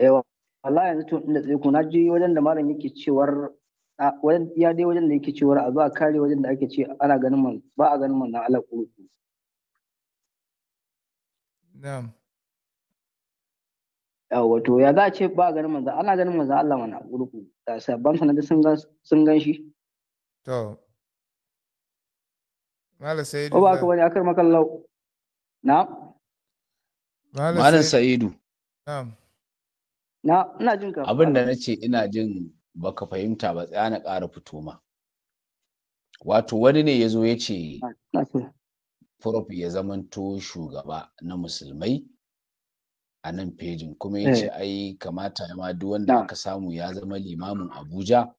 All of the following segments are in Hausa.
yawa Allah yanzu tun inda tsaye na ji wajen da malam yake cewar wajen ya dai wajen da yake cewar a zuwa kare wajen da ake ce ana ganin man ba a ganin man na Allah kuruku na'am yawa to ya za a ce ba a ganin manzo ana ganin manzo Allah mana kuruku da sabban sanadi sun ga sun gan shi to malam sa'idu ba ka bane akar makallau na'am malam sa'idu na'am na ina abin da nace ina jin baka fahimta ba tsaya na ƙara fito ma wato wani ne ya zo ya ce ah, prof ya zamanto shugaba na musulmai a nan fejin kuma ya eh. ce ai kamata ma duk wanda aka samu ya zama limamin abuja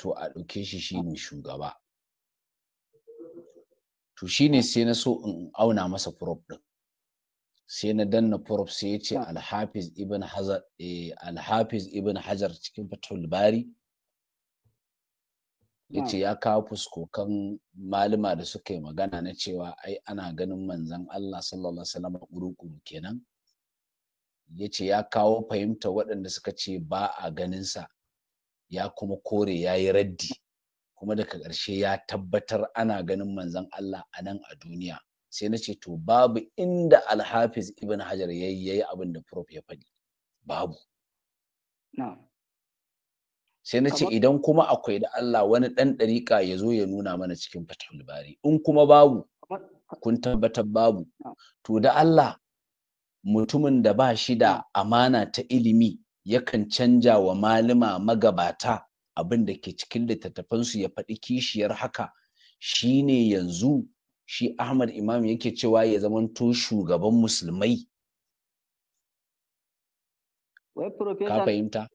to a ɗauke shi shi ne shugaba to shi ne sai na so in auna masa prof ɗin sai na danna prof sai ya ce alhafiz ibn hajar eh, alhafiz ibn hajar cikin fatul bari ya ce ya kawo fuskokan malama da suka yi magana na cewa ai ana ganin manzan Allah sallallahu alaihi wasallam kenan ya ce ya kawo fahimta waɗanda suka ce ba a ganinsa ya kuma kore ya yi raddi kuma daga ƙarshe ya tabbatar ana ganin manzan Allah a nan a duniya sai na ce to babu inda alhafiz ibn hajar ya yi yayi abin da prof ya faɗi babu sai na ce idan kuma akwai da Allah wani ɗan ɗariƙa ya zo ya nuna mana cikin fatahul bari in kuma babu kun tabbatar babu to da Allah mutumin da ba shi da amana ta ilimi yakan canja wa malama magabata abin da ke cikin littattafansu ya faɗi kishiyar haka shi ne yanzu shi Ahmad Imam yake cewa ya zamanto shugaban musulmai. Wai Ka fahimta?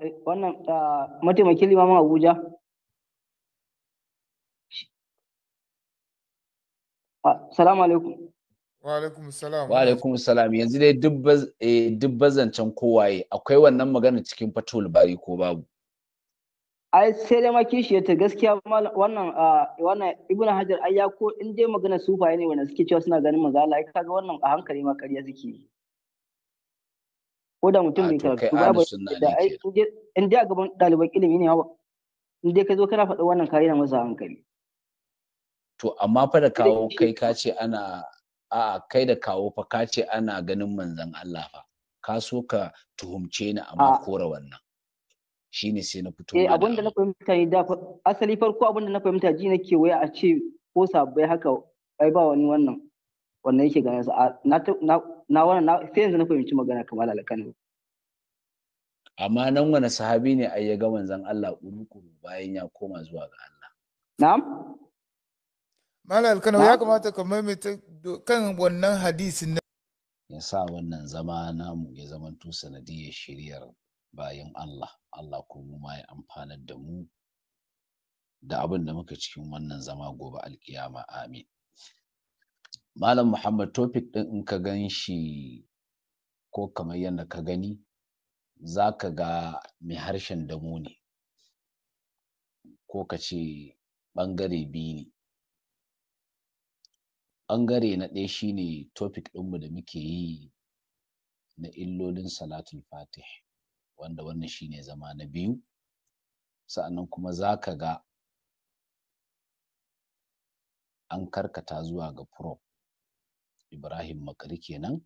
Eh, wannan mataimakin limamin Abuja. Ah, salamu alaikum. Wa alaikum salam. Wa alaikum salam. Yanzu dai duk eh, bazancen kowaye akwai wannan magana cikin fatul bari ko babu. ai sai dai ma kishiyar ta gaskiya wannan wannan ibnu hajar ai ya ko in dai magana sufaye ne wanda suke cewa suna ganin magana, Allah ai kaga wannan a hankali ma ƙarya suke ko da mutum bai karatu ba da ai in dai a gaban ɗaliban ilimi ne in dai ka zo kana faɗa wannan kayi na masa hankali to amma fa da kawo kai ka ce ana a kai da kawo fa ka ce ana ganin manzon Allah fa ka so ka tuhumce ni amma kore wannan shine sai na fito eh abin da na fahimta ne da asali farko abin da na fahimta ji na ke waya a ce ko sabai haka ai ba wani wannan wannan yake gane na na wannan sai yanzu na fahimci magana kamar alƙalmi amma nan wani sahabi ne ai ya ga manzon Allah kuru-kuru bayan ya koma zuwa ga Allah na'am Malam Alkano ya kamata ka maimaita kan wannan hadisin ya sa wannan zama namu ya zamanto sanadiyar shiryar bayan Allah Allah kuma ma ya amfanar da mu da abin da muka cikin wannan zama gobe alkiyama amin malam muhammad topic ɗin in ka gan shi ko kamar yadda ka gani za ka ga mai harshen damu ne ko ka ce ɓangare biyu ne ɓangare na ɗaya shi ne topic ɗinmu da muke yi na illolin salatul fatih wanda wannan shine zama na biyu sa'annan kuma za ka ga an karkata zuwa ga pro ibrahim makari kenan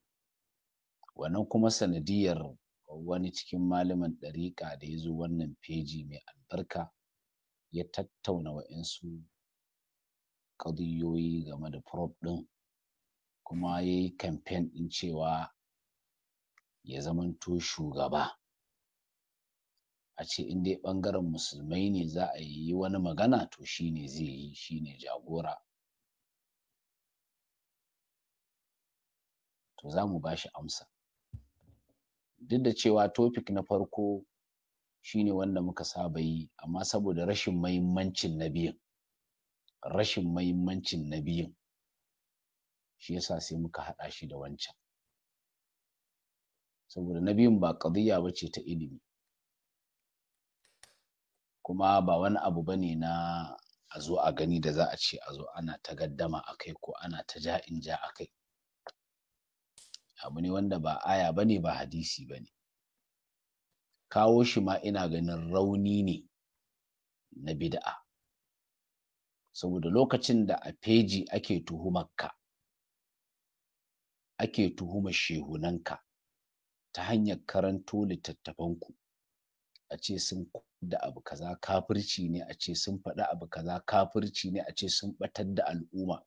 wannan kuma sanadiyar wani cikin malamin ɗariƙa da ya zo wannan feji mai albarka ya tattauna wa'insu ƙadiyoyi game da prop ɗin kuma ya yi kamfen ɗin cewa ya zamanto shugaba a ce in dai ɓangaren musulmai ne za a yi wani magana to shi ne zai yi shi ne jagora to za mu ba shi amsa duk da cewa topic na farko shi ne wanda muka saba yi amma saboda rashin mahimmancin na biyun rashin mahimmancin na biyun shi yasa sai muka haɗa shi da wancan saboda na biyun ba ƙadiyya ba ce ta ilimi kuma ba wani abu ba ne na a zo a gani da za a ce a zo ana ta gaddama a kai ko ana ta ja in ja a kai abu ne wanda ba aya ba ne ba hadisi ba ne kawo shi ma ina ganin rauni ne na bid'a saboda lokacin da a feji ake tuhumarka ake tuhumar shehunanka ta hanyar karanto littattafanku a ce sun da abu kaza kafirci ne a sun faɗi abu kaza kafirci ne a ce sun ɓatar da al'umma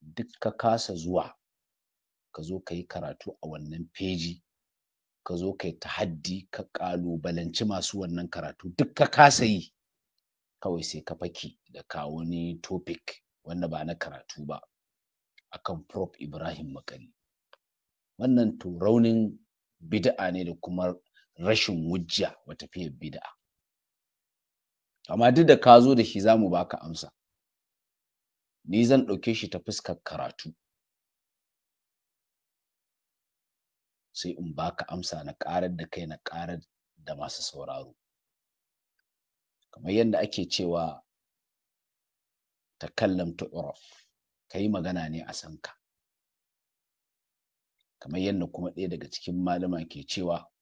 duk ka kasa zuwa ka zo ka yi karatu a wannan feji ka zo ka yi tahaddi ka ƙalubalanci masu wannan karatu duk ka kasa yi kawai sai ka faki da ka wani topic wanda ba na karatu ba akan prof ibrahim makari wannan to raunin bid'a ne da kuma rashin wujja wa tafiyar bid'a amma duk da ka zo da shi za zamu baka amsa ni zan ɗauke shi ta fuskar karatu sai in baka amsa na ƙarar da kai na ƙarar da masu sauraro kamar yadda ake cewa ta kallon ta uraf ka yi magana ne a sanka kamar yadda kuma ɗaya daga cikin malama ke cewa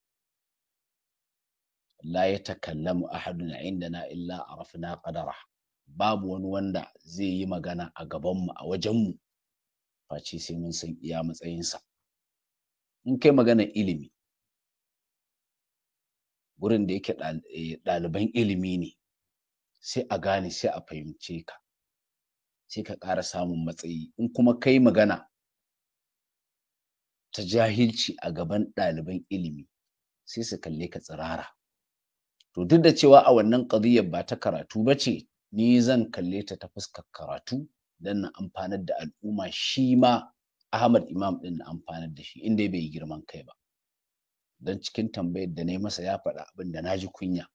la ya takallamu ahadun na illa a arafna qadara babu wani wanda zai yi magana a gabanmu a wajenmu face sai mun san iya matsayinsa in kai magana ilimi gurin da yake eh, ɗaliban ilimi ne sai a gane sai a fahimce ka sai ka ƙara samun matsayi in kuma kai magana ta jahilci a gaban ɗaliban ilimi sai su kalle ka tsirara to duk da cewa a wannan ƙadiyar ba ta karatu ba ce ni zan kalle ta ta fuskar karatu don na amfanar da al'umma shi ma Ahmad Imam ɗin na amfanar da shi inda bai yi girman kai ba don cikin tambayar da na yi masa ya faɗa abin da na ji kunya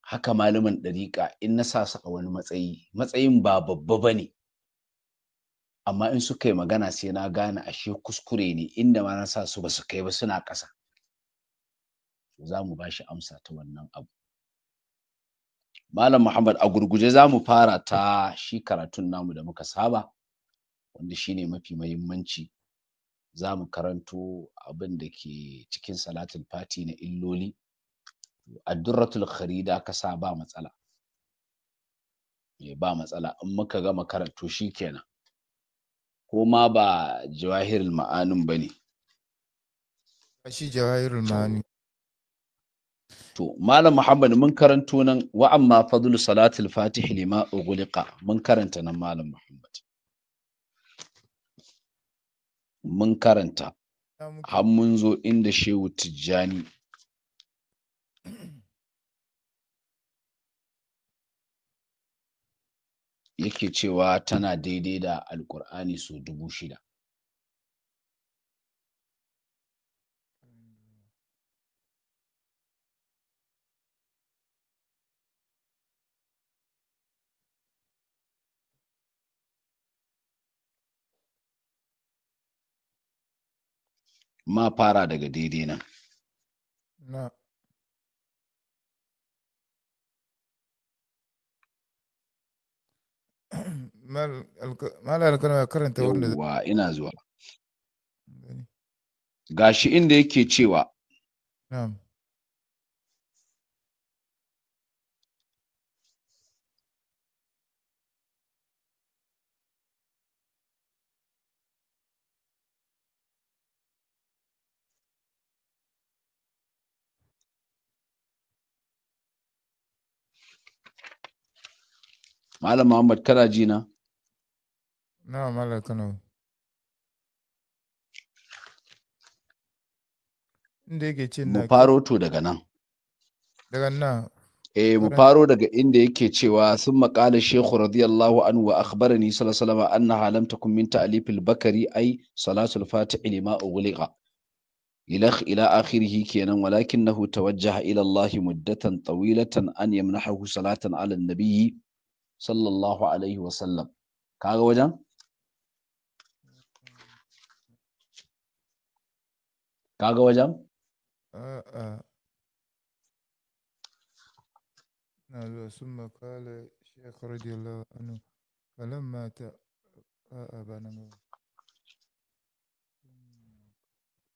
haka malamin ɗariƙa in na sa su a wani matsayi matsayin ba babba ba ne amma in suka yi magana sai na gane ashe kuskure ne inda ma na sa su ba su kai ba suna ƙasa za mu ba shi amsa ta wannan abu malam muhammad a gurguje za mu fara ta shi karatun namu da muka saba wanda shine mafi mahimmanci za mu karanto abin da ke cikin salatul fati na illoli addurratul kharida ka sa ba matsala eh, ba matsala in muka gama karanto shi kenan ko ma ba jawahirul ma'anin ba ne jawahirul ma'ani to malam muhammad mun karanto nan wa amma fadlu salatul fatih lima ughliqa mun karanta nan malam muhammad mun karanta har mun zo inda shehu tijjani yake cewa tana daidai da Alƙur'ani su dubu shida ma fara daga daidai nan no. malar kana karanta wanda yawwa ina zuwa gashi inda yake cewa na'am Malam Muhammad kana ji na? Na Malam Kano. Inda yake ce Mu faro to daga nan. Daga nan. Eh mu faro daga inda yake cewa sun maƙala Shehu radiyallahu anhu wa akhbarani sallallahu alaihi wasallam annaha lam takun min ta'lifil bakari ai salatul fatih lima ughliqa. إلخ إلى آخره كينا ولكنه توجه إلى muddatan مدة طويلة أن يمنحه salatan على nabiyyi. sallallahu alaihi wasallam kaga wajen kaga wajen na zuwa sun makala mata mawa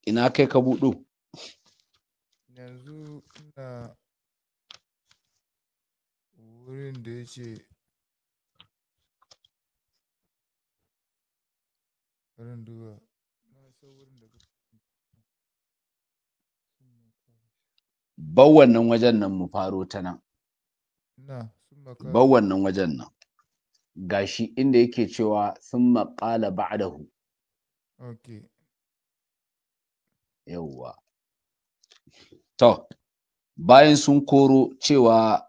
ina kai ka buɗu yanzu na wurin da ya ce Barin duba. Bau wannan wajen nan mu faro ta nan. Bau wannan wajen nan. Gashi inda yake cewa sun maƙala ba'dahu. Okay. To, bayan sun koro cewa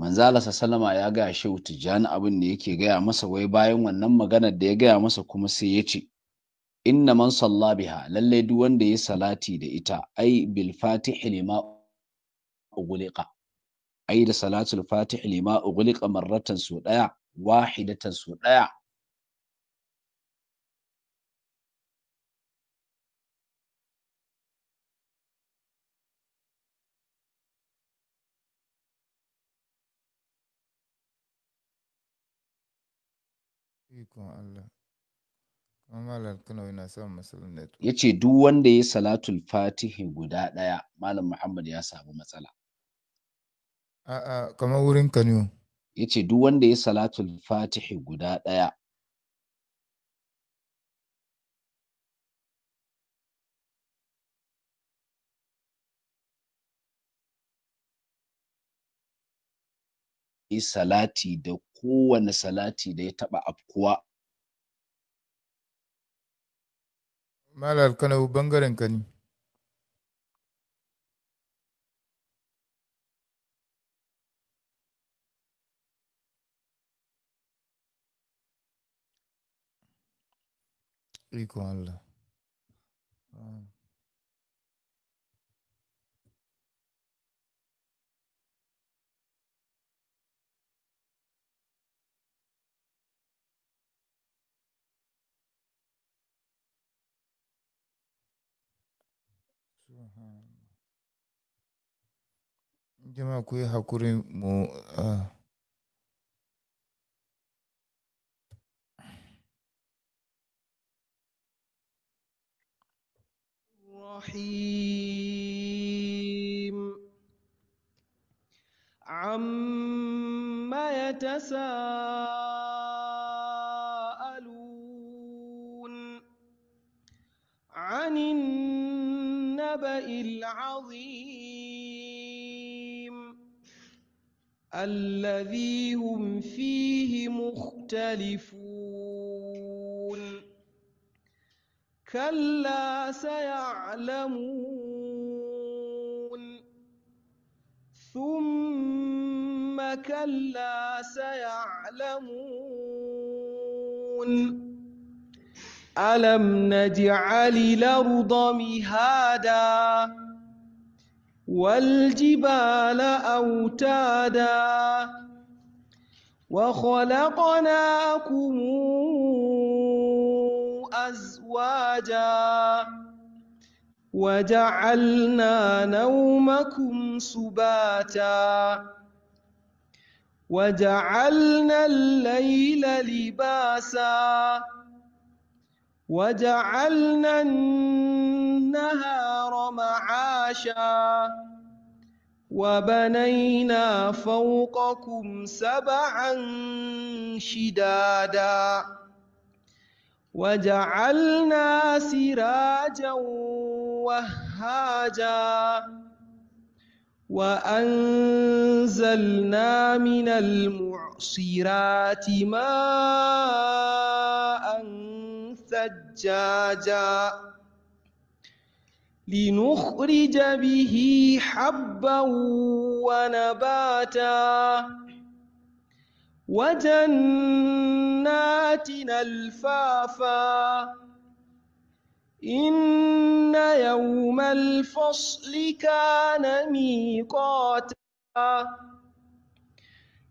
manzo Allah sallama ya ga shi tijjani abin da yake gaya masa wai bayan wannan maganar da ya gaya masa kuma sai ya ce inna man salla biha lalle duk wanda ya salati da ita ai bil fatih lima ughliqa ai da salatul fatih lima ughliqa marratan su daya wahidatan su daya Ya ce duk wanda ya salatul fatihi guda ɗaya Malam Muhammad ya samu matsala. A'a kamar wurin kanu Ya ce duk wanda ya salatul fatihi guda ɗaya salati da kowane salati da ya taɓa afkuwa. Malar Kano bangaren ka ne. Ikon Allah. jama'a ku yi hakuri mu رحيم عم يتساءلون عن النبأ العظيم الذي هم فيه مختلفون كلا سيعلمون ثم كلا سيعلمون ألم نجعل الأرض مهادا والجبال أوتادا وخلقناكم أزواجا وجعلنا نومكم سباتا وجعلنا الليل لباسا وجعلنا النهار معاشا وبنينا فوقكم سبعا شدادا وجعلنا سراجا وهاجا وأنزلنا من المعصرات ماء ثجاجا لنخرج به حبا ونباتا وجناتنا الفافا إن يوم الفصل كان ميقاتا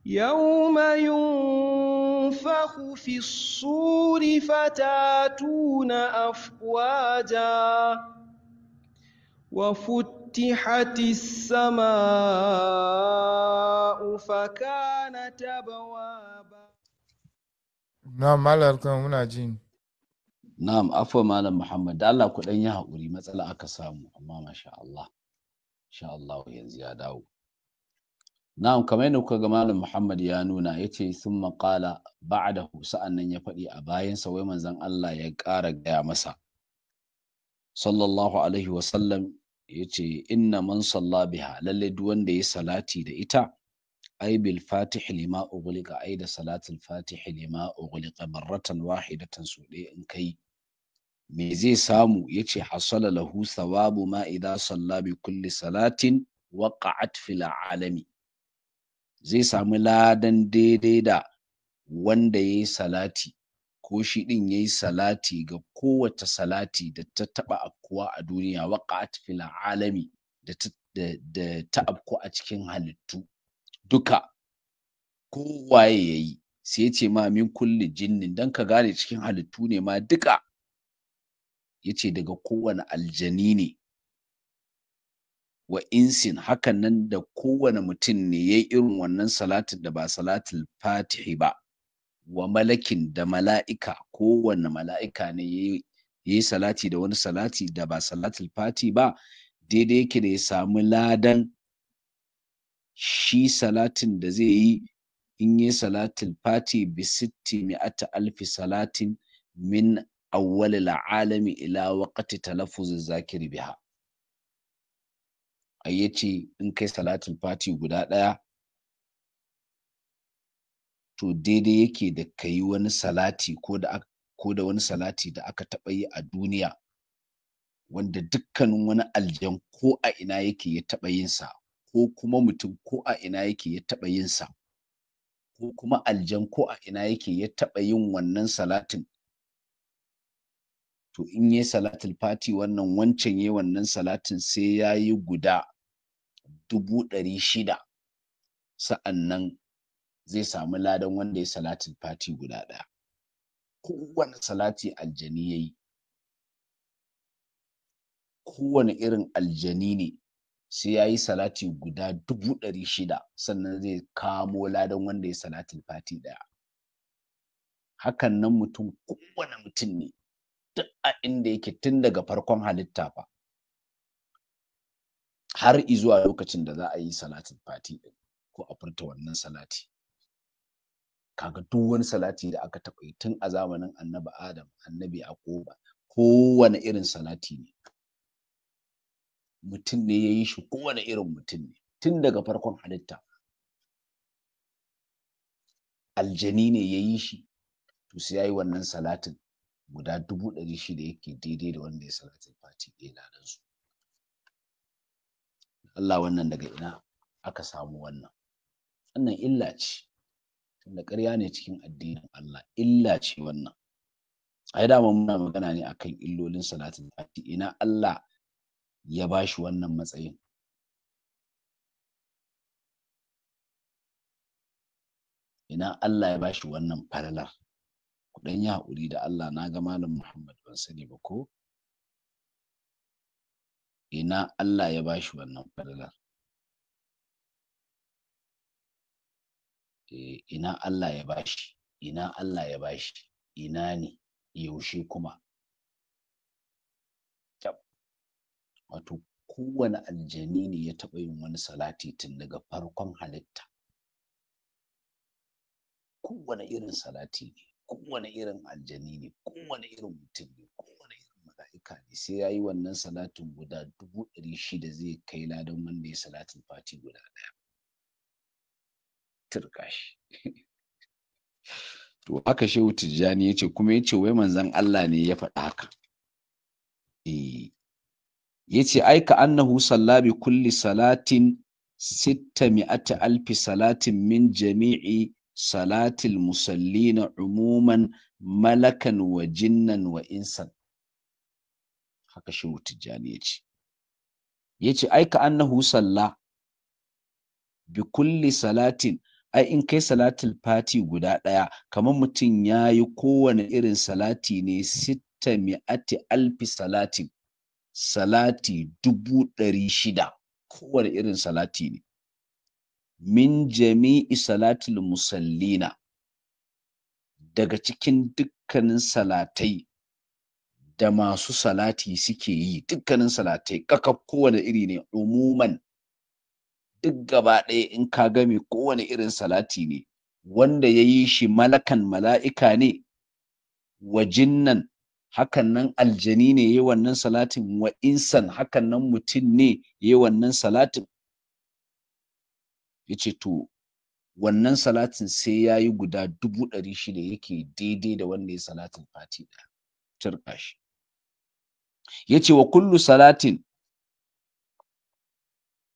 يوم ينفخ في الصور فتاتون أفواجا وفتحت السماء فكانت أبوابا نعم مالك muna jin na'am afwa malam muhammad da Allah ku dan yi matsala aka samu amma masha Allah insha Allah yanzu ya dawo na'am kamar yadda ga malam muhammad ya nuna yace summa qala ba'dahu sa'annan ya faɗi a bayan sa wai manzon Allah ya ƙara gaya masa sallallahu alaihi wa ya ce inna man salla biha lalle duk wanda ya salati da ita ai bil fatih lima ughliqa ai da salatul fatih lima ughliqa marratan wahidatan su ɗaya in kai me zai samu yace hasala lahu thawabu ma idza salla bi kulli salatin waqa'at fil alami zai samu ladan daidai da wanda yayi salati ko shi din yayi salati ga kowace salati da ta taba afkuwa a duniya waƙa'at fil alami da ta afku a cikin halittu duka kowaye ya yi sai ya ce ma min kulli jinnin dan ka gane cikin halittu ne ma duka yace daga kowane aljani ne wa insin hakan nan da kowane mutum ne ya irin wannan salatin da ba salatul fatihi ba wa malakin da mala'ika kowanne mala'ika ne ya yi salati da wani salati da ba salatul fati ba daidai yake da ya samu ladan shi salatin da zai yi in yi salatul fati bi sitti mi'ata alfi salatin min awwalil alami ila waqti talaffuz zakir biha ai yace in kai salatul fati guda daya to daidai yake da ka yi wani salati ko da ko da wani salati da aka taɓa yi a duniya wanda dukkanin wani aljan ko a ina yake ya taɓa yinsa ko kuma mutum ko a ina yake ya taɓa yinsa ko kuma aljan ko a ina yake ya taɓa yin wannan salatin to in yi salatin fati wannan wancan yi wannan salatin sai ya yi guda dubu ɗari shida sa'an nan zai samu ladan wanda ya salatin fati guda ɗaya kowane salati aljani ya yi kowane irin aljani ne sai ya yi salati guda dubu ɗari shida sannan zai kamo ladan wanda ya salatin fati ɗaya hakan nan mutum kowane mutum ne duk a inda yake tun daga farkon halitta fa har izuwa lokacin da za a yi salatin fati ɗin ko a furta wannan salati kaga duk wani salati da aka taɓa yi tun a zamanin annabi adam annabi yaquba kowane irin salati ne mutum ne ya yi shi kowane irin mutum ne tun daga farkon halitta aljani ne ya yi shi to sai ya yi wannan salatin guda dubu ɗari shida yake daidai da wanda ya salatin fati ɗaya na su Allah wannan daga ina aka samu wannan wannan illa ce da ƙarya ne cikin addinin Allah illa ce wannan ai dama muna magana ne akan illolin salatin fati ina Allah ya bashi wannan matsayin ina Allah ya bashi wannan falalar ku dan yi haƙuri da Allah na ga malam Muhammad ban sani ba ko ina Allah ya bashi wannan falalar Eh, ina Allah ya bashi ina Allah ya bashi ina ne yaushe kuma wato kowane aljani ne ya taɓa yin wani salati tun daga farkon halitta kowane irin salati ne kowane irin aljani ne kowane irin mutum ne kowane irin mala'ika ne sai ya yi wannan salatin guda dubu ɗari shida zai kai ladan wanda ya salatin fati guda ɗaya turka shi to haka shehu tijjani ya ce kuma ya ce wai manzan Allah ne ya faɗa haka eh, ya ce ai ka annahu sallabi kulli salatin sitta mi'ata alfi salatin min jami'i salatil musallina umuman malakan wa jinnan wa insan haka shehu tijjani ya ce ya ce ai ka annahu salla bi kulli salatin ai in kai salatul fati guda ɗaya kamar mutum ya yi kowane irin salati ne sita mi'ati alfi salati salati dubu ɗari shida kowane irin salati ne min jami'i salatul musallina daga cikin dukkanin salatai da masu salati suke yi dukkanin salatai ƙaƙaf kowane iri ne umuman duk gaba ɗaya in ka ga game kowane irin salati ne wanda ya yi shi malakan mala'ika ne wa jinnan hakan nan aljani ne ya wannan salatin wa insan hakan nan mutum ne ya wannan salatin ya ce to wannan salatin sai ya yi guda dubu ɗari shida yake daidai da wanda ya salatin fati ɗaya turka ya ce wa kullu salatin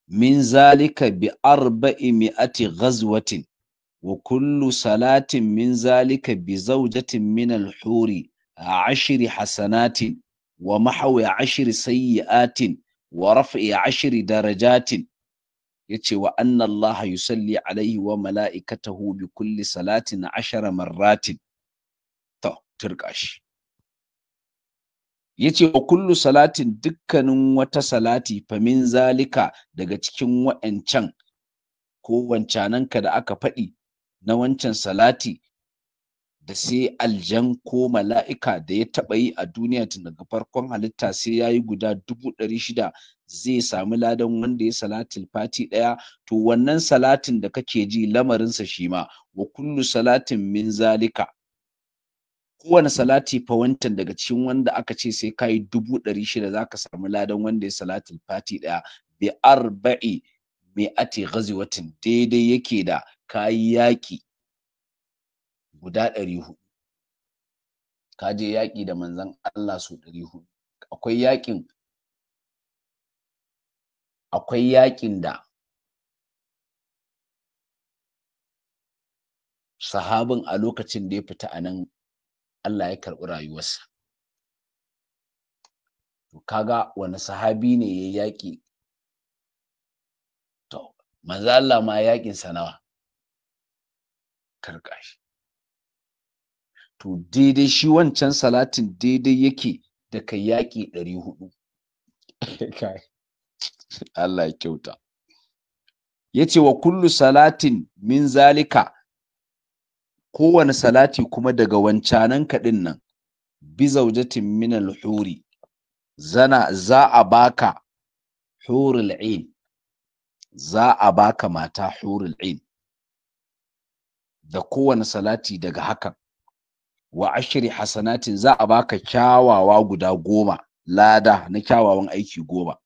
min zalika bi arba'i mi'ati ghazwatin wa kullu salatin min zalika bi zaujatin min al-huri ashiri hasanatin wa mahwi ashri sayyi'atin wa raf'i ashiri darajatin yace wa anna Allah salli alaihi wa mala'ikatahu bi kulli salatin ashara marratin to shi yace wa kullu salatin dukkanin wata salati famin zalika daga cikin wa'ancan ko wancananka da aka faɗi na wancan salati da sai aljan ko mala'ika da ya taɓa yi a duniya tun daga farkon halitta sai ya yi guda dubu ɗari shida zai sami ladan wanda ya salatin fati ɗaya to wannan salatin da kake ji lamarinsa shi ma wa kullu salatin min zalika kowane salati fa wancan daga cikin wanda aka ce sai kayi dubu ɗari shida za ka samu ladan wanda ya salatul fati ɗaya bi arba'i mi'ati ghaziwatin daidai yake da kayi yaƙi guda ɗari hudu ka je yaƙi da manzon Allah su ɗari hudu akwai yaƙin akwai yaƙin da sahabin a lokacin da ya fita a nan Allah ya karɓi rayuwarsa to kaga wani sahabi ne ya yaƙi to manzo Allah ma yaƙin sa nawa shi. to daidai shi wancan salatin daidai yake da kai yaƙi ɗari hudu Allah ya kyauta ya ce wa kullu salatin min zalika kowane salati kuma daga wancanan kaɗin nan bi zaujatin minal huri zana za a baka hurul ain za a baka mata hurul ain da kowane salati daga hakan wa ashri hasanatin za a baka kyawawa guda goma lada na kyawawan aiki goma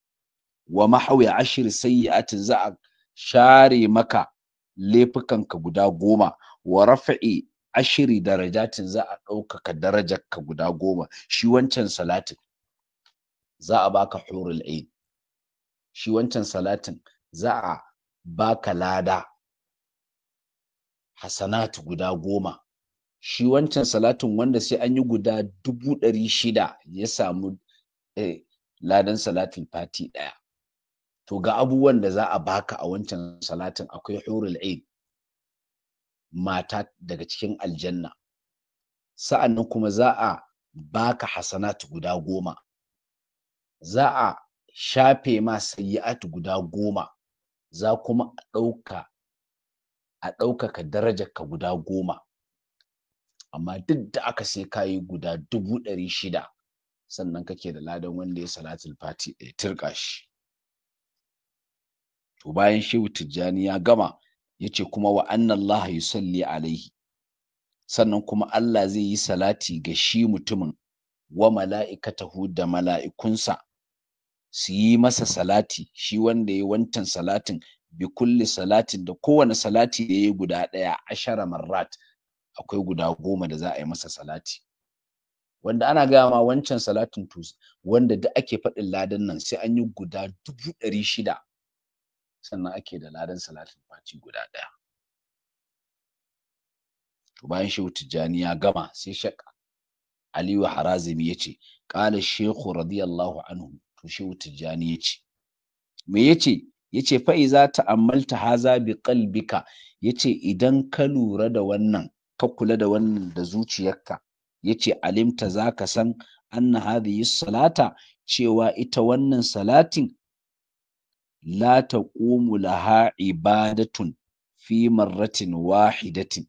wa mahawi ashiri sayyi'atin za a share maka laifukanka guda goma wa rafa'i ashiri darajatin za a ɗaukaka darajar ka guda goma shi wancan salatin za a baka hurul ain shi wancan salatin za a baka lada hasanat guda goma shi wancan salatin wanda sai an yi guda dubu ɗari shida ya samu eh, ladan salatin fati ɗaya to ga abubuwan da za a baka a wancan salatin akwai hurul ain mata daga cikin aljanna sa'annan kuma za a baka hasanat guda goma za a shafe ma sayyi'at guda goma za kuma a ɗauka a ɗaukaka darajarka guda goma amma duk da aka sai kayi guda dubu ɗari shida sannan kake da ladan wanda ya salatul fati ɗaya tirka shi to bayan shehu tijjani ya gama yace kuma wa anna Allah yusalli alaihi sannan kuma Allah zai yi salati ga shi mutumin wa mala'ikatahu da mala'ikunsa su yi masa salati shi wanda ya wancan salatin bi kulli salatin da kowane salati da ya guda ɗaya ashara marrat akwai guda goma da za a yi masa salati wanda ana gaya ma wancan salatin to wanda da ake faɗin ladan nan sai an yi guda dubu ɗari shida sannan ake da ladan salatin fati guda ɗaya to bayan shehu tijjani ya gama sai shaƙa. aliyu harazimi ya ce ƙala shehu radiyallahu anhu to shehu tijjani ya ce me ya ce ya ce ta ammalta haza bi kalbika ya idan ka lura da wannan ka kula da wannan da zuciyarka Yace ce alimta za ka san anna hadhihi salata cewa ita wannan salatin la taqumu laha ibadatun fi wahidatin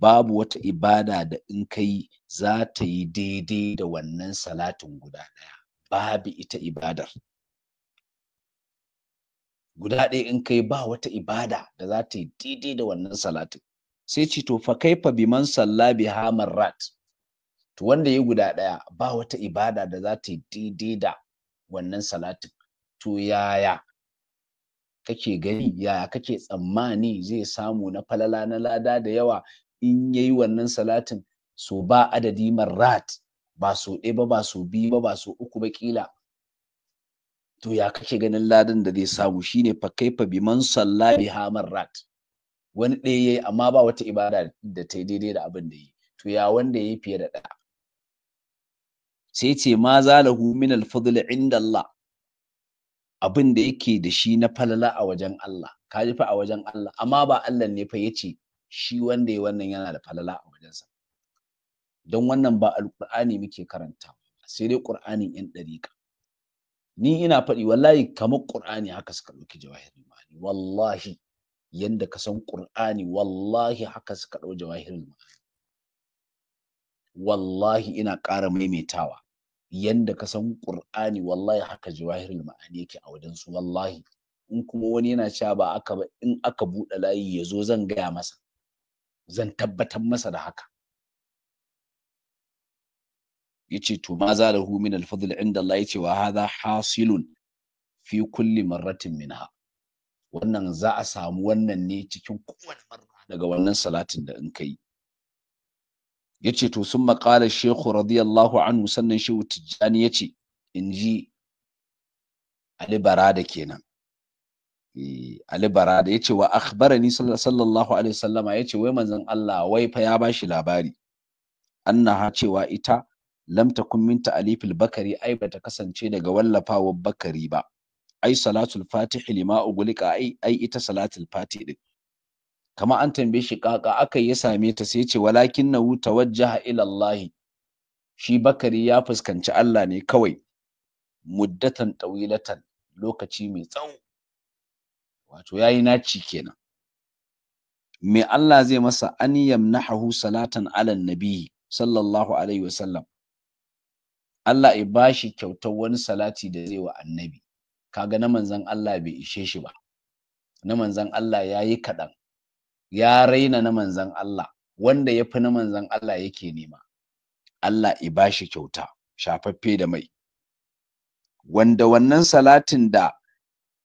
babu wata ibada da in kai za ta yi daidai da wannan salatin guda ɗaya babu ita ibadar guda ɗaya in kai ba wata ibada da za ta yi daidai da wannan salatin sai ce to fa kaifa biman salla biha rat. to wanda ya guda ɗaya ba wata ibada da za ta yi daidai da wannan salatin to yaya kake gani yaya kake tsammani zai samu na falala na lada da yawa in yayi wannan salatin so ba adadi marrat ba so ɗaya ba ba so biyu ba ba so uku ba kila to ya kake ganin ladan da zai samu shine fa bi man salla biha marrat wani ɗaya yayi amma ba wata ibada da ta daidai da abin da yi to ya wanda yayi fiye da ɗaya sai ce ma zalahu min al-fadl inda Allah abin da yake da shi na falala a wajen Allah ka ji fa a wajen Allah amma ba Allah ne fa yace shi wanda ya wannan yana da falala a wajensa don wannan ba alqur'ani muke karanta sai dai qur'anin yan dariqa ni ina faɗi wallahi kamar qur'ani haka suka ɗauki jawahirul ma'ani wallahi yanda ka san qur'ani wallahi haka suka ɗau jawahirul ma'ani wallahi ina ƙara maimaitawa yanda ka san qur'ani wallahi haka jawahirul ma'ani yake a wajen su wallahi in kuma wani yana cewa ba aka ba in aka buɗe layi ya zo zan gaya masa zan tabbatar masa da haka yace to ma zalahu min al-fadl inda Allah yace wa hadha hasilun fi kulli marratin minha wannan za a samu wannan ne cikin kowane marra daga wannan salatin da in kai Yace to sun maƙala shehu radiyallahu anhu sannan shehu tijjani ya ce in ji Ali barada kenan eh, Ali barada ya wa akhbarani sallallahu alaihi wasallama yace wai manzon Allah wai fa ya bashi labari annaha cewa ita lam takun min ta'alifil bakari ai bata kasance daga wallafawar bakari ba ai salatul fatih lima ugulika ai ai ita salatul fatih din kama an tambaye shi kaka aka ya same ta sai ce walakin nahu tawajjaha ila Allah shi bakari ya fuskanci Allah ne kawai muddatan tawilatan lokaci mai tsawo wato yayi naci kenan me Allah zai masa an yamnahu salatan ala nabi sallallahu alaihi wasallam Allah ya bashi kyautar wani salati da zai wa annabi kaga na manzon Allah bai ishe shi ba na manzon Allah yayi kaɗan ya raina na manzan Allah wanda ya fi na manzan Allah yake nema Allah i shi kyauta shafaffe da mai wanda wannan salatin da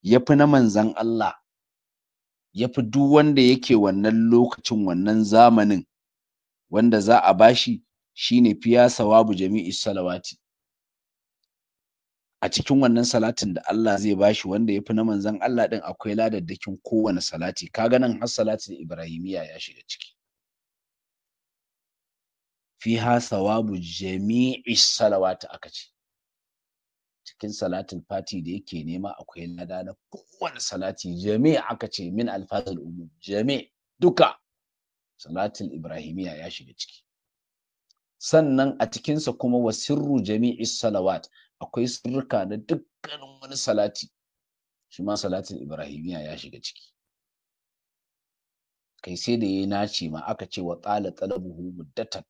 ya fi na manzan Allah ya fi duk wanda yake wannan lokacin wannan zamanin wanda za a bashi shine fiya sawabu jami'i salawati a cikin wannan salatin da Allah zai bashi wanda ya fi na manzan Allah ɗin akwai ladaddakin kowane salati Ka ganin har salatin Ibrahimiya ya shiga ciki fiha sawabu jami'i salawata aka ce cikin salatin fati da yake nema akwai lada na kowane salati jami'i aka ce min alfazul umum jami'i duka salatin Ibrahimiya ya shiga ciki sannan a cikinsa kuma wa sirru jami'i salawat akwai sirrika na dukkanin wani salati shi ma salatin ibrahimiya ya shiga ciki kai sai da ya nace ma aka ce wa tsala talabuhu muddatan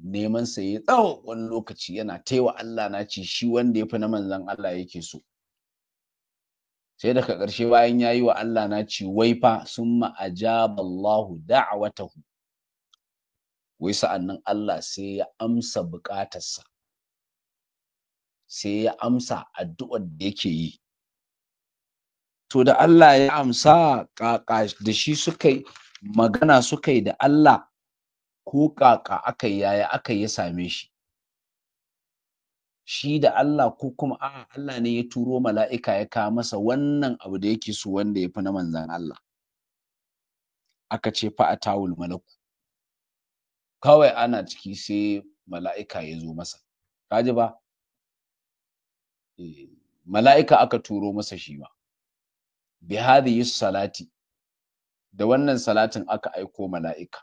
neman sa ya tsawo wani lokaci yana taiwa Allah naci shi wanda ya fi na manzan Allah yake so sai daga ƙarshe bayan yayi wa Allah naci wai fa sun ajaba Allahu da'watahu wai sa'annan Allah sai ya amsa buƙatarsa sai ya amsa addu'ar da yake yi to da Allah ya amsa kaka da shi suka magana suka yi da Allah ko kaka aka yaya aka ya same shi shi da Allah ko kuma a Allah ne ya turo mala'ika ya kawo masa wannan abu da yake so wanda ya fi na manzan Allah aka ce fa a tawul malaku kawai ana ciki sai mala'ika ya zo masa kaji ba Eh, mala'ika aka turo masa shi ma bi hadhihi salati da wannan salatin aka aiko mala'ika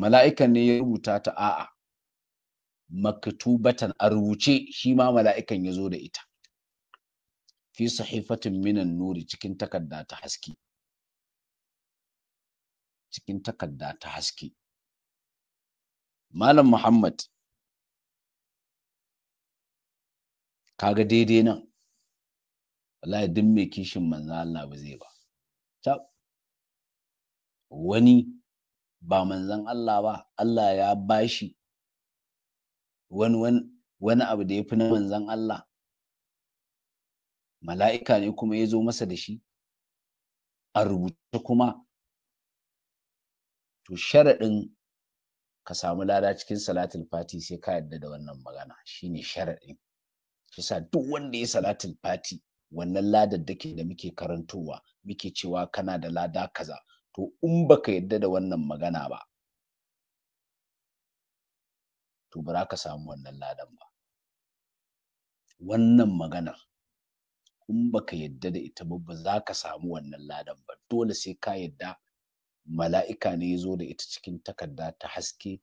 mala'ika ne ya rubuta ta a'a maktubatan a rubuce shi ma mala'ikan ya zo da ita fi sahifatin minan nuri cikin takarda ta haske cikin takarda ta haske malam muhammad kaga daidai nan wallahi duk mai kishin manzan Allah ba zai ba wani ba manzan Allah ba Allah ya bashi wani wani abu da ya fi na manzan Allah mala'ika ne kuma ya zo masa da shi a rubuce kuma to sharaɗin ka samu lada cikin salatul fati sai ka yarda da wannan magana shine sharaɗin shi sa duk wanda ya salatin fati wannan ladar da ke da muke karantowa muke cewa kana da lada kaza to in baka yadda da wannan magana ba to ba ka samu wannan ladan ba wannan magana in baka yadda da ita ba ba za ka samu wannan ladan ba dole sai ka yadda mala'ika ne ya zo da ita cikin takarda ta haske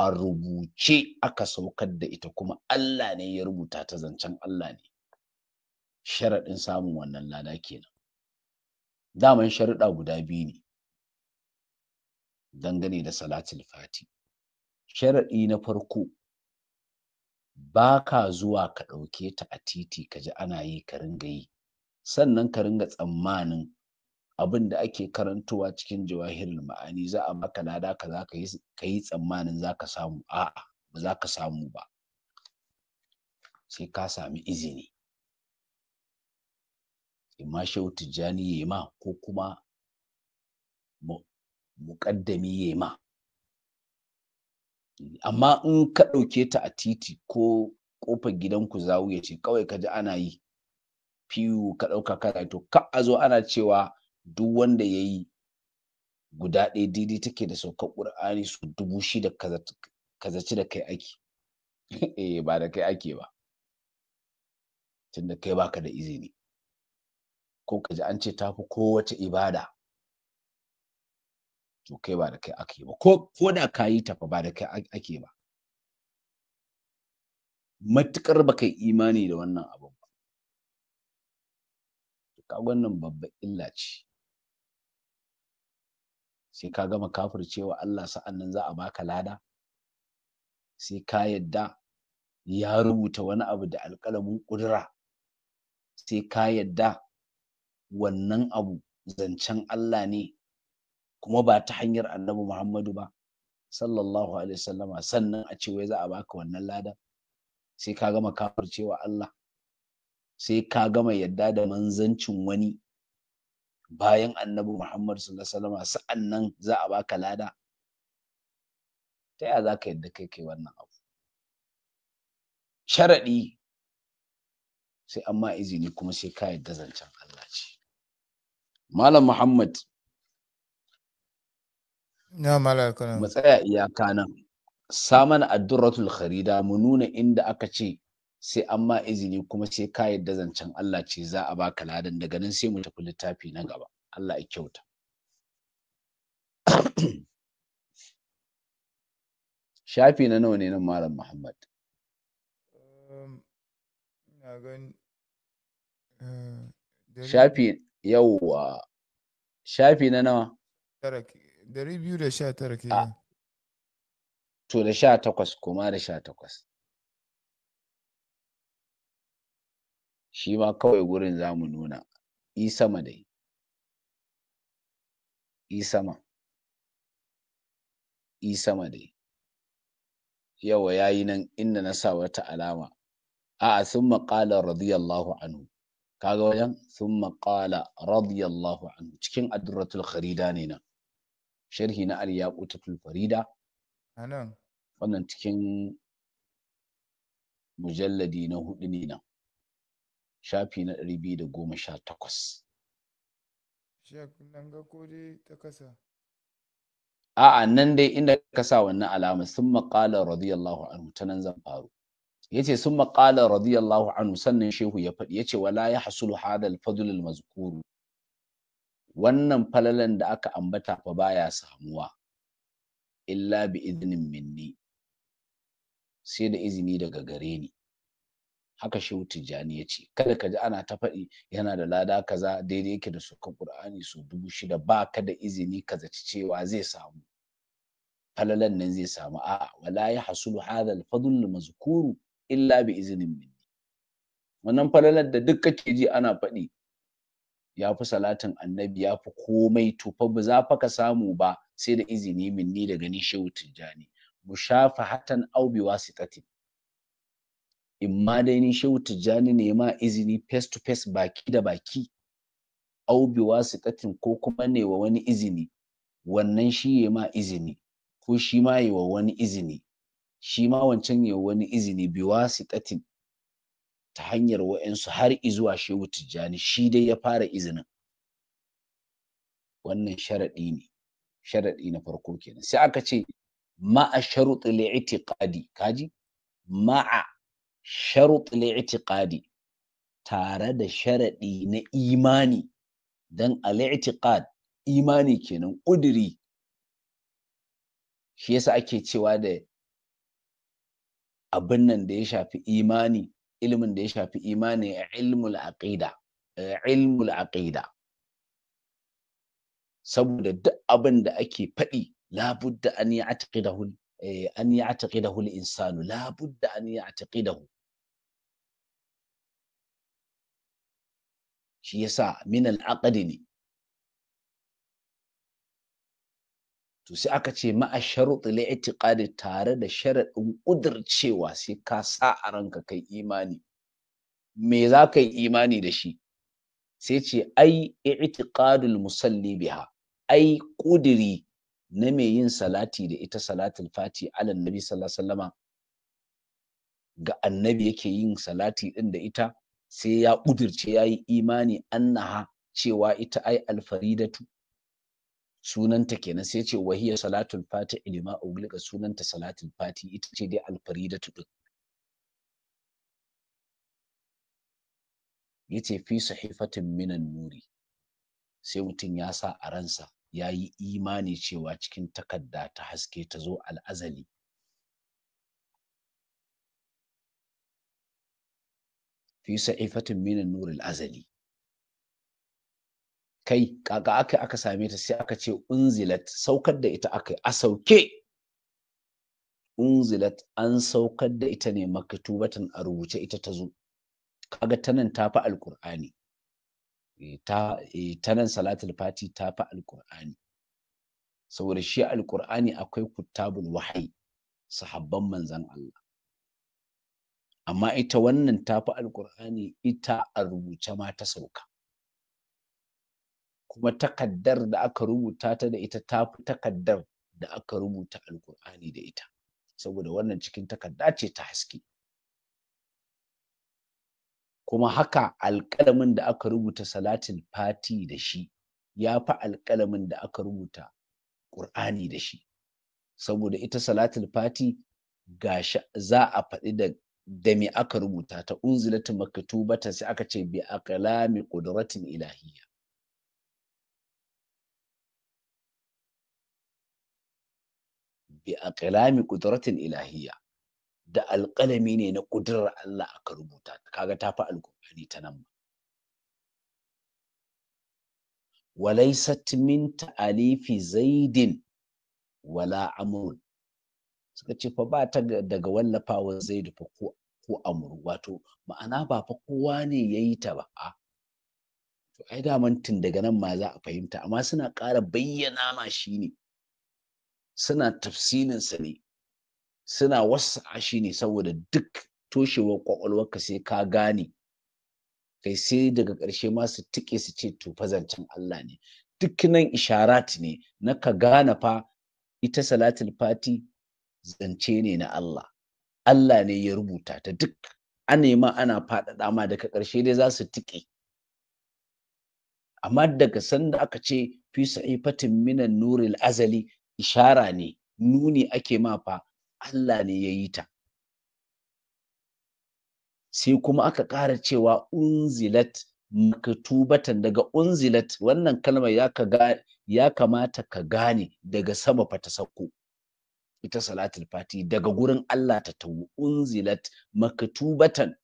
a rubuce aka saukar da ita kuma Allah ne ya rubuta ta zancen Allah ne sharaɗin samun wannan lada kenan daman sharuɗa guda biyu ne dangane da salatul fati sharaɗi na farko ba ka zuwa ka ɗauke ta a titi ka ji ana yi ka ringa yi sannan ka ringa tsammanin abin da ake karantowa cikin jawahirin ma'ani za a maka lada ka za ka yi tsammanin za ka samu a'a ba za ka samu ba sai ka sami izini imma shehu tijjani ya ma ko kuma muƙaddami ya ma amma in ka ɗauke ta a titi ko ƙofar gidanku zawu ya ce kawai ka ji ana yi fiyu ka ɗauka kana to ka a zo ana cewa duk wanda ya yi guda ɗaya daidai take da saukar ƙur'ani su dubu shida kazaci da kai ake eh ba da kai ake ba tunda kai baka da izini ko ka ji an ce tafi kowace ibada to kai ba da kai ake ba ko ko da ka yi tafa ba da kai ake ba matukar ba kai imani da wannan abun ba ka wannan babban illa ce sai ka gama kafircewa Allah sa'annan za a baka lada sai ka yadda ya rubuta wani abu da alƙalamin ƙudura sai ka yadda wannan abu zancen Allah ne kuma ba ta hanyar annabi Muhammadu ba sallallahu alaihi wasallama sannan a ce wai za a baka wannan lada, sai ka gama kafircewa Allah sai ka gama yadda da manzancin wani bayan annabi Muhammad sallallahu alaihi wasallam sa'annan za a baka lada ta yaya zaka yadda kai kai wannan abu sharaɗi sai amma izini kuma sai ka yadda zancen Allah ce Malam Muhammad na malaka mu tsaya iyaka nan samana addurratul kharida mu nuna inda aka ce sai an ma izini kuma sai ka yadda zancen Allah ce za a baka ladan daga nan sai mu tafi littafi na gaba Allah ya kyauta shafi na nawa ne nan malam Muhammad um, eh, shafi yawa shafi na nawa dari biyu da sha tara ke ah. to da sha takwas kuma da sha takwas shi ma kawai gurin za mu nuna i dai i dai yawa ya yi nan inda na sa wata alama a'a sun maƙala radiyallahu anhu kaga wajen sun maƙala radiyallahu anhu cikin adurratul kharida ne nan sharhi na al-yaqutatul farida anan wannan cikin mujalladi na hudu ne nan shafi na ɗari biyu da goma sha takwas. nan ga ta kasa. A'a nan dai inda ka sa wannan alama sun maƙala radiyallahu anhu ta nan zan faru. Ya ce sun maƙala radiyallahu anhu sannan shehu ya faɗi ya ce wala ya hasulu hadal fadulul mazkuru. Wannan falalan da aka ambata fa baya samuwa. Illa bi izinin minni. Sai da izini daga gare ni. haka shehu tijjani ya ce kada ka ji ana ta faɗi yana da lada kaza daidai yake da sukan ƙur'ani su dubu shida ba ka da izini ka zaci cewa zai samu falalan nan zai samu a'a wala ya hasulu hada alfadul mazkuru illa bi izinin min wannan falalan da duk kake ji ana faɗi ya fi salatin annabi ya fi komai to fa ba za fa ka samu ba sai da izini minni daga ni shehu tijjani mushafahatan aw bi wasitatin Imma ma dai ni shehu tijjani ne ma izini face to face baki da baki au bi wasitatin ko kuma ne wa wani izini wannan shi ya ma izini ko shi ma yi wa wani izini shi ma wancan ya wani izini bi wasitatin ta hanyar wa'ansu har izuwa shehu tijjani shi dai ya fara izinin wannan sharadi ne sharadi na farko kenan sai aka ce ma'a sharuɗi li'itiqadi kaji ma'a sharut li'tiqadi tare da sharaɗi na imani don al'itiqad imani kenan ƙuduri shi yasa ake cewa da abin nan da ya shafi imani ilimin da ya shafi imani ilmul aqida ilmul aƙida saboda duk abin da ake faɗi labudda an yi atiqidahu Eh, an yi ataƙidahu insanu labudda an yi ataƙidahu shi yasa min al'aqadi ne to sai aka ce ma'a sharuɗi li'itiqadi tare da sharaɗin ƙudurcewa sai ka sa a ranka kai imani me za ka yi imani da shi sai ce ai i'tiqadul musalli biha ai ƙudiri na mai yin salati da ita salatul fati ala nabi sallallahu alaihi ga annabi yake yin salati din da ita sai ya kudirce ya yi imani annaha cewa ita ai alfaridatu sunanta kenan sai ce wahiyar salatul fati ilima ugliga sunanta salatul fati ita ce dai alfaridatu din yace fi sahifatin minan nuri sai mutum ya sa a ransa ya yi imani cewa cikin takarda ta haske ta zo al'azali fi sa'ifatin minan nuril azali kai kaka aka aka same ta sai aka ce unzilat saukar da ita aka a sauke unzilat an saukar da ita ne makatubatan a rubuce ita ta zo kaga tanan ta fi alkur'ani Eh, eh, ta nan salatul fati ta fi alƙur'ani saboda shi alƙur'ani akwai kuttabun wahayi sahabban manzan Allah amma ita wannan ta fi alƙur'ani ita a rubuce ma ta sauka kuma takaddar da aka rubuta ta da ita ta fi takaddar da aka rubuta alƙur'ani da ita saboda wannan cikin takadda ce ta haske kuma haka alƙalamin da aka rubuta salatin fati da shi ya fi alƙalamin da aka rubuta ƙur'ani da shi saboda ita salatin fati ga za a faɗi da da me aka rubuta ta unzilatu maktubatan sai aka ce bi aqlami qudratin ilahiyya bi aqlami qudratin ilahiyya da alƙalami ne na ƙudurar Allah aka rubuta kaga ta fi alƙur'ani ta nan walaisat min ta'alifi zaidin wala amrun suka ce fa ba ta daga wallafawa zaid fa ko ko amru wato ma'ana ba fa kowa ne yayi ta ba a to ai da tun daga nan ma za a fahimta amma suna ƙara bayyana ma shine, ne suna tafsirinsa ne suna wasu shi ne saboda duk toshewar kwakwalwarka sai ka gane kai sai daga ƙarshe ma su tike su ce to fazancen Allah ne duk nan isharat ne na ka gane fa ita salatul fati zance ne na Allah Allah ne ya rubuta ta duk ana ma ana faɗaɗa ma daga ƙarshe dai za su tike amma daga sanda aka ce fi sa'ifatin minan nuril azali ishara ne nuni ake ma fa Allah ne ya yi ta sai kuma aka ƙara cewa unzilat makatubatan daga unzilat wannan kalmar ya kamata ka gane daga sama fa ta sauko ita salatul fati daga gurin Allah ta tawo unzilat makatubatan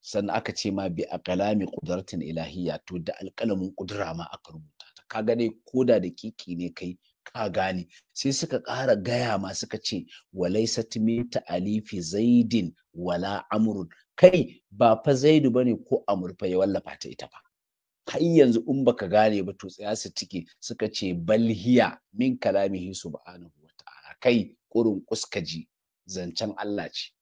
sannan aka ce ma bi aqlami qudratin ilahiyya to da alƙalamin kudura ma aka rubuta ta kaga dai koda da kiki ne kai ka gane sai suka ƙara gaya ma suka ce walai min alifi zaidin wala amrun kai ba fa zaidu bane ko amurfa ya wallafa ta ita ba har yanzu in baka gane ba to tsaya su tike suka ce balhiya min kalamihi subhanahu wata'ala kai kurun kuskaji zancen Allah ce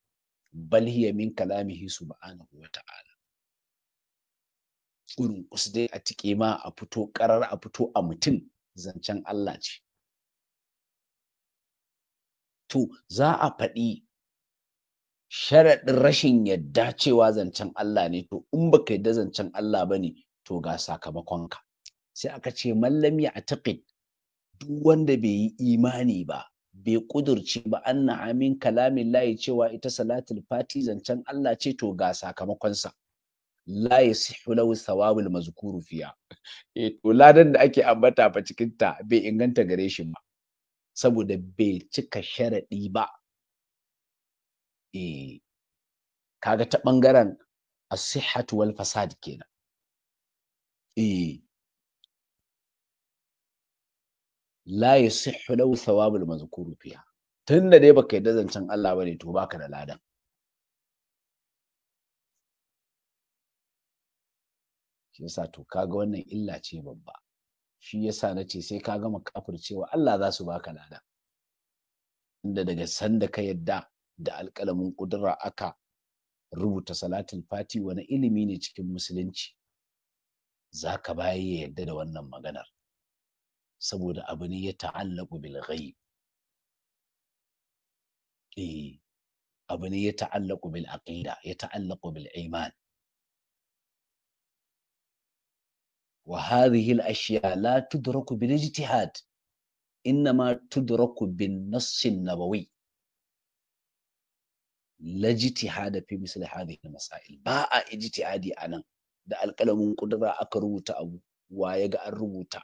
balhiya min kalamihi subhanahu wata'ala kurun kusde a tike ma a fito karar a fito a mutum zancen Allah ce to za a faɗi sharaɗin rashin yadda cewa zancen Allah ne to in ba ka yadda zancen Allah ba ne to ga sakamakonka sai aka ce mallam ya taƙid duk wanda bai yi imani ba bai ƙudurci ba anna amin kalamin layi cewa ita salatul fati zancen Allah ce to ga sakamakonsa la yasihu lahu thawabul mazkuru fiya eh to ladan da ake ambata fa cikin ta bai inganta gare shi ba saboda bai cika sharaɗi ba e kaga ta ɓangaren as-sihhatu wal fasad kenan eh la yasihhu law thawabul mazkuru fiha tunda dai baka yarda zancen Allah bane to baka da ladan shi yasa to kaga wannan illa ce babba shi yasa na ce sai ka gama cewa Allah za su baka lada inda daga sanda ka yadda da alƙalamin ƙudura aka rubuta salatul fati wani ilimi ne cikin musulunci za ka ya yadda da wannan maganar saboda abu ne ya ta'allaku bil ghaib eh, ya ta'allaku bil ya ta'allaku bil iman wa hadhihi al-ashya la tudraku bil ijtihad innama tudraku bin nass nabawi la ijtihada fi misl hadhihi al-masail ba a ijtihadi anan da alƙalamin kudura aka rubuta abu wa ya ga an rubuta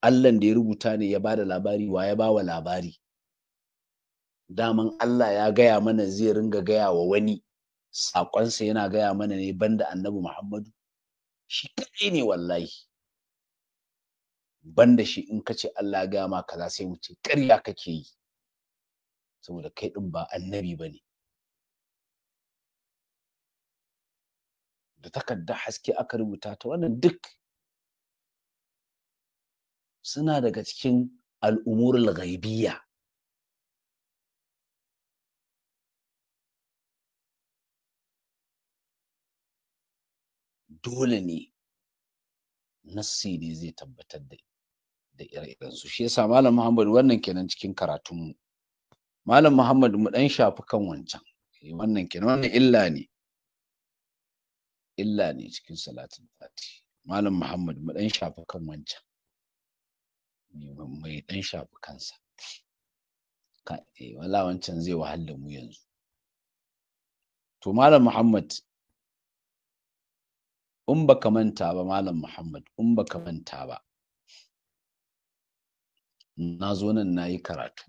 Allah da ya rubuta ne ya bada labari wa ya bawa labari daman Allah ya gaya mana zai ringa gaya wa wani saƙonsa yana gaya mana ne banda annabi Muhammadu shi kaɗai ne wallahi banda shi in ka ce Allah gama kaza sai wuce ƙarya kake yi saboda kai ɗin ba annabi ba ne da takarda haske aka rubuta ta wannan duk suna daga cikin al'umurul ghaibiyya dole ne nassi ne zai tabbatar da da ire-iren su shi yasa malam Muhammad wannan kenan cikin karatun mu malam Muhammad mu dan shafi kan wancan eh, wannan kenan wannan illa ne illa ne cikin Salatin fati malam Muhammad mu dan shafi kan wancan mai dan shafi kansa eh, wala wancan zai wahala mu yanzu to malam Muhammad in ba ka manta ba malam muhammad in ba ka manta ba na zo nan na yi karatu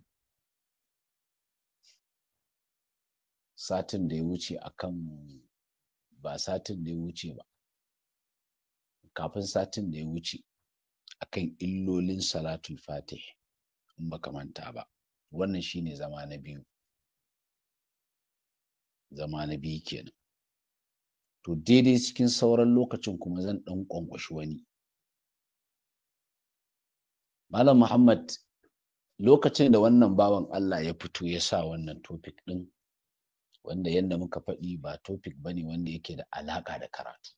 satin da ya wuce akan ba satin da ya wuce ba kafin satin da ya wuce akan illolin salatul fatih in ba ka manta ba wannan shine zama na biyu zama na biyu kenan to daidai cikin sauran lokacin kuma zan ɗan ƙwanƙwashi wani malam muhammad lokacin da wannan bawan allah ya fito ya sa wannan topic ɗin wanda yadda muka faɗi ba topic ba ne wanda yake da alaƙa da karatu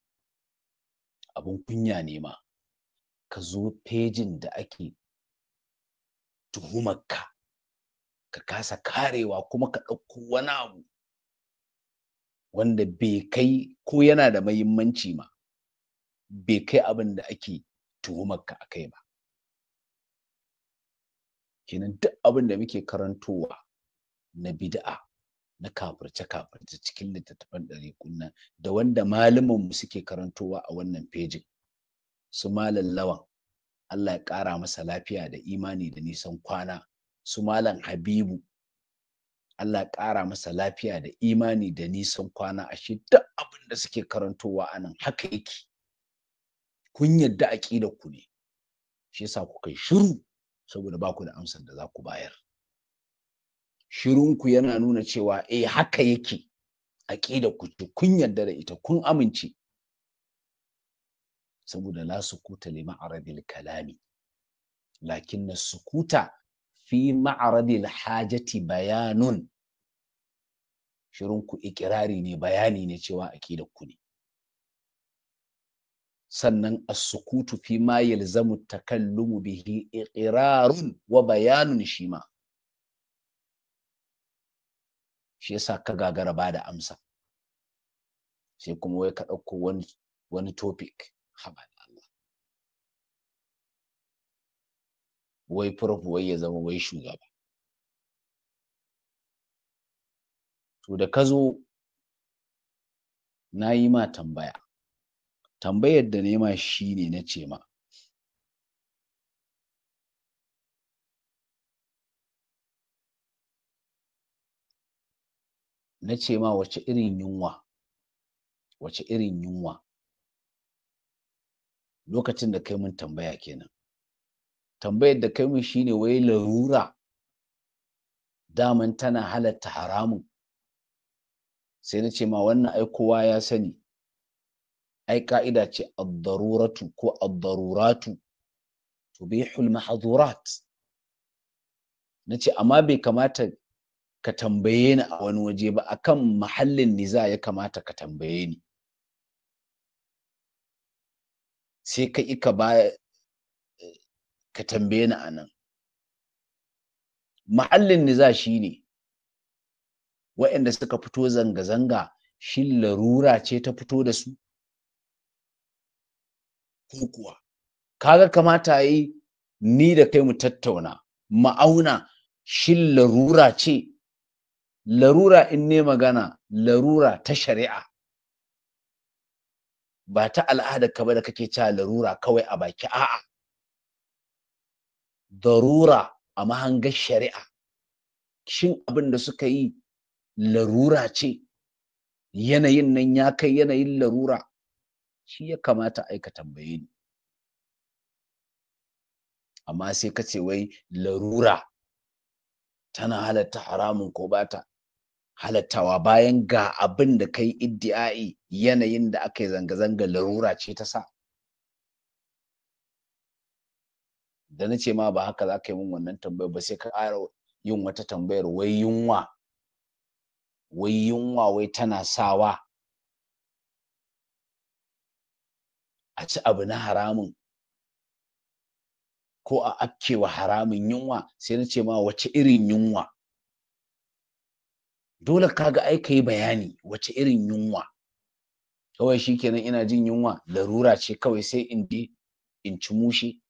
abun kunya ne ma ka zo fejin da ake tuhumarka ka kasa karewa kuma ka ɗauko wani abu wanda bai kai ko yana da mahimmanci ma bai kai abin da ake tuhumarka a kai ba kenan duk abin da muke karantowa na bid'a na kafirce kafirce cikin littattafan ɗari kunna da wanda mu suke karantowa a wannan fejin su malam lawan Allah ya ƙara masa lafiya da imani da nisan kwana su malam habibu Allah ƙara masa lafiya da imani da nisan kwana shi duk abin da suke karantowa a nan haka yake kun yadda aƙidar ku ne shi yasa ku kai shiru saboda ba ku da amsar da za ku bayar shirunku yana nuna cewa eh haka yake aƙidar ku ce kun yadda da ita kun amince saboda la sukuta li ma'aradil kalami lakin na sukuta fi ma'aradil hajati bayanun shirin ku ikirari ne bayani ne cewa akidar ku ne sannan as-sukutu fi ma yalzamu takallumu bihi iqrarun wa bayanun ma. shi yasa ka gagara ba da amsa sai kuma wai ka ɗauko wani wani topic haba Allah wai prof wai ya zama wai shugaba to da ka zo na yi ma tambaya tambayar da nema shi ne na ce ma na ce ma wace irin yunwa wace irin yunwa lokacin da kai mun tambaya kenan tambayar da kai mun ne wai larura daman tana halatta haramun sai na ce ma wannan ai kowa ya sani ai ka'ida ce ad-daruratu ko ad-daruratu tubihul mahdhurat nace amma bai kamata ka tambaye ni a wani waje ba akan mahallin niza ya kamata ka tambaye ni sai ka ika ba ka tambaye ni anan mahallin niza shine waɗanda suka fito zanga-zanga shin larura ce ta fito da su ko kuwa kaga kamata yi ni da kai mu tattauna ma'auna shin larura ce larura in ne magana larura ta shari'a ba ta al'ada ka ba da kake cewa larura kawai a baki a'a darura a mahangar shari'a shin abin da suka yi larura ce yanayin nan ya kai yanayin larura shi ya kamata aika tambaye ni amma sai ka ce wai larura tana halatta haramun ko ba bata halattawa bayan ga abin da kai iddi'ai yanayin da aka zanga-zanga larura ce ta sa da na ce ma ba haka za ka yi min wannan tambayar ba sai ka ƙara yin wata tambayar wai yunwa wai yunwa wai tana sawa a ci abu na haramun ko a afkewa haramun yunwa sai na ce ma wace irin yunwa dole kaga ai ka yi bayani wace irin yunwa kawai shikenan ina jin yunwa larura ce kawai sai in je in ci mushi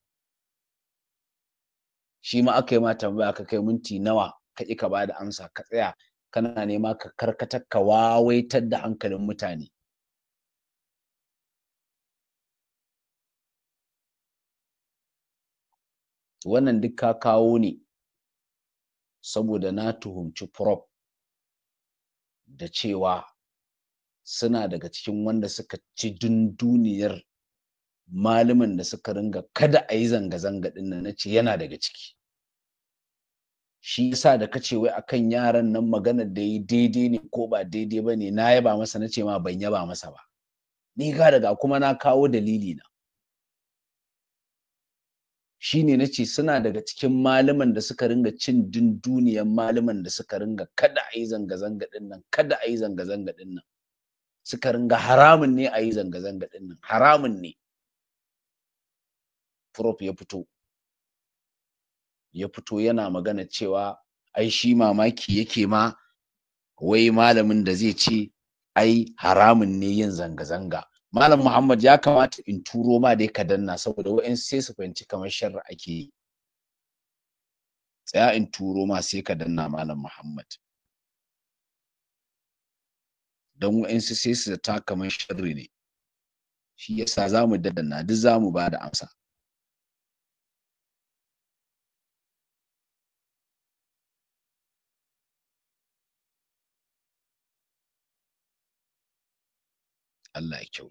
shi ma aka yi ma tambaya ka kai minti nawa ka ka ba amsa ka tsaya kana nema ka karkatar ka wawaitar da hankalin mutane wannan duk ka kawo ne saboda na tuhumci prop da cewa suna daga cikin wanda suka ci dunduniyar malamin da suka ringa kada a yi zanga-zanga ɗin na ce yana daga ciki shi yasa da kace wai akan yaran nan maganar da yi daidai ne ko ba daidai ba ne na yaba masa na ce ma ban yaba masa ba ni ga daga kuma na kawo dalili na shine na ce suna daga cikin malaman da suka ringa cin dinduniyan malaman da suka ringa kada a yi zanga-zanga din nan kada a yi zanga-zanga din nan suka ringa haramun ne ayi zanga-zanga din nan haramun ne prof ya fito ya fito yana magana cewa ai shi mamaki yake ma wai malamin da zai ce ai haramun ne yin zanga-zanga malam muhammad ya kamata in turo ma dai ka danna saboda wa'in sai su fahimci kamar sharri ake yi tsaya in turo ma sai ka danna malam muhammad don wa'insu sai su ta kamar sharri ne shi yasa za mu dadanna duk za mu ba da amsa Allah ya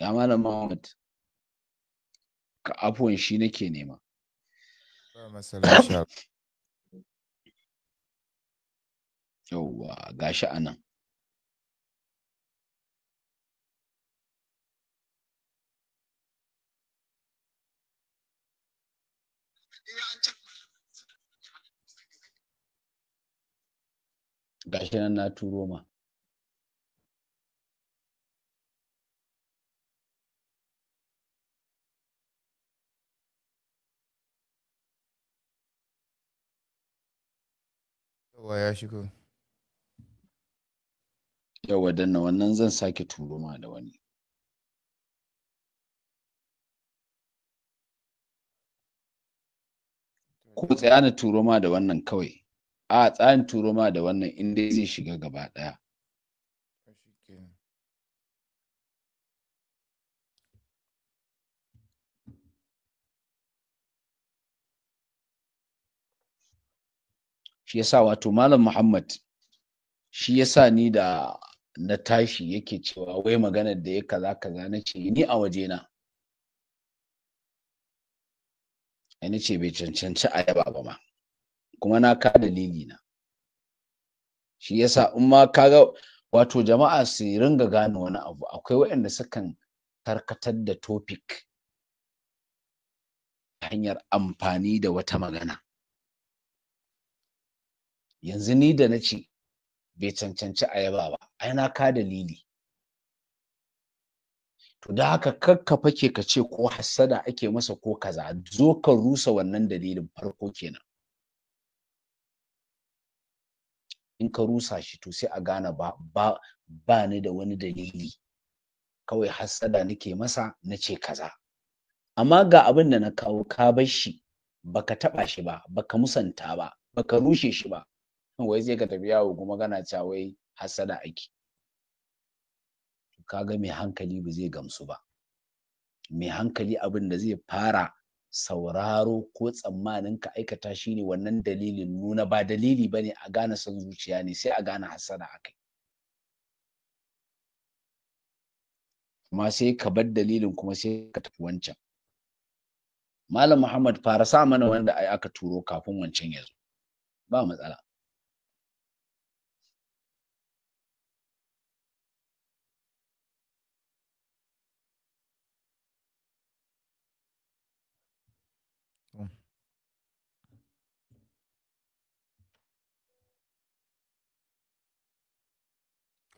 ya malam Muhammad ka afuwan shi nake nema yauwa gashi a nan gashi nan na turo ma Yawa ya shigo. Yawa danna wannan zan sake turo ma da wani. Ko tsaya na turo ma da wannan kawai. A tsarin turo ma da wannan in dai zai shiga gaba ɗaya. shi yasa wato malam muhammad shi yasa ni da na tashi yake cewa wai maganar da ya kaza kaza na ce ni a wajena na ce bai cancanci ayaba ba ma kuma na ka dalili na shi yasa in ma kaga wato jama'a su ringa gane wani abu akwai waɗanda sukan karkatar da topic hanyar amfani da wata magana yanzu ni da na ce bai cancanci ayaba ba ai na ka dalili to da haka kakka fake ka ce ko hassada ake masa ko kaza zo ka rusa wannan dalilin farko kenan in ka rusa shi to sai a gane ba ba ba ni da wani dalili kawai hassada nake masa na ce kaza amma ga abin da na kawo ka bar shi baka taba shi ba baka musanta ba baka rushe shi ba wai sai ka tafi yawo kuma kana cewa wai hasada ake kaga mai hankali ba zai gamsu ba mai hankali abin da zai fara sauraro ko tsammanin ka aikata shine wannan dalilin nuna ba dalili ba ne a gane son zuciya ne sai a gane hasada akai kuma sai ka bar dalilin kuma sai ka tafi wancan Malam Muhammad fara sa mana wanda ai aka turo kafin wancan ya Ba matsala.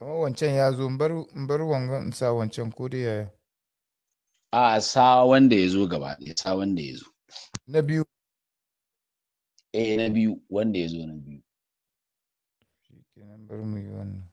Kamar wancan ya zo bar wanga in sa wancan ko da yaya. A sa wanda ya zo gaba ya sa wanda ya zo. Na biyu. Eh na biyu wanda ya zo na biyu. Shi kenan bar mu yi wannan.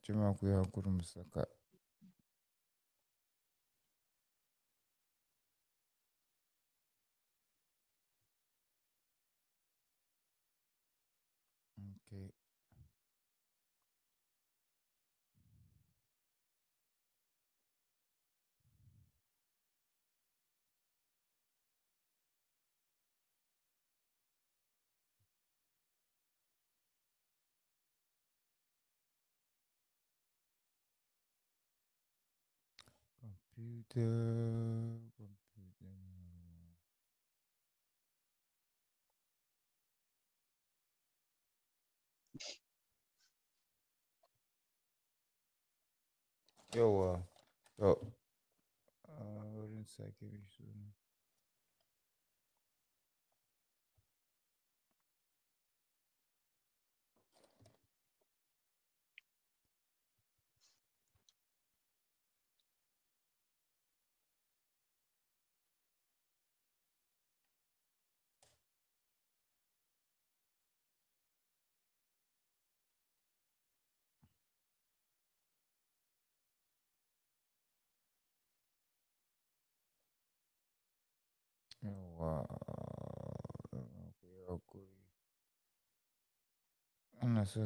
cuma aku yang kurang computer, computer. Yawa, to, uh, uh, a wurin sake bishi suna. sa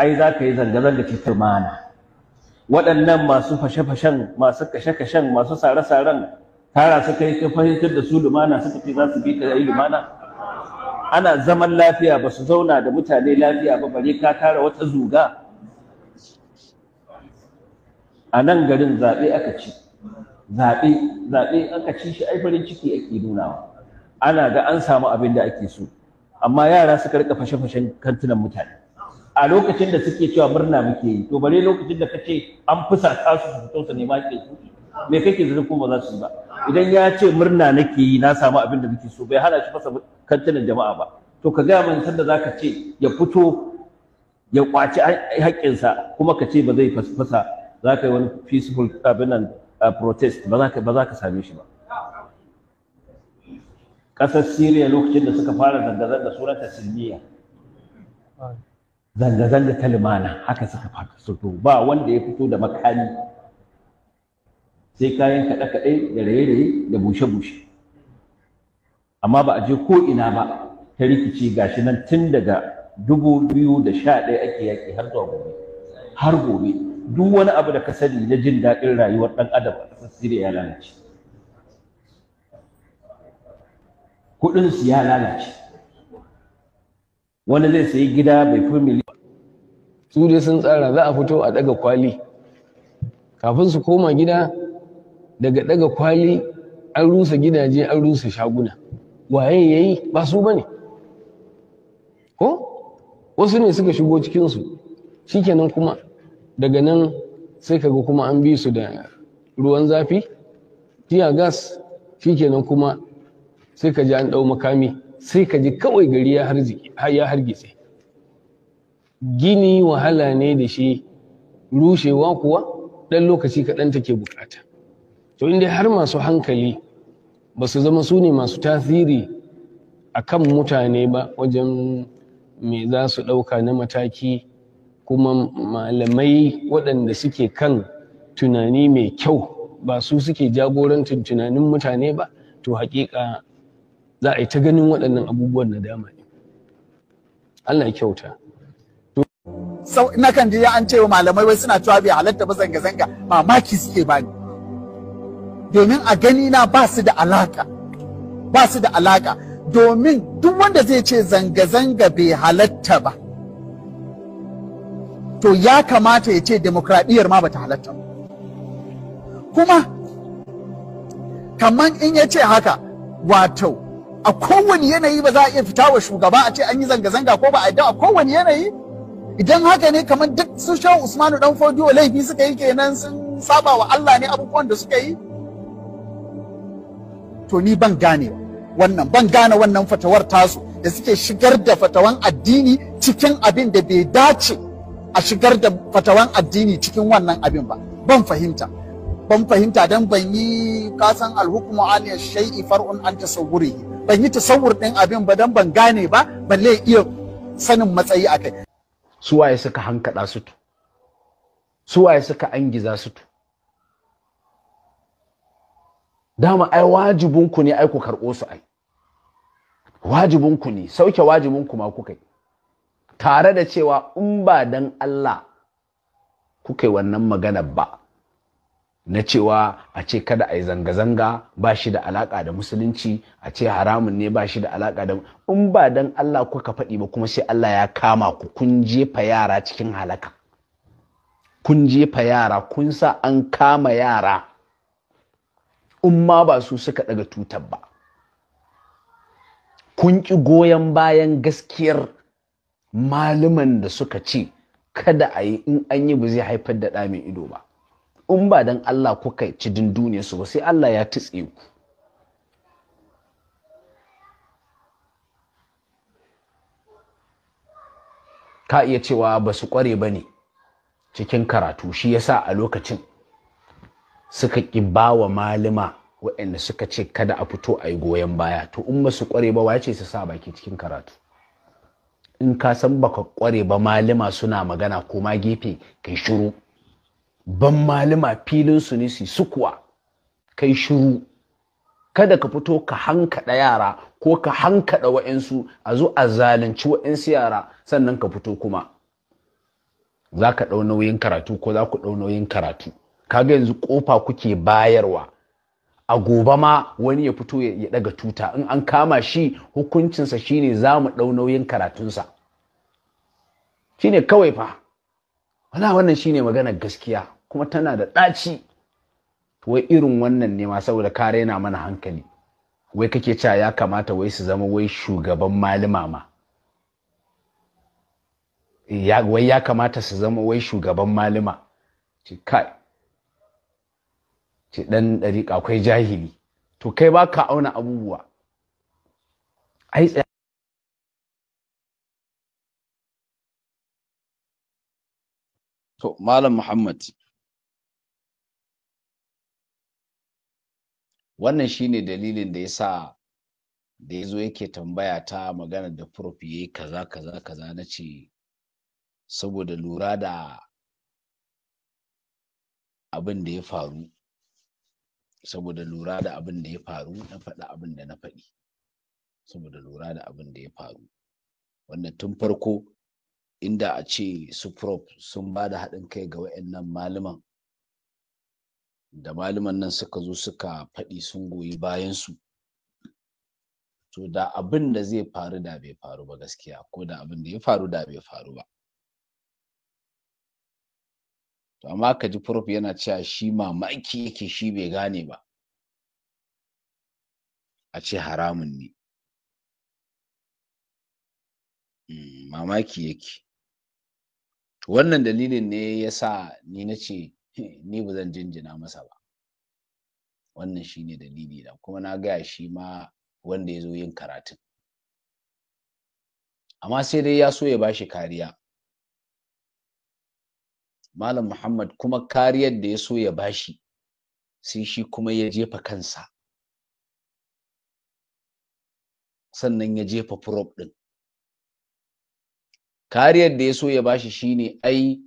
Ai za ka yi zanga-zanga cikin mana. Waɗannan masu fashe-fashen, masu kashe-kashen, masu sare-saren, tara suka yi ka fahimtar da su lumana suka ce za su bi ka yi lumana. ana zaman lafiya ba su zauna da mutane lafiya ba bare ka tara wata zuga a nan garin zaɓe aka ci zaɓe zaɓe aka ci shi ai farin ciki ake nunawa ana ga an samu abin da ake so amma yara suka rika fashe-fashen kantunan mutane a lokacin da suke cewa murna muke yi to bare lokacin da kace an fusa kasu su fito su nema ke su me kake zurin ko ba za su yi ba idan ya ce murna nake yi na samu abin da nake so bai hana shi fasa kantinan jama'a ba to ka gaya min sanda zaka ce ya fito ya kwaci haƙƙinsa kuma ka ce ba zai fasfasa za ka yi wani peaceful abin nan protest ba za ka same shi ba ƙasar Syria lokacin da suka fara zanga-zanga sunanta syria zanga-zanga ta haka suka fara fito ba wanda ya fito da makami sai kayan kaɗe-kaɗe da raye-raye da bushe-bushe amma ba a je ko ina ba ta rikici shi nan tun daga dubu biyu da sha ɗaya ake yaƙi har zuwa gobe har gobe duk wani abu da ka sani na jin daɗin rayuwar ɗan adam a ƙasar siriya ya lalace kuɗinsu ya lalace wani zai sayi gida bai fi miliyan su dai sun tsara za a fito a ɗaga kwali kafin su koma gida daga daga kwali an rusa gidaje an rusa shaguna waye yayi ba su bane ko wasu ne suka shigo cikin su shikenan kuma daga nan sai kaga kuma an bi su da ruwan zafi tiya gas shikenan kuma sai ka an dau makami sai ka kawai gari ya hargitse gini wahala ne da shi rushewa kuwa ɗan lokaci kaɗan take bukata to inda har masu hankali ba su zama su ne masu tasiri a kan mutane ba wajen me za su ɗauka na mataki kuma malamai waɗanda suke kan tunani mai kyau ba su suke jagorantar tunanin mutane ba to haƙiƙa za a yi ta ganin waɗannan abubuwan na dama ne Allah ya kyauta ina kan ji an cewa malamai wai suna cewa bai halatta ba zanga-zanga mamaki suke bani domin a gani na ba su da alaka ba su da alaka domin duk wanda zai ce zanga-zanga bai halatta ba to ya kamata ya ce demokradiyyar ma bata halatta kuma kamar in ya ce haka wato a kowane yanayi ba za a iya fita wa shugaba a ce an yi zanga-zanga ko ba a yadda a kowane yanayi idan haka ne kamar duk sun sha usmanu dan fodiyo laifi suka yi kenan sun saba wa allah ne abubuwan da suka yi to ni ban gane wannan ban gane wannan fatawar tasu da suke shigar da fatawan addini cikin abin da bai dace a shigar da fatawan addini cikin wannan abin ba ban fahimta ban fahimta don ban yi kasan alhukumu aniyar shai'i far'un an tasawwurihi ban yi tasawur ɗin abin ba don ban gane ba balle iya sanin matsayi akai suwaye suka hankada su suwaye suka angiza su dama ai wajibinku ne ai ku karɓo su ai wajibinku ne sauke wajibin ku ma kuka yi tare da cewa in ba dan Allah kuka yi wannan magana ba na cewa a ce kada a yi zanga-zanga ba shi da alaƙa da musulunci a ce haramun ne ba shi da alaƙa da in ba dan Allah kuka faɗi ba kuma sai Allah ya kama ku kun jefa yara cikin halaka kun jefa yara kun sa an kama yara Umma ba su suka daga tutar ba kun ki goyon bayan gaskiyar malaman da suka ce kada a yi in an yi ba zai haifar da ɗa ido ba in ba don Allah kuka ci dundune su ba sai Allah ya tutse ku ka iya cewa ba su kware ba ne cikin karatu shi yasa a lokacin suka ki wa malima waɗanda suka ce kada a fito a yi goyon baya to in ba su kware ba wace su sa baki cikin karatu in ka san baka kware ba malima suna magana ko ma gefe kai shiru ban malima filin su ne su sukuwa kai shiru kada ka fito ka hankaɗa yara ko ka hankaɗa wa'insu a zo a zalunci wa'insu yara sannan ka fito kuma za ka ɗau nauyin karatu ko za ku ɗau nauyin karatu kaga yanzu kofa kuke bayarwa a gobe ma wani ya fito ya daga tuta in an kama shi hukuncinsa shine za mu ɗau nauyin karatunsa shine kawai fa wala wannan shine maganar gaskiya kuma tana da ɗaci wai irin wannan ne ma saboda ka raina mana hankali wai kake cewa ya kamata wai su zama wai shugaban malima ma wai ya kamata su zama wai shugaban malima kai ce ɗan ɗariƙa akwai jahili to kai ba ka auna abubuwa ai tsaya to malam muhammad wannan shine dalilin da ya sa da ya zo yake tambaya ta magana da prof yayi kaza kaza kaza na ce saboda lura da abin da ya faru saboda lura da abin da ya faru na faɗa abin da na faɗi saboda lura da abin da ya faru wanda tun farko inda a ce su prop sun ba da haɗin kai ga wayannan malaman da malaman nan suka zo suka faɗi sun goyi bayansu to da abin da zai faru da bai faru ba gaskiya ko da abin da ya faru da bai faru ba to amma ka ji prof yana cewa shi mamaki yake shi bai gane ba a ce haramun ne hmm, mamaki yake to wannan dalilin ne ya sa ni na ce hmm, ni ba zan jinjina masa ba wannan shi ne dalili na kuma na gaya shi ma wanda ya zo yin karatun amma sai dai ya so ya bashi kariya malam muhammad kuma kariyar da ya so ya bashi sai shi kuma ya jefa kansa sannan ya jefa prop ɗin kariyar da ya so ya bashi shine ai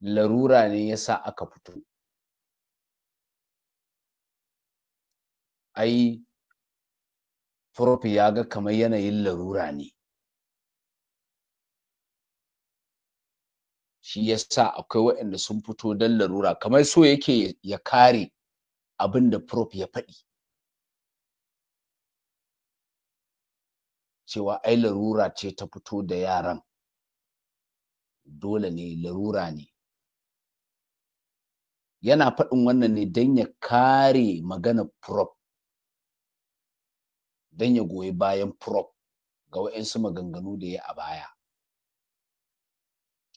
larura ne ya sa aka fito ai prop ya ga kamar yanayin larura ne shi yasa akwai waɗanda sun fito don larura kamar so yake ya kare abin da prof ya faɗi cewa ai larura ce ta fito da yaran dole ne larura ne yana faɗin wannan ne don ya kare magana prof, don ya goyi bayan prof ga waɗansu maganganu da ya a baya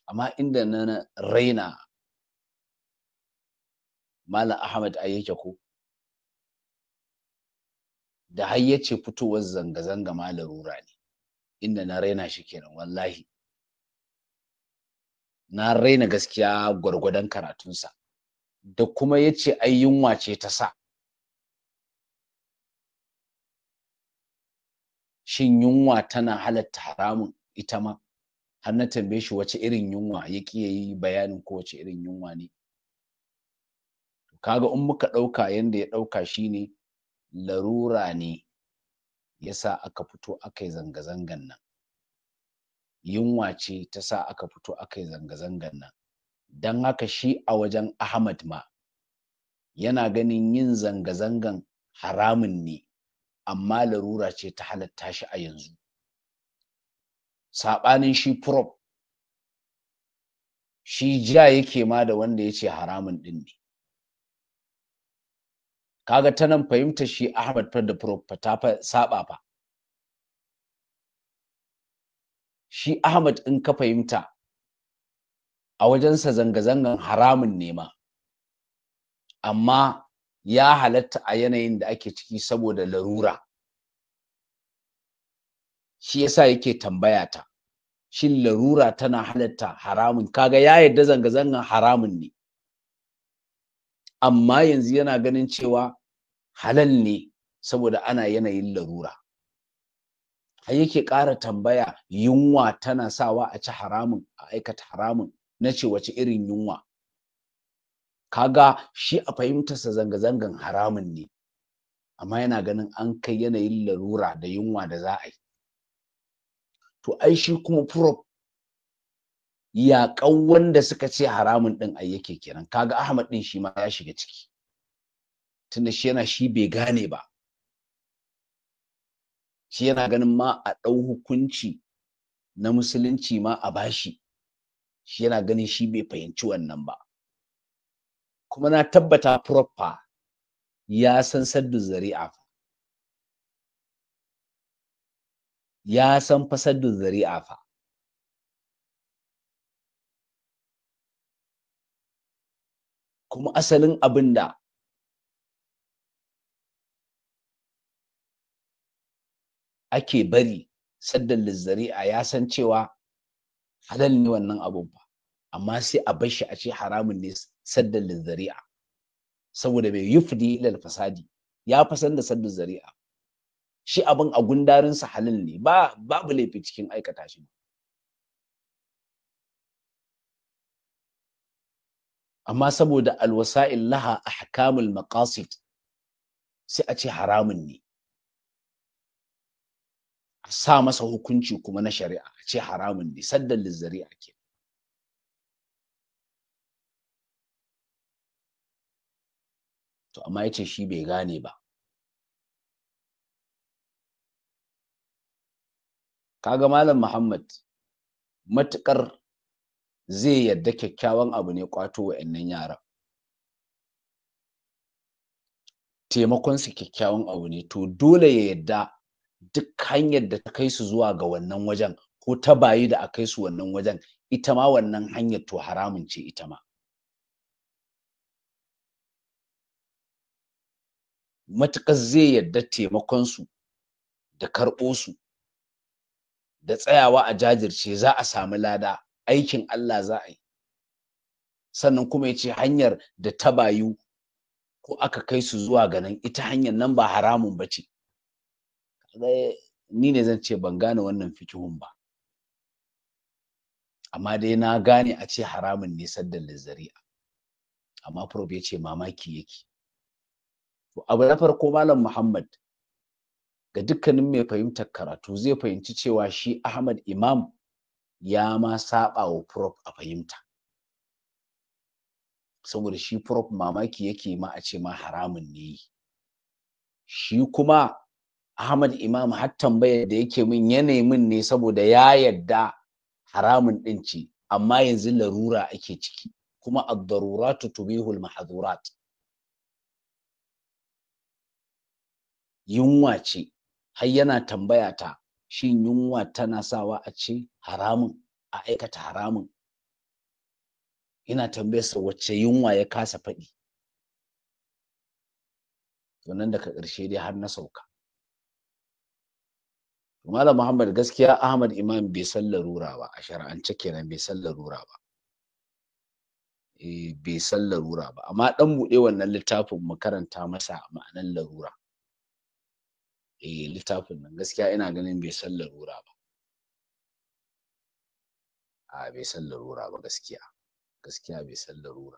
amma inda na raina Malam Ahmad a yake ko da har yace fitowar zanga-zanga Malam Rura ne inda na raina shi kenan wallahi na raina gaskiya gwargwadon karatunsa da kuma yace ai yunwa ce ta sa shin yunwa tana halatta haramun ita ma har na tambaye shi wace irin yunwa ya ƙi yi bayanin ko wace irin yunwa ne kaga in muka ɗauka yadda ya ɗauka shine larura ne ya sa aka fito aka yi zanga-zangan nan yunwa ce ta sa aka fito aka yi zanga-zangan nan don haka shi a wajen ahmad ma yana ganin yin zanga-zangan haramun ne amma larura ce ta halatta shi a yanzu saɓanin shi prop shi ja yake ma da wanda ya ce haramun ɗin ne kaga ta nan fahimta shi ahmad fa da prop ta saɓa fa shi ahmad in ka fahimta a wajensa zanga-zangan haramun ne ma amma ya halatta a yanayin da ake ciki saboda larura shi yasa yake tambaya ta shin larura tana halatta haramun kaga ya yadda zanga-zangan haramun ne amma yanzu yana ganin cewa halal ne saboda ana yanayin larura har yake ƙara tambaya yunwa tana sawa a ci haramun a aikata haramun na ce wace irin yunwa kaga shi a fahimtarsa zanga-zangan haramun ne amma yana ganin an kai yanayin larura da yunwa da za a yi to ai shi kuma prop yaƙan wanda suka ce haramun ɗin a yake kenan kaga ahmad ɗin shi ma ya shiga ciki tunda shi yana shi bai gane ba shi yana ganin ma a ɗau hukunci na musulunci ma a bashi shi yana ganin shi bai fahimci wannan ba kuma na tabbata prop ya san saddu zari'a ya san fasaddu zari'a fa kuma asalin abin da ake bari saddan lizzari'a ya san cewa halal ne wannan abun fa amma sai a bar shi a ce haramun ne saddan lizzari'a saboda bai yufdi lal fasadi ya fasan da saddan zari'a shi abin a gundarin sa halin ne ba babu laifi cikin aikata shi amma saboda alwasa'il laha ahkamul maqasid sai a ce haramun ne a sa masa hukunci kuma na shari'a a ce haramun ne saddan lizzari'a ke to amma yace shi bai gane ba kaga malam muhammad matukar zai yadda kyakkyawan abu ne kwato wa'annan yaran taimakon su kyakkyawan abu ne to dole ya yadda duk hanyar da ta kai su zuwa ga wannan wajen ko ta bayi da a kai su wannan wajen ita ma wannan hanyar to haramun ce ita ma matuƙar zai yadda taimakon su da karɓo su da tsayawa a jajirce za a samu lada aikin Allah za a yi sannan kuma ya ce hanyar da ta bayu ko aka kai su zuwa ganin ita hanyar nan ba haramun ba ce ni ne zan ce ban gane wannan fikihun ba amma dai na gane a ce haramun ne saddan lazzari'a amma prof ya ce mamaki yake abu na farko malam muhammad Da dukkanin mai fahimtar karatu zai fahimci cewa shi Ahmad Imam ya ma saba wa prof a fahimta saboda shi prof mamaki yake ma a ce ma haramun ne shi kuma Ahmad Imam har tambayar da yake min yanayi min ne saboda ya yadda haramun din ce amma yanzu larura ake ciki kuma ad-daruratu tubihul mahzurat yunwa ce har yana tambaya ta shin yunwa tana sawa a ce haramun a aikata haramun ina sa wacce yunwa ya kasa faɗi to nan daga ƙarshe dai har na sauka Malam Muhammad gaskiya Ahmad Imam bai san larura ba a shar'ance kenan bai san larura ba eh, bai san larura ba amma dan buɗe wannan littafin mu karanta masa ma'anan larura eh littafin nan gaskiya ina ganin bai san larura ba a bai san larura ba gaskiya gaskiya bai san larura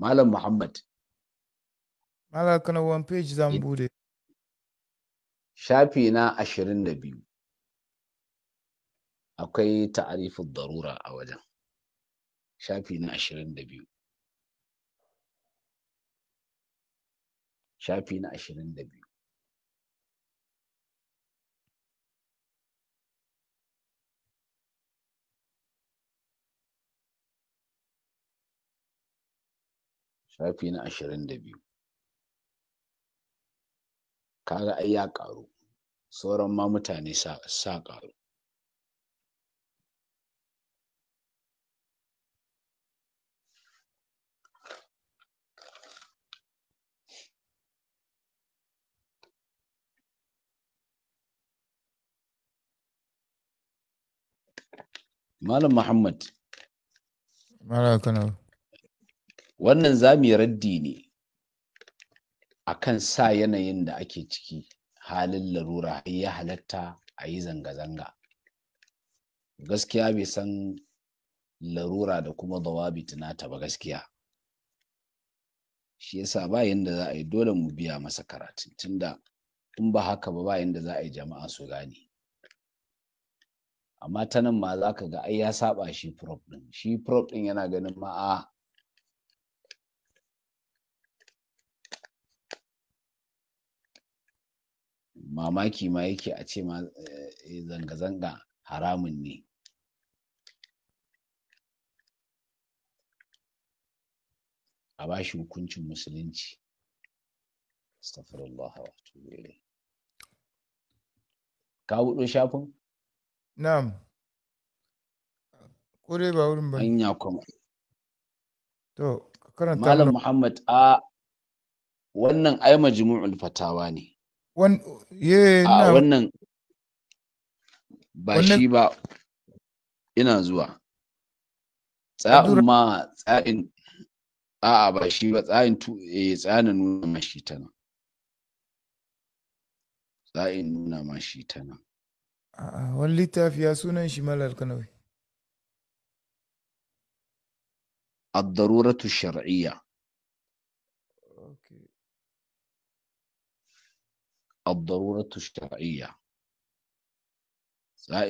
Malam Muhammad. Malam kana one page zan eh. bude. Shafi na ashirin da biyu. Akwai ta'arifin darura a wajen. Shafi na ashirin da biyu. shafi na ashirin da biyu shafi na ashirin da biyu kaga ai ya ƙaru sauran ma mutane sa ƙaru Malam Muhammad. Wannan zami raddi ne a kan sa yanayin da ake ciki halin larura ya halatta a yi zanga-zanga. Gaskiya bai san larura da kuma zawabi tunata ba gaskiya. Shi yasa ba yadda za a yi dole mu biya masa karatun tunda in ba haka ba ba yadda za a yi jama'a su gane. amma ta nan ma za ka ga ai ya saba shi prop ɗin shi prop ɗin yana ganin ma a ah, mamaki ma yake a ce ma eh, eh, zanga-zanga haramun ne a ba shi hukuncin musulunci astagfirullah wa ka buɗo shafin Na'am. Ko dai ba wurin ba. Hanya kuma. To, karanta Malam Muhammad a wannan ai majmu'ul fatawa ne. Wan ye na wannan ba shi ba ina zuwa. Tsa'in ma tsa'in a'a ba shi ba tsayin tu eh tsayin nuna mashi tana. Tsayin nuna mashi tana. A'a, wani littafi ya sunan shi malar kanawai الضرورة الشرعية الضرورة الشرعية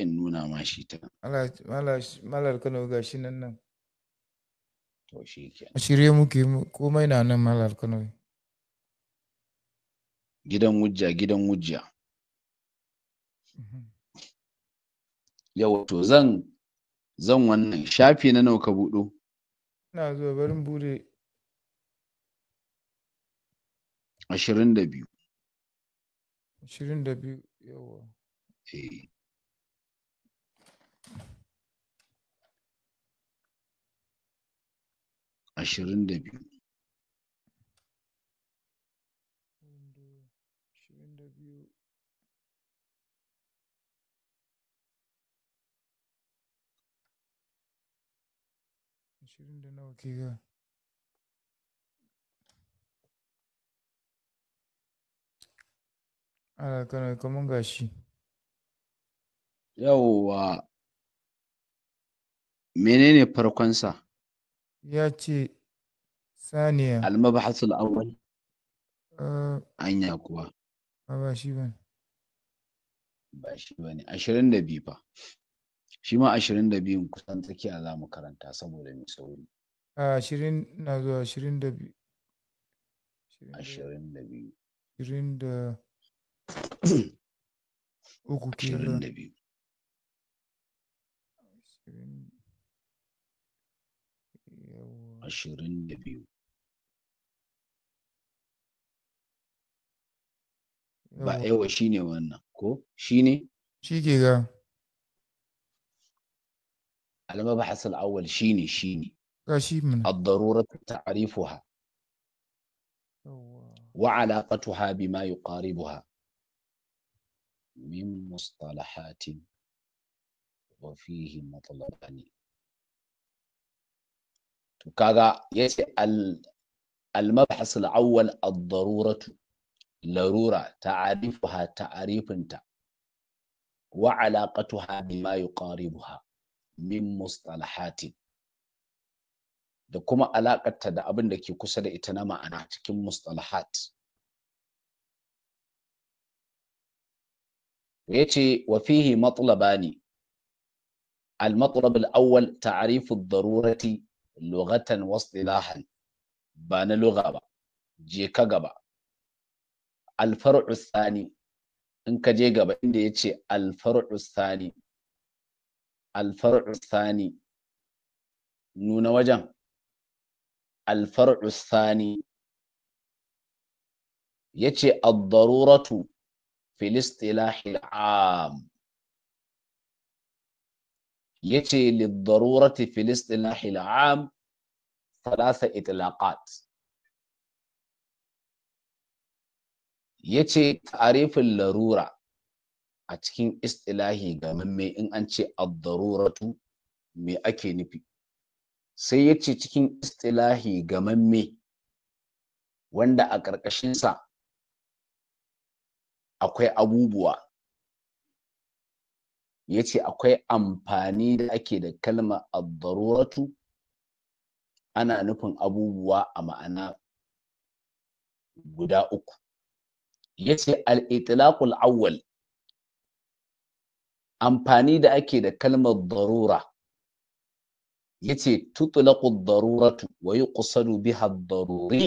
nuna ma shi ta. Malar ga shi nan nan. To shi ke. A shirya muke komai na nan Malar Kano. Gidan wujja, gidan wujja. Mhm. yau to zan zan wannan shafi na nawa ka buɗo ina zuwa barin bude ashirin da biyu yawa eh ashirin da biyu nawa ke ga ana kana kaman gashi yawwa menene farkonsa ya ce saniya Alma almabahasul awwal uh, anya kuwa ba shi ba ba shi ba ne ashirin da biyu fa shi ma ashirin da biyun kusan tsakiya za mu karanta saboda mai sauri ashirin na zuwa ashirin da biyu ashirin da biyu ashirin da uku ashirin da biyu ashirin da biyu ba yawa shi ne wannan ko shi ne shi ke ga al-mabahas al-awwal shi ne shi ne شيء منها الضرورة تعريفها وعلاقتها بما يقاربها من مصطلحات وفيه مطلبان كذا يسي المبحث الأول الضرورة لرورة تعريفها انت وعلاقتها بما يقاربها من مصطلحات da kuma alaƙarta da abinda ke kusa da ita na ma'ana cikin mustalahat. Ya ce, wa fihi matulaba ne, al-matulabin awwal ta'arifin darurati lugatan wasilahan ba na luga ba, je ka gaba. Alfarudus tsani, in ka je gaba inda ya ce alfarudus tsani, alfarudus tsani, nuna wajen. alfar'u sani ya ce addaruratu filistilahil am ya ce liddarurati filistilahil am ثلاثة إطلاقات yace ta'arifin larura a cikin istilahi ga mamme in an ce ad-daruratu me ake nufi sai ya ce cikin istilahi me wanda a ƙarƙashinsa akwai abubuwa ya ce akwai amfani da ake da kalma addaruratu ana nufin abubuwa a ma'ana guda uku ya ce al'itilakul awwal amfani da ake da kalmar darura yace tutlaqu ad-daruratu wa yuqsadu biha ad-daruri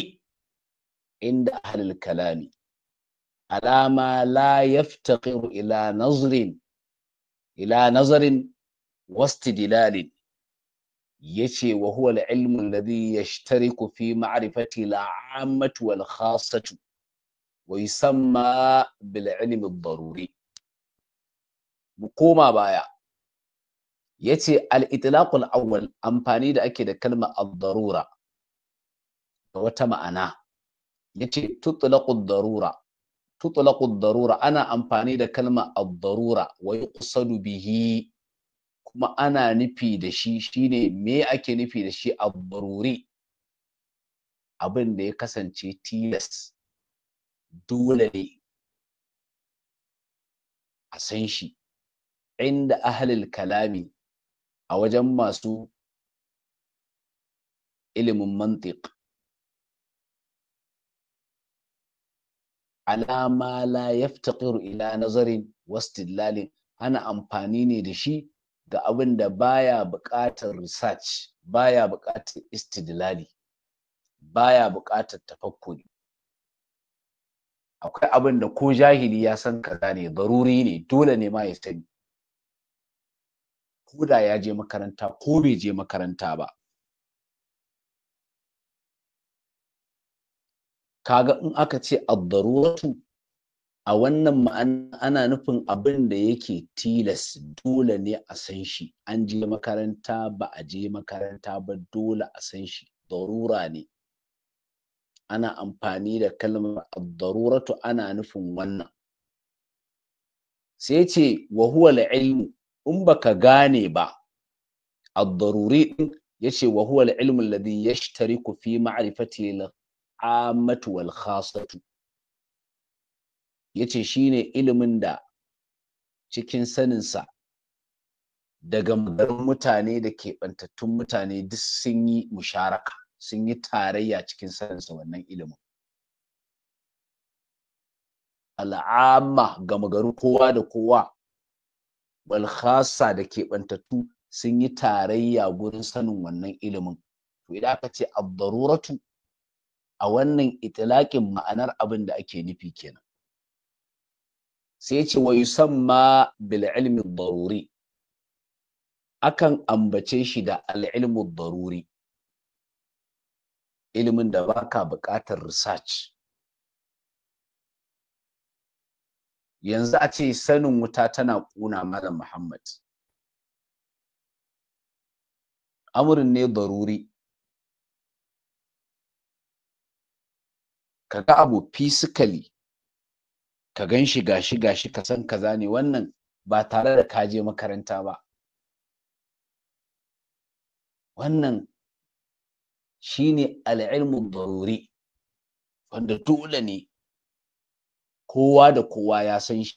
inda ahli al-kalami alama la yaftaqiru ila nazrin ila nazarin wastidlalin yace wa huwa al-ilmu alladhi yashtariku fi ma'rifati al-'ammatu wal-khassatu wa yusamma bil-'ilmi ad-daruri mu koma baya ya ce al'itilakul awwal amfani da ake da kalma al-darura da wata ma'ana ya ce tutulakul darura tutulakul darura ana amfani da kalma al-darura wa yi bihi kuma ana nufi da shi shine me ake nufi da shi al-daruri abin da ya kasance tilas dole ne a san shi inda ahalil kalami a wajen masu ilimin mantiq alama la yaftaqiru ila nazarin wastidlalin ana amfani ne da shi ga abin da baya buƙatar research baya buƙatar istidlali baya buƙatar tafakkuri akwai abin da ko jahili ya san kaza ne baruri ne dole ne ma ya sani ko da ya je makaranta ko bai je makaranta ba kaga in aka ce addaruratu a wannan ma'ana ana nufin abin da yake tilas dole ne a san shi an je makaranta ba a je makaranta ba dole a san shi darura ne ana amfani da kalmar daruratu ana nufin wannan sai ce wa huwa ilmu in baka gane ba a daruri din yace wa huwa al-ilm alladhi yashtariku fi ma'rifati al-ammatu wal khassatu yace shine ilimin da cikin saninsa. sa daga mutane da keɓantattun mutane duk sun yi musharaka sun yi tarayya cikin saninsa wannan ilimin al'amma gama garin kowa da kowa wal da keɓantattu sun yi tarayya gurin sanin wannan ilimin to idan aka ce ad-daruratu a wannan itilaƙin ma'anar abin da ake nufi kenan sai ya ce wa yusamma bil ilmi daruri akan ambace shi da al ilmu daruri ilimin da baka buƙatar research yanzu a ce sanin wuta tana ƙuna malam Muhammad amurin ne daruri ka ga abu physically ka gan shi gashi gashi ka san kaza ne wannan ba tare da kaje makaranta ba wannan shine al'ilmu daruri wanda dole ne kowa da kowa ya san shi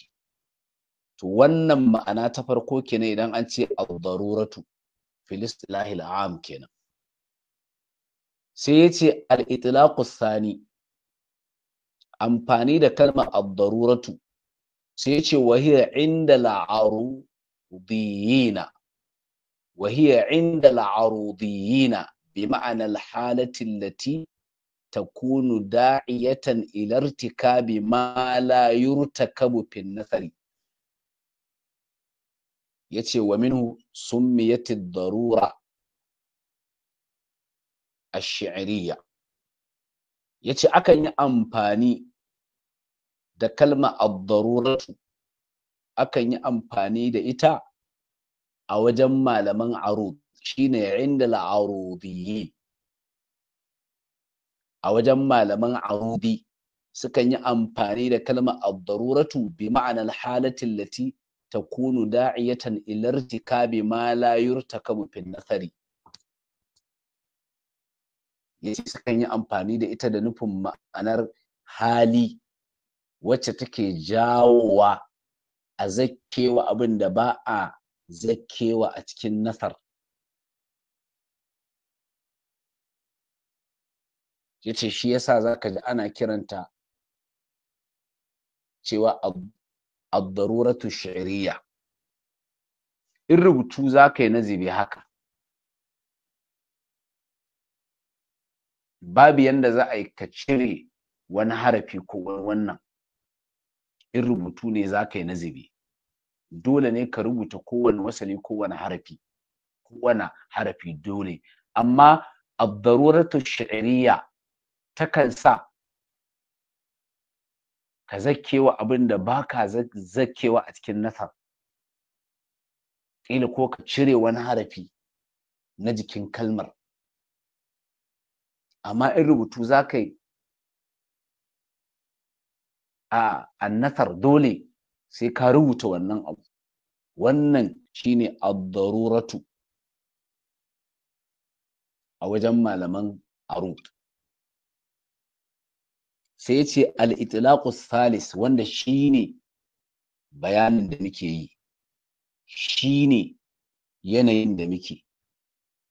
to wannan ma'ana ta farko kenan idan an ce al-daruratu filistilahil am kenan sai ya ce al-itlaqu thani amfani da kalma al-daruratu sai ya ce wa hiya inda al-arudiyina wa hiya inda al-arudiyina bi takunu da'iyatan ilartikabi ma la yurtakabu fin nasari yace wa minhu summiyati darura ash-shi'riyya yace akan yi amfani da kalma ad-daruratu akan yi amfani da ita a wajen malaman arud shine inda al-arudiyyin a wajen malaman audi sukan yi amfani da kalma ad-daruratu bi ma'anar halatin lati takunu da'iyatan ilartikabi ma la yurtakabu fin nasari yace sukan yi amfani da ita da nufin ma'anar hali wacce take jawowa a zakkewa abin da ba a zakkewa a cikin nasar yace shi yasa ka ji ana kiranta cewa ad Shari'a. in rubutu ka yi nazibi haka babu yadda za a yi ka cire wani harafi ko wannan in rubutu ne za ka yi nazibi dole ne ka rubuta kowane wasali kowane harafi kowane harafi dole amma abdaruratu shi'riya takan sa ka zakewa abin da ba ka zakewa a cikin nasar ƙila ko ka cire wani harafi na jikin kalmar amma in rubutu za ka yi a annasar dole sai ka rubuta wannan abu wannan shine ne a wajen malaman rubuta sai ce Al'itilakus Salis, wanda wanda shine bayanin da muke yi shine yanayin da muke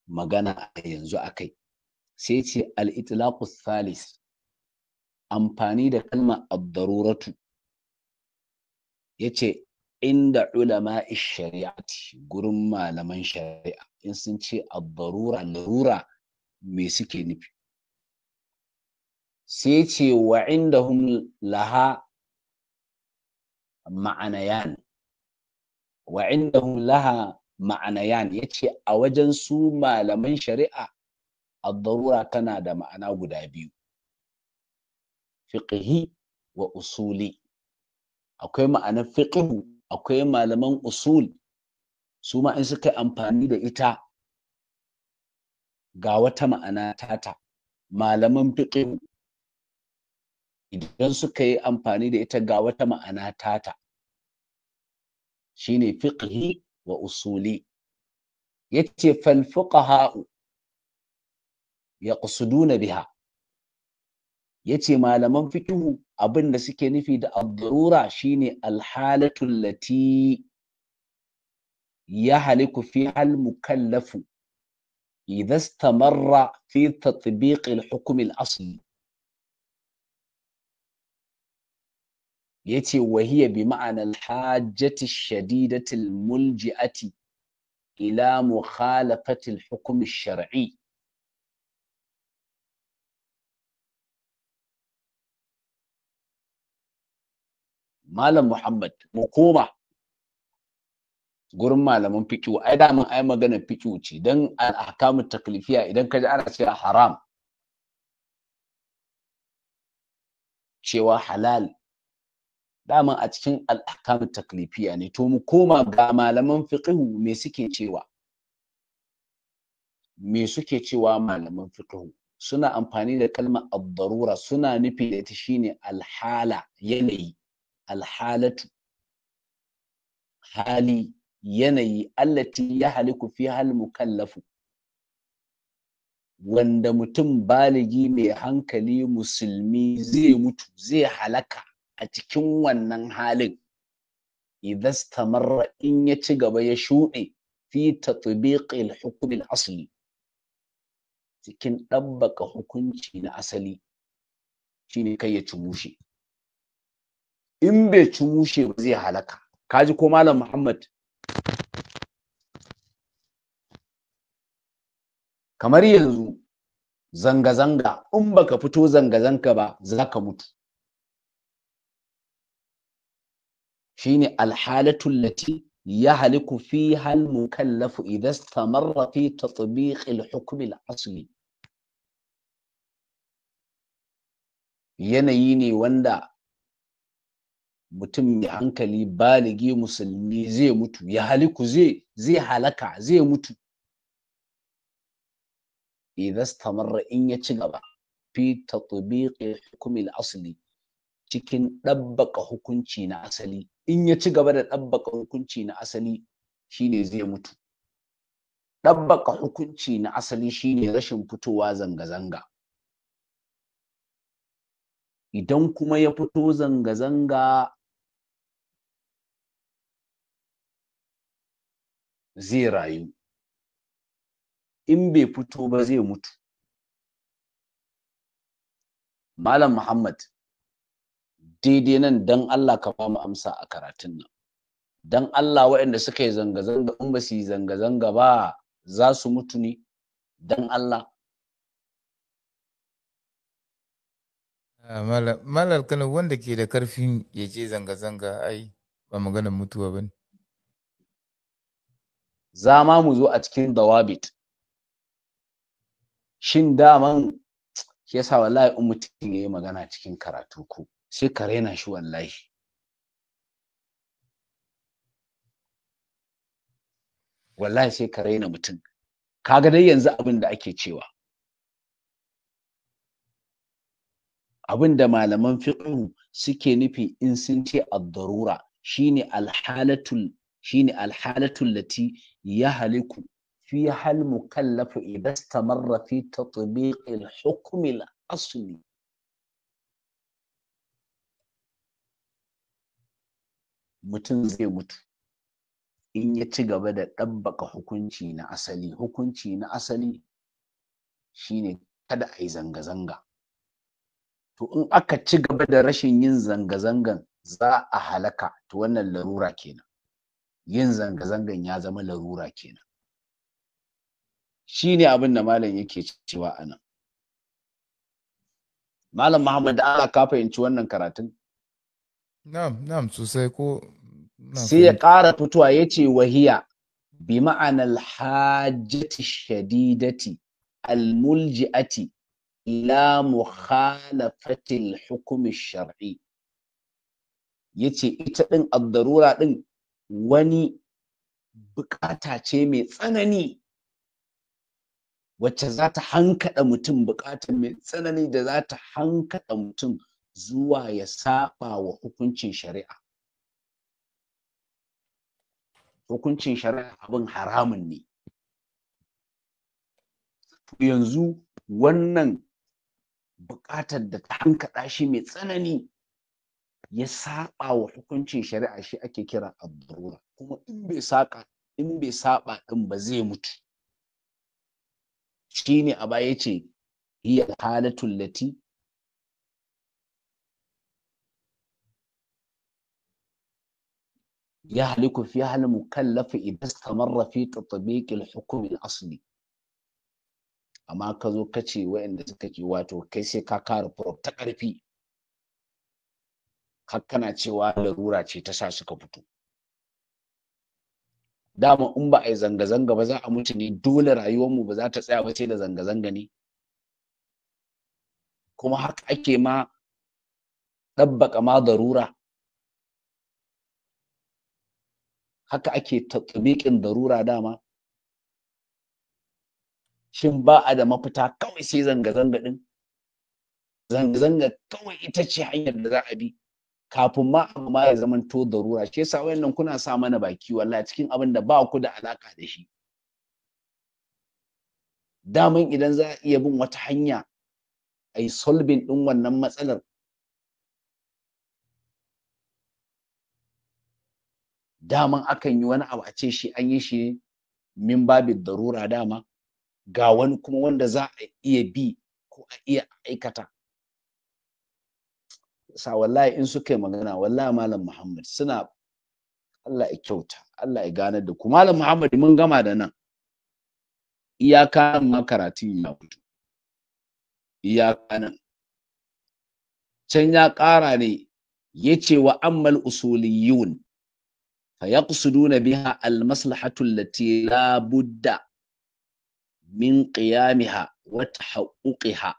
magana a yanzu akai sai ce Al'itilakus Salis, amfani da kalmar abdaruratu ya ce, inda ulama shari'ati gurin malaman shari'a in sun ce Abdarura, larura me suke nufi sai ce wa inda hun laha ma'anayan wa inda hun laha ma'anayan yace a wajen su malaman shari'a a darura tana da ma'ana guda biyu fiƙihi wa usuli akwai ma'anar fiƙihu akwai malaman usul su ma in suka amfani da ita ga wata ma'ana tata malaman fiƙihu idan suka yi amfani da ita ga wata ma'ana tata shine fiqhi wa usuli yace fal fuqaha yaqsuduna biha yace malaman fiqhu abin da suke nufi da ad-darura shine al-halatu allati yahliku fiha al-mukallafu idza istamarra fi tatbiq al-hukm al-asli Ya ce wahiya bi ma'anar hajjati shadidatil mulji'ati ila mukhalafatil hukm shar'i Malam Muhammad mu koma gurin malaman fikihu ai da mun ai magana fikihu ce dan a ahkamu taklifiya idan ka ji ana cewa haram cewa halal daman a cikin al'akamun taklifiya ne to mu koma ga malaman fiqihu me suke cewa me suke cewa malaman fiqihu suna amfani da kalmar ad-darura suna nufi da ita shine alhala yanayi alhalatu hali yanayi allati ya haliku fi hal mukallafu wanda mutum baligi mai hankali musulmi zai mutu zai halaka a cikin wannan halin idastamarra in ya ci gaba ya shuɗe fi tatbiqil hukm asli cikin ɗabbaka hukunci na asali shine kai ya ci mushe in bai ci mushe ba zai halaka kaji ko malam muhammad kamar yanzu zanga-zanga in baka fito zanga-zanga ba za ka mutu shine alhalatul lati ya haliku fi hal mukallafu idza istamarra fi tatbiq al asli yanayi ne wanda mutum mai hankali baligi musulmi zai mutu ya haliku zai zai halaka zai mutu Idan samarra in ya ci gaba fi tatbiq al asli cikin ɗabbaƙa hukunci na asali in ya ci gaba da ɗabbaka hukunci na asali shine zai mutu ɗabbaƙa hukunci na asali shine rashin fitowa zanga-zanga idan kuma ya fito zanga-zanga zai rayu in bai fito ba zai mutu malam muhammad daidai nan don Allah ka ba mu amsa a karatun nan don Allah waɗanda suka yi zanga-zanga in ba su yi zanga-zanga ba za su mutu ne don Allah ah, Malar kanu wanda ke da karfin ya je zanga-zanga ai ba maganar mutuwa ba ne. Za ma mu zo a cikin dawabit. Shin daman shi yasa wallahi in mutum ya yi magana cikin karatu ko sai ka raina shi wallahi wallahi sai ka raina mutum kaga dai yanzu abin da ake cewa abin da malaman fiqh suke nufi in sun ce ad-darura shine al-halatul shine al-halatul lati yahliku fiha al-mukallafu idha istamarra fi tatbiq al al-asli mutum zai mutu in ya ci gaba da ɗabbaka hukunci na asali hukunci na asali shine kada a yi zanga-zanga to in aka ci gaba da rashin yin zanga-zangan za a halaka to wannan larura kenan yin zanga-zangan ya zama larura kenan shine abin da malam yake cewa anan malam muhammad ala ka fahimci wannan karatun sai ya ƙara fitowa ya ce wahiya bi ma'anar hajjati shadidati almulji'ati ila mukhalafatil hukumi shar'i ce ita ɗin addarura ɗin wani bukata ce mai tsanani wacce za ta hankaɗa mutum bukata mai tsanani da za ta hankaɗa mutum zuwa ya saba wa hukuncin shari'a hukuncin shari'a abin haramun ne yanzu wannan buƙatar da ta hankaɗa shi mai tsanani ya saba wa hukuncin shari'a shi ake kira abdurura kuma in bai saka in bai saba din ba zai mutu ne a baya ce hiya halatul lati يهلك فيها المكلف إذا استمر في تطبيق الحكم الأصلي amma ka zo ka ce waɗanda suka ke wato kai sai ka kare prof ta ƙarfi har kana cewa larura ce ta sa suka fito dama in ba a yi zanga-zanga ba za a mutu ne dole rayuwarmu ba za ta tsaya ba sai da zanga-zanga ne kuma haka ake ma ɗabbaka ma darura haka ake tatbiƙin darura dama shin ba a da mafita kawai sai zanga-zanga din zanga-zanga kawai ita ce hanyar da za a bi kafin ma abu ma ya zama to darura shi yasa wayannan kuna sa mana baki wallahi cikin abin da ba ku da alaka da shi daman idan za a iya bin wata hanya a yi solving din wannan matsalar daman akan yi wani abu a ce shi an yi shi ne min babin darura dama ga wani kuma wanda za a iya bi ko a iya aikata sa wallahi in suka yi magana wallahi malam muhammad suna Allah ya kyauta Allah ya gane da ku malam muhammad mun gama da nan iyaka ma karatun ya fito iyaka nan can ya kara ne ya ce wa ammal usuliyun فيقصدون بها المصلحة التي لا بد من قيامها وتحققها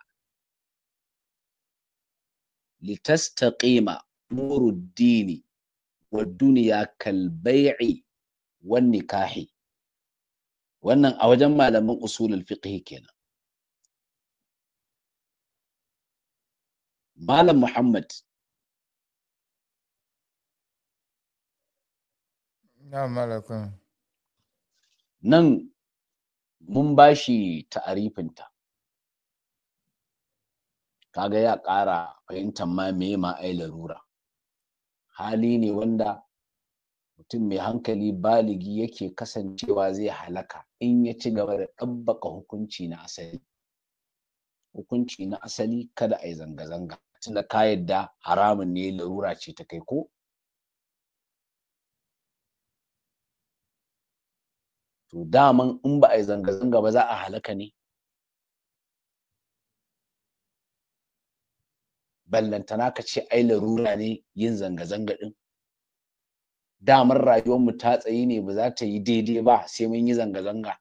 لتستقيم أمور الدين والدنيا كالبيع والنكاح wannan a wajen malaman usulul fiqh kenan malam muhammad Nan mun ba shi ta'arifinta. Kaga ya ƙara fahimtar ma me ma ai larura. Hali ne wanda mutum mai hankali baligi yake kasancewa zai halaka in ya ci gaba da ɗabbaka hukunci na asali. Hukunci na asali kada a yi zanga-zanga. Tunda ka yadda haramun ne larura ce ta kai ko to daman in ba a yi zanga-zanga ba za a halaka ne ballantana ka ce ai larura ne yin zanga-zanga din damar rayuwarmu ta tsayi ne ba za ta yi daidai ba sai mun yi zanga-zanga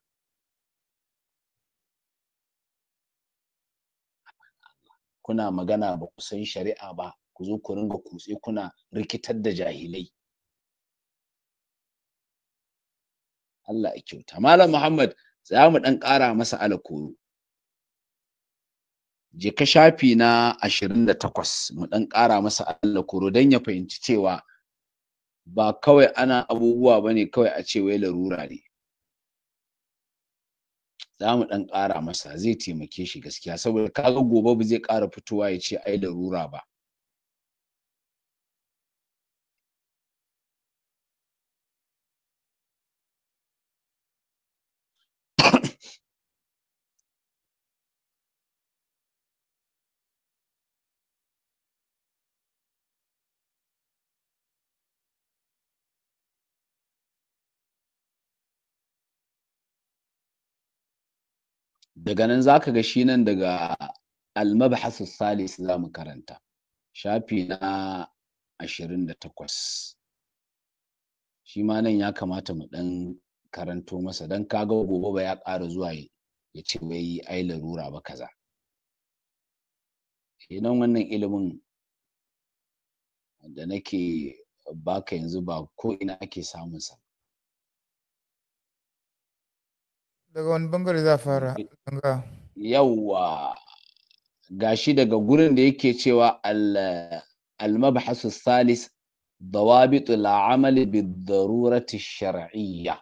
kuna magana ba ku san shari'a ba ku zo ku ringa kutse kuna rikitar da jahilai Allah ya kyauta malam Muhammad za mu dan ƙara masa alakoro je ka shafi na 28 mu dan ƙara masa alakoro dan ya fahimci cewa ba kawai ana abubuwa ne kawai a ce wai larura ne za mu dan ƙara masa zai taimake shi gaskiya saboda kaga gobe ba zai ƙara fitowa ya ce ai larura ba daga nan za ka ga shi nan daga almabhasu salis za mu karanta shafi na ashirin da shi ma nan ya kamata mu ɗan karanto masa don kaga gobe ba ya ƙara zuwa ya ce wai ai larura ba kaza eh, nan wannan ilimin da nake baka yanzu ba ko ina ake samunsa daga wani bangare za fara yawwa gashi daga gurin da yake cewa al-mabhasu salis ضوابط العمل بالضرورة الشرعية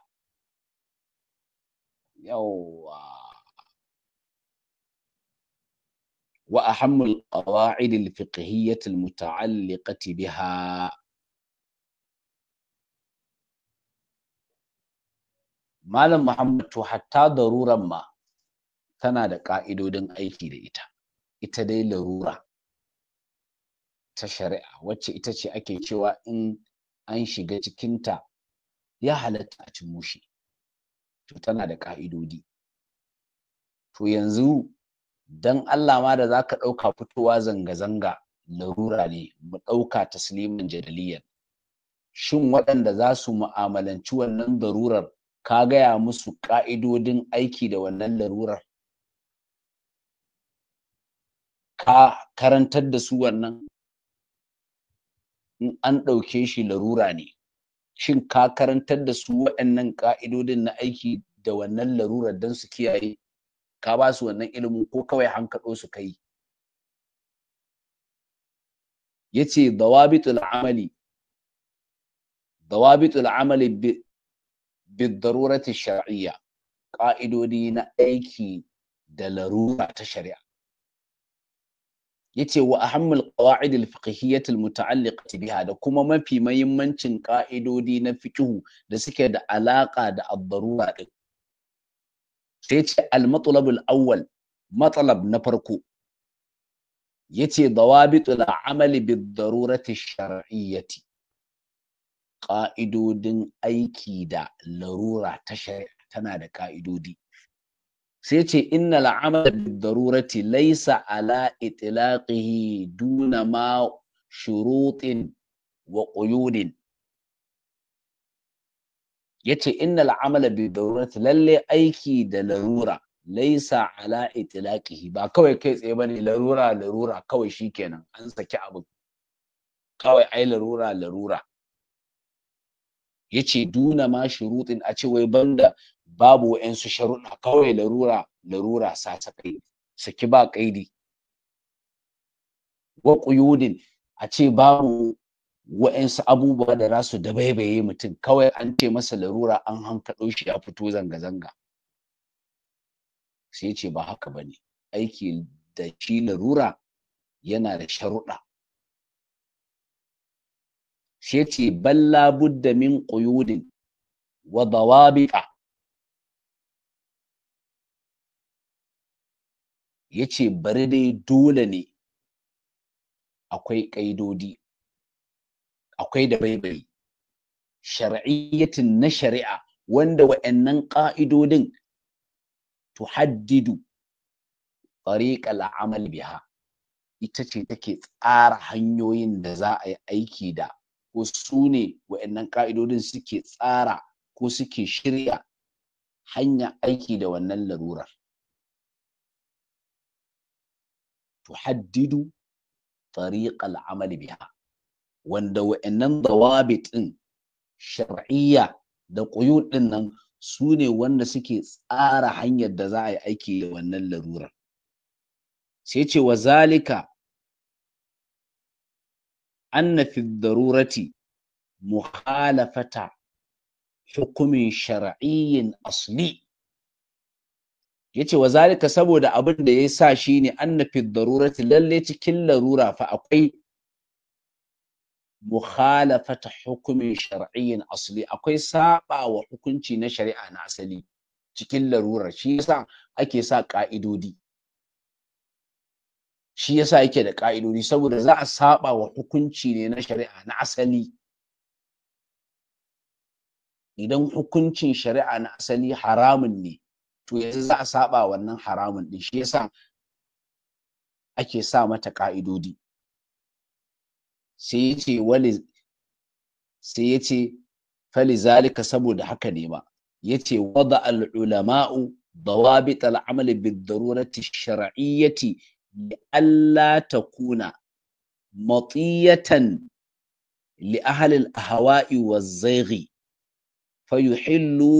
يوا وأهم القواعد الفقهية المتعلقة بها malam muhammad to hatta daruran ma tana da ka'idodin aiki da ita ita dai larura ta shari'a wacce ita ce ake cewa in an shiga cikinta ya halatta a ci mushi to tana da ka'idodi to yanzu dan Allah ma da za ka ɗauka fitowa zanga-zanga larura ne mu ɗauka tasliman jadaliyan shin waɗanda za su mu'amalanci wannan darurar ka gaya musu ƙa'idodin aiki da wannan larurar ka karantar da su wannan in an ɗauke shi larura ne shin ka karantar da su waɗannan ƙa'idodin na aiki da wannan larurar don su kiyaye ka ba su wannan ilimin ko kawai hankaɗo su kai ya ce dawabitul amali dawabitul amali bidarurati shar'iyya ƙa'idodi na aiki da larura ta shari'a yace wa ahammul qawaid al fiqhiyyah al muta'alliqah biha da kuma mafi mahimmancin ƙa'idodi na fiqhu da suke da alaƙa da ad-darura din sai yace al matlab awwal matlab na farko yace dawabit al amali bid darurati shar'iyyati ƙa'idodin aiki da larura ta tana da ƙa'idodi sai ce inna al'amal darurati laisa ala itlaqihi duna ma shurutin wa quyudin yace inna al'amala bi darurati lalle aiki da larura laisa ala itlaqihi ba kawai kai tsaye bane larura larura kawai shikenan an saki abu kawai ai larura larura yace duna ma shurutin a ce wai banda babu wa'ansu sharuɗa kawai larura larura sa ta kai saki ba kaidi wa quyudin a ce babu wayansu abubuwa da za su dabaibaye mutum kawai an ce masa larura an hankaɗo shi ya fito zanga-zanga sai ce ba haka ba ne aiki da shi larura yana da sharuɗa sai ce balla budda min quyudin wa dawabiqa ya ce bari dai dole ne akwai ƙaidodi akwai da baibayi shar'iyyatin na shari'a wanda wa'annan ƙa'idodin tuhaddidu tariqal amal biha ita ce take tsara hanyoyin da za a yi aiki da ko su ne wa'annan ka'idodin suke tsara ko suke shirya hanya aiki da wannan larurar tuhaddidu tariqal amali biha wanda wa'annan dawabit ɗin, shar'iyya da quyud din nan su ne wanda suke tsara hanyar da za a yi aiki da wannan larurar sai ce wa zalika anna fi darurati muhalafata hukumin shar'iyyin asli yace wa zalika saboda abin da ya sa shi ne anna fi darurati lalle cikin larura fa akwai mukhalafata hukumin shar'iyyin asli akwai saba wa hukunci na shari'a na asali cikin larura shi yasa ake sa ka'idodi shi yasa yake da ƙa'idodi saboda za a saba wa hukunci ne na shari'a na asali idan hukuncin shari'a na asali haramun ne to yanzu za a saba wannan haramun din shi yasa ake sa mata ƙa'idodi sai yace wali sai yace fali zalika saboda haka ne ba, yace wada al ulama'u ضوابط العمل بالضرورة الشرعية Allah ta kuna matiyatan li ahalil ahawa'i wa zaighi fayuhillu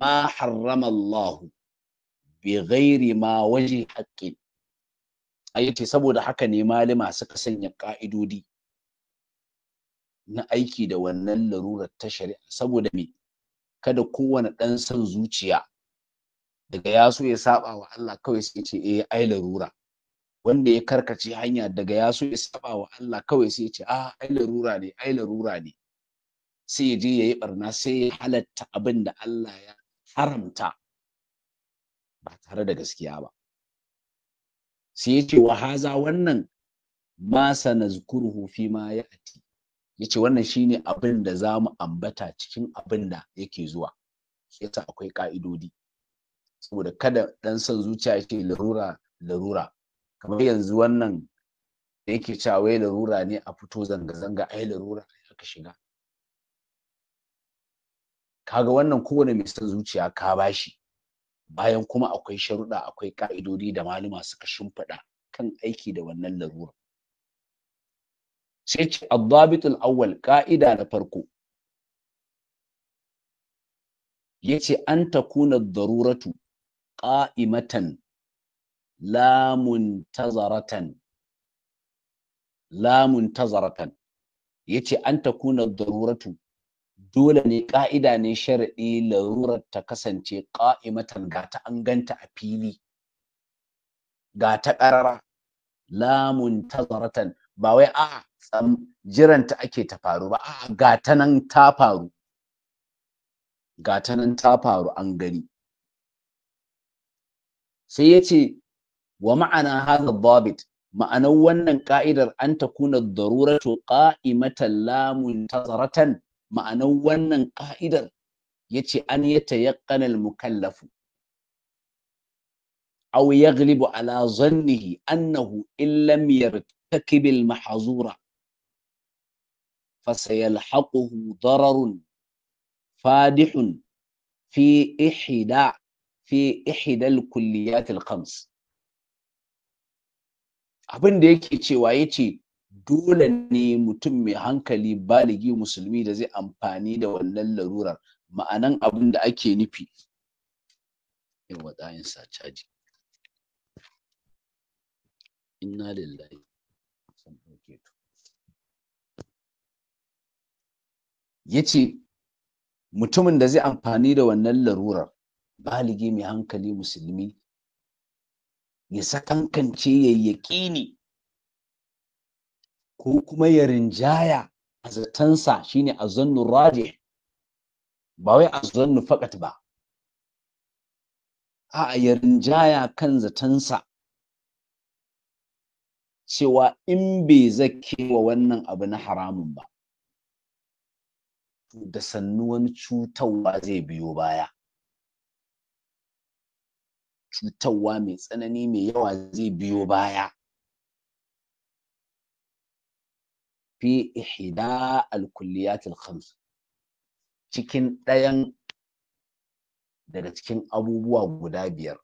ma haramallahu, bi ghairi ma waje haƙƙin ayyace saboda haka ne malama suka sanya ƙa'idodi na aiki da wannan larurar ta shari'a saboda me kada kowane ɗan son zuciya daga ya so ya saba wa Allah kawai sai ce eh ai larura wanda ya karkace hanya daga ya so ya saba wa Allah kawai sai ya ce ah ai larura ne ai larura ne sai ya je ya yi barna sai ya halatta abin da Allah ya haramta ba tare da gaskiya ba sai ya ce wa haza wannan ma sanazkuruhu fi ma ya'ti ce wannan shine abin da za mu ambata cikin abin da yake zuwa yasa akwai ka'idodi saboda kada dan son zuciya yake larura larura kamar yanzu wannan da yake cewa wai larura ne a fito zanga-zanga ai larura ne aka shiga kaga wannan kowane mai son zuciya ka bashi bayan kuma akwai sharuɗa akwai ka'idodi da maluma suka shimfiɗa kan aiki da wannan larura sai ce adabitul awwal ka'ida na farko yace an takuna daruratu ƙa'imatan. lamun tazaratan lamun tazaratan yace an takuna daruratu dole ne ka'ida ne sharaɗi larurar ta kasance ƙa'imatan ga ta an ganta a fili ga ta ƙarara lamun tazaratan ba wai a jiranta ake ta faru ba a ga ta nan ta faru ga ta nan ta faru an gani sai ya ce ومعنى هذا الضابط ما أنوّن قائدا أن تكون الضرورة قائمة لا منتظرة ما أنوّن قائدا يتي أن يتيقن المكلف أو يغلب على ظنه أنه إن لم يرتكب المحظور فسيلحقه ضرر فادح في إحدى في إحدى الكليات الخمس abin da yake cewa ya ce dole ne mutum mai hankali baligi musulmi da zai amfani da wannan larurar ma'anan abin da ake nufi yawa ɗayan sa caji inna lillahi ya ce mutumin da zai amfani da wannan larurar baligi mai hankali musulmi ya sakankance ya yaƙini ko kuma ya rinjaya a zatansa shine a zannu ba wai a fakat ba a ya rinjaya kan zatansa cewa in bai zake wa wannan abu na haramun ba da sannu wani cutarwa zai biyo baya cutarwa mai tsanani mai yawa zai biyo baya fi ihda al-kulliyat al-khams cikin ɗayan daga cikin abubuwa guda biyar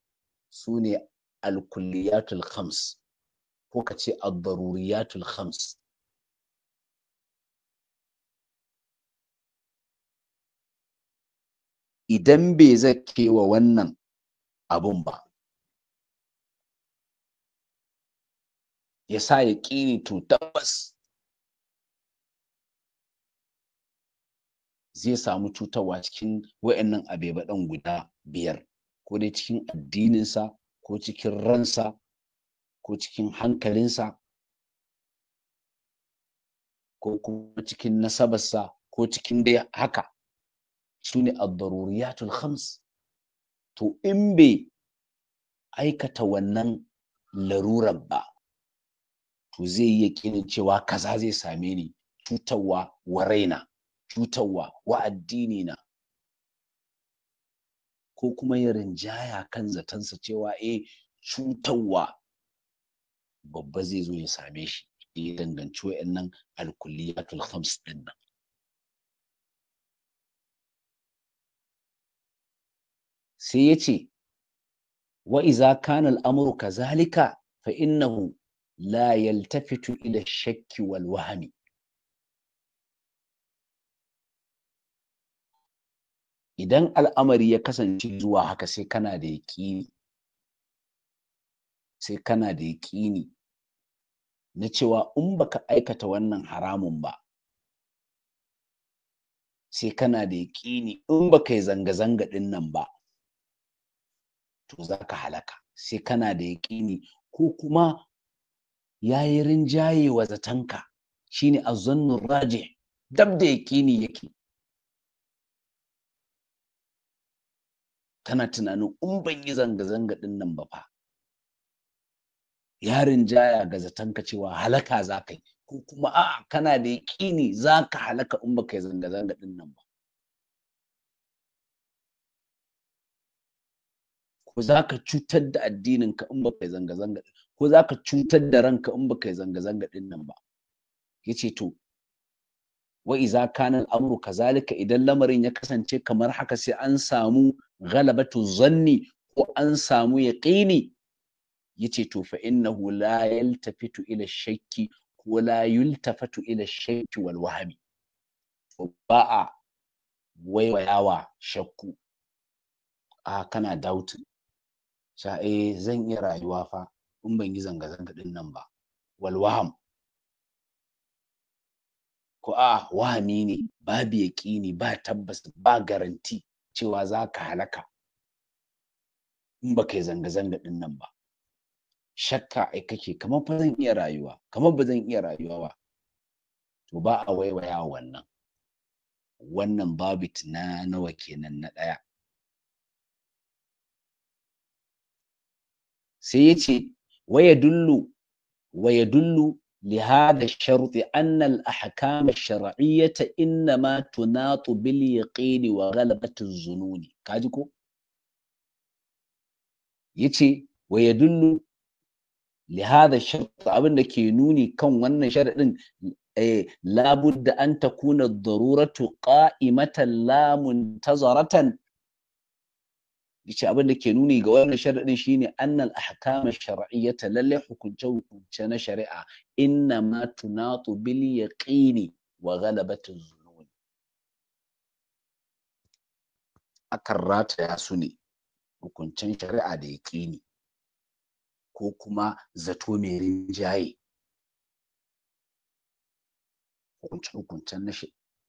su ne al khams ko ka ce al-daruriyat al khams idan bai zake wa wannan abun ba ya sa ya ƙini to tabbas zai samu cutarwa cikin wa'annan abebaɗan guda biyar ko dai cikin addininsa ko cikin ransa ko cikin hankalinsa ko kuma cikin nasabarsa ko cikin dai haka su ne al khams to in bai aikata wannan laruran ba to zai yi yakinin cewa kaza zai same ni cutarwa wa raina cutarwa wa addini na ko kuma ya rinjaya kan zatansa cewa eh cutarwa babba zai zo ya same shi ya danganci wa'annan alkulliyatul khams din nan sai ya ce wa iza kana al'amuru kazalika fa innahu la yaltafitu ila shakki wal idan al'amari ya kasance zuwa haka sai kana da yaƙini sai kana da yaƙini na cewa in baka aikata wannan haramun ba sai kana da yaƙini in baka yi zanga-zanga ɗin nan ba to za ka halaka sai kana da yaƙini ko kuma ya yi rinjaye wa zatanka shine azzannu raji dab da yaƙini yake tana tunanin in ban yi zanga-zanga ɗin nan ba fa yarin jaya ga zaton ka cewa halaka za ka yi ko kuma a'a kana da yaƙini za ka halaka in baka yi zanga-zanga ɗin nan ba ko za ka cutar da addinin ka in baka yi zanga-zanga ɗin ko za ka cutar da ranka in baka yi zanga-zanga ɗin nan ba ya ce to wa iza kana kazalika idan lamarin ya kasance kamar haka sai an samu galabatu zanni ko an samu yaqini ce to fa innahu la yaltafitu ila shakki ko la yultafatu ila shakki wal wahmi ba a waiwayawa shakku a kana doubting sha eh, zan iya rayuwa fa in ban yi zanga-zanga ɗin nan ba walwaham ko a wahami ne babu yaƙini ba tabbas ba garanti cewa za ka halaka in ba ka yi zanga-zanga ɗin nan ba shakka ai kake kamar fa zan iya rayuwa kamar ba zan iya rayuwa ba to ba a waiwaya wannan wannan babit na nawa kenan na ɗaya sai ya ce waya dullu waya dullu لهذا الشرط أن الأحكام الشرعية إنما تناط باليقين وغلبة الظنون كاجكو يتي ويدل لهذا الشرط أبن كينوني كون وانا شرط لابد أن تكون الضرورة قائمة لا منتظرة yace abin da ke nuni ga wannan sharadin shine annal ahkama shar'iyyata lalle hukunce hukunce na shari'a inna ma tunatu bil yaqini wa ghalabati zununi akan rataya su ne hukuncen shari'a da yaqini ko kuma zato mai rinjaye hukunce-hukuncen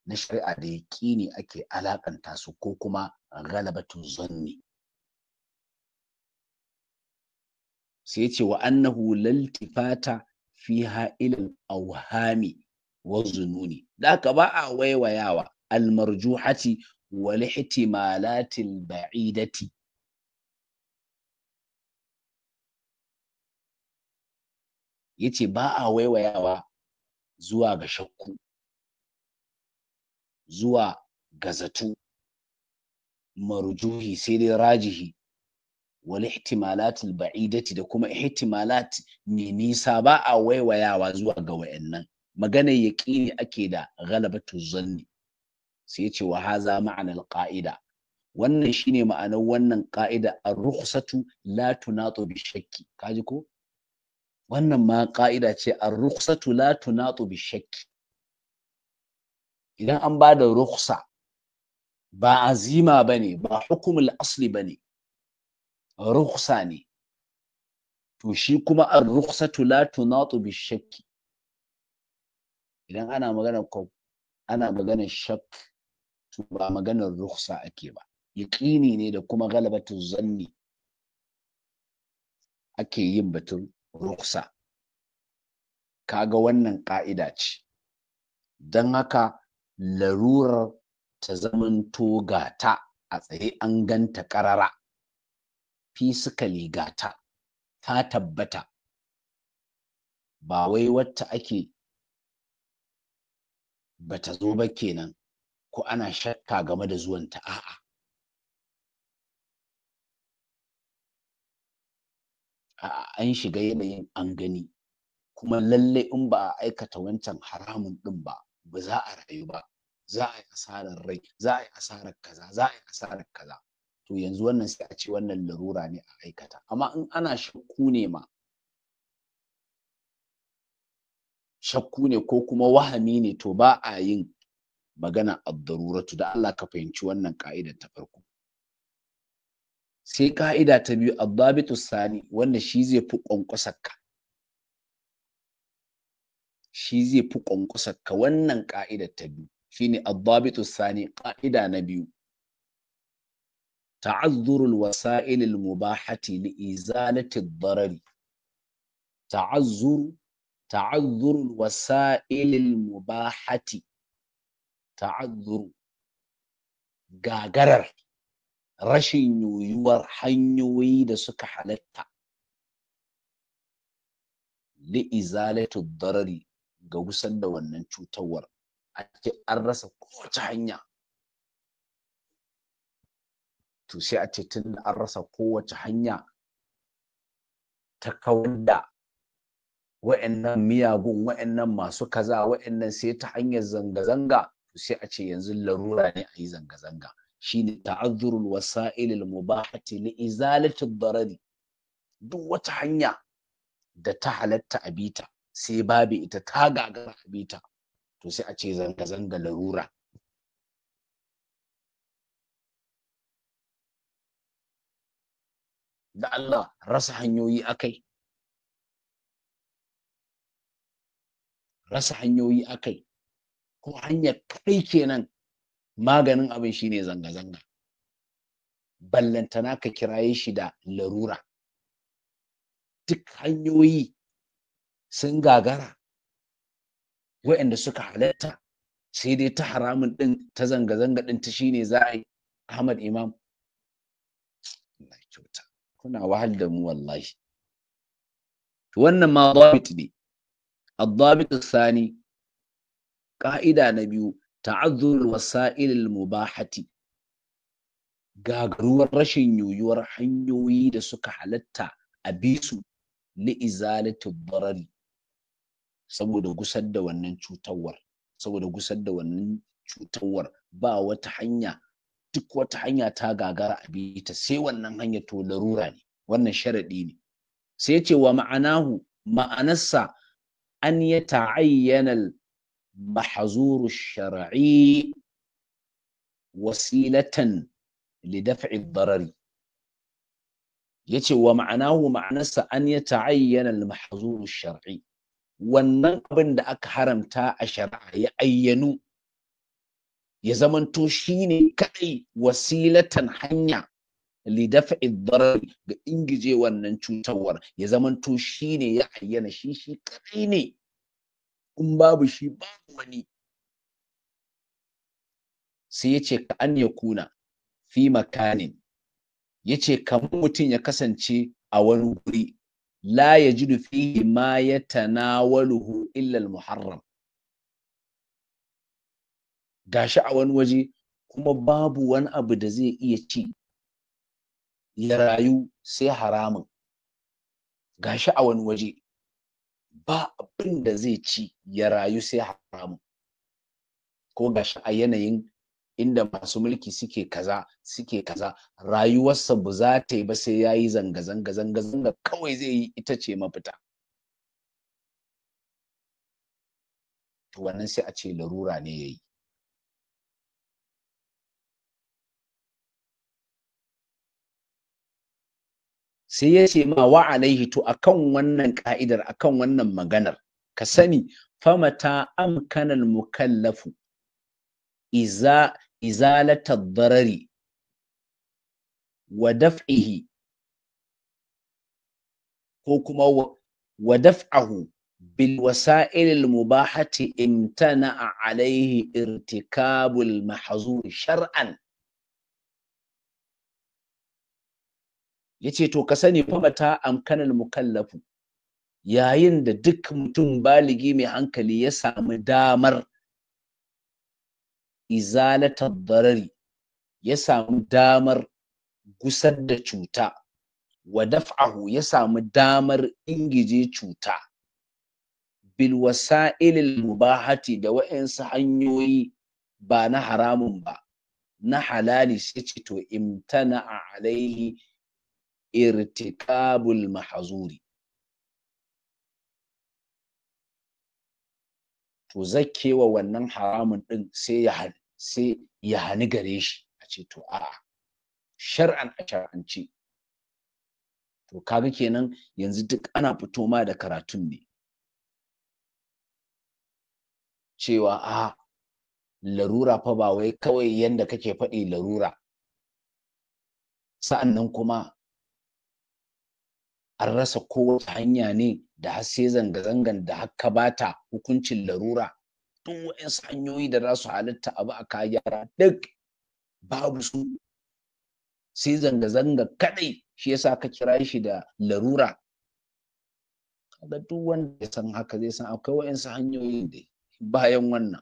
na shari'a da yaƙini ake alaƙanta su ko kuma galabatun zanni sai ya ce wa annahu laltifata fiha ilal auhami wa zununi da haka ba a waiwayawa almarjuhati wal ihtimalatil ba'idati yace ba a waiwayawa zuwa ga shakku zuwa ga zato marjuhi sai dai rajihi wal ihtimalat al ba'idati da kuma ihtimalat ne nisa ba a waiwayawa zuwa ga wayannan magana yaqini ake da ghalabatu zanni sai ya ce wa haza ma'ana wannan shine ma'anar wannan ƙa'ida, ar-rukhsatu la tunatu bi shakki kaji ko wannan ma ƙa'ida ce a rukhsatu la tunatu bi shakki idan an ba da rukhsa ba azima ba ne ba hukumul asli ba ne ruksa ne to shi kuma ar-rukhsatu la tunatu bi shakki idan ana magana ana maganar shakk to ba maganar ruksa ake ba yaqini ne da kuma galabatu zanni ake yin batun ruksa kaga wannan ka'ida ce don haka larurar ta zamanto gata a tsaye an ganta ƙarara fi suka gata ta tabbata ba wai wacce ake bata zo ba kenan ko ana shakka game da zuwanta a'a a'a an shiga yanayin an gani kuma lalle in ba a aikata wancan haramun din ba ba za a rayu ba za a yi asarar rai za a yi asarar kaza za a yi asarar kaza to yanzu wannan sai a ce wannan larura ne a aikata amma in ana shakku ne ma shakku ne ko kuma wahami ne to ba a yin magana ad-daruratu da Allah ka fahimci wannan ka'ida ta farko sai ka'ida ta biyu ad sani wanda shi zai fi kwankwasarka shi zai fi wannan ka'ida ta biyu shine ad sani ka'ida na biyu ta'azzurul wasa'ilil mubahati li darari ta'azzuru ta'azzurul wasa'ilil mubahati ta'azzuru gagarar rashin yoyuwar hanyoyi da suka halatta li darari ga gusar da wannan cutarwar ake an rasa kowace hanya to sai a ce tun an rasa kowace hanya ta kawar da wa'annan miyagun wa'annan masu kaza wa'annan sai ta hanyar zanga-zanga to sai a ce yanzu larura ne a yi zanga-zanga shine ta'azzurul wasa'ilil mubahati li izalati darari duk wata hanya da ta halatta a bita sai babu ita ta gagara a bita to sai a ce zanga-zanga larura da Allah rasa hanyoyi akai rasa hanyoyi akai ko hanyar kai kenan maganin abin shine zanga-zanga ballantana ka kiraye shi da larura duk hanyoyi sun gagara waɗanda suka halatta sai dai ta haramun ɗin ta zanga-zanga ɗin ta shine za a yi Ahmad Imam. kyauta. kuna wahal da mu wallahi wannan ma dabit ne الضابط na biyu نبيو تعذر الوسائل mubahati gagaruwar rashin yoyuwar hanyoyi da suka halatta a bisu na izalatu saboda gusar da wannan cutarwar saboda gusar da wannan cutarwar ba wata hanya duk wata hanya ta gagara a bi ta sai wannan hanya to larura ne wannan sharaɗi ne sai ce wa ma'anahu ma'anarsa an ya ta'ayyana al-mahzuru wasilatan li daf'i darari yace wa ma'anahu ma'anarsa an ya ta'ayyana al-mahzuru shar'i wannan abin da aka haramta a shari'a ya ayyanu ya zamanto shine kai wasilatan hanya lidafi darar ga ingije wannan cutarwar ya zamanto shine ya ayyana shi shi kai ne in babu shi babu wani sai ya ce ka an ya kuna fi makanin ya ce kamar mutum ya kasance a wani guri la ya ji fihi ma ya tanawaluhu illal muharram gashi a wani waje kuma babu wani abu da zai iya ci ya rayu sai haramun gashi a wani waje ba abin da zai ci ya rayu sai haramun ko gashi a yanayin inda masu mulki suke kaza suke kaza rayuwarsa ba za ta yi ba sai ya yi zanga-zanga zanga-zanga kawai zai yi ita ce mafita to wannan sai a ce larura ne ya yi sai ya ce ma wa alaihi to akan wannan ka'idar akan wannan maganar ka sani famata amkanal mukallafu iza izalata darari wa daf'ihi ko kuma wa daf'ahu bil wasa'il mubahati imtana alaihi irtikabul mahzur shar'an yace to ka sani fa mata amkanal mukallafu yayin da duk mutum baligi mai hankali ya samu damar izalatar barari, ya samu damar gusar da cuta wa daf'ahu ya samu damar ingije cuta bil wasa'ilil mubahati da wa'ansu hanyoyi ba na haramun ba na halali sai ce to imtana alaihi irtikabul mahazuri to wa wannan haramun din sai ya sai ya hani gare shi a ce to a'a shar'an a shar'ance to kaga kenan yanzu duk ana fito ma da karatun ne cewa a larura fa ba wai kawai yanda kake faɗi larura sa'annan kuma an rasa kowace hanya ne da har sai zanga-zangan da haka bata hukuncin larura duk waɗansu hanyoyi da za su halatta abu a yara duk babu su sai zanga-zanga kadai shi yasa ka kira shi da larura kaga duk wanda ya san haka zai san akwai wayansu hanyoyi da bayan wannan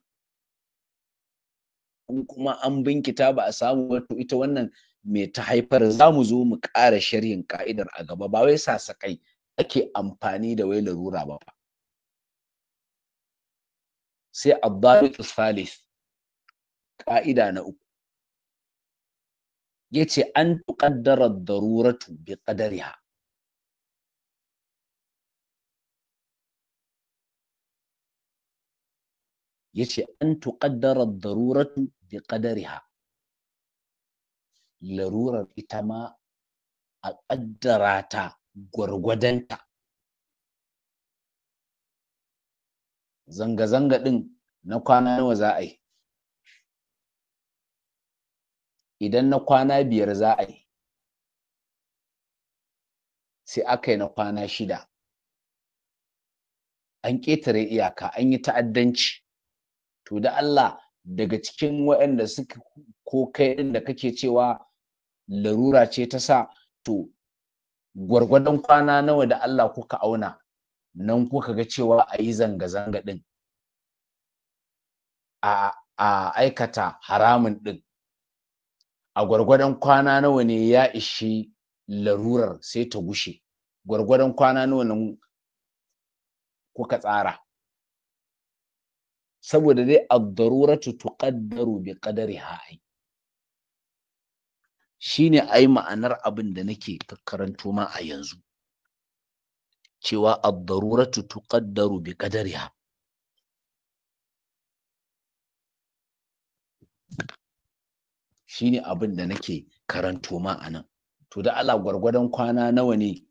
in kuma an binkita ba a samu wato ita wannan me ta haifar za mu zo mu ƙara sharhin ƙa'idar a gaba ba wai sasakai ake amfani da wai larura ba fa sai abdalu salis ƙa'ida na uku yace an tuqaddara daruratu bi qadariha yace an daruratu bi larurar ita ma a ƙaddara ta gwargwadonta zanga-zanga ɗin na kwana nawa za a yi idan na kwana biyar za a yi sai aka yi na kwana shida an ƙetare iyaka an yi ta'addanci to da Allah daga cikin waɗanda suka ko kai ɗin da kake cewa larura ce ta sa to gwargwadon kwana nawa da Allah kuka auna nan kuka ga cewa a yi zanga-zanga ɗin a aikata haramun ɗin a gwargwadon kwana nawa ne ya ishi larurar sai ta gushe gwargwadon kwana nawa nan kuka tsara saboda dai ad-daruratu tuqaddaru bi ƙadari ai shine ai ma'anar abin da nake karanto ma a yanzu cewa ad-daruratu tuqaddaru bi qadariha shine abin da nake karanto ma a nan to da Allah gwargwadon kwana nawa ne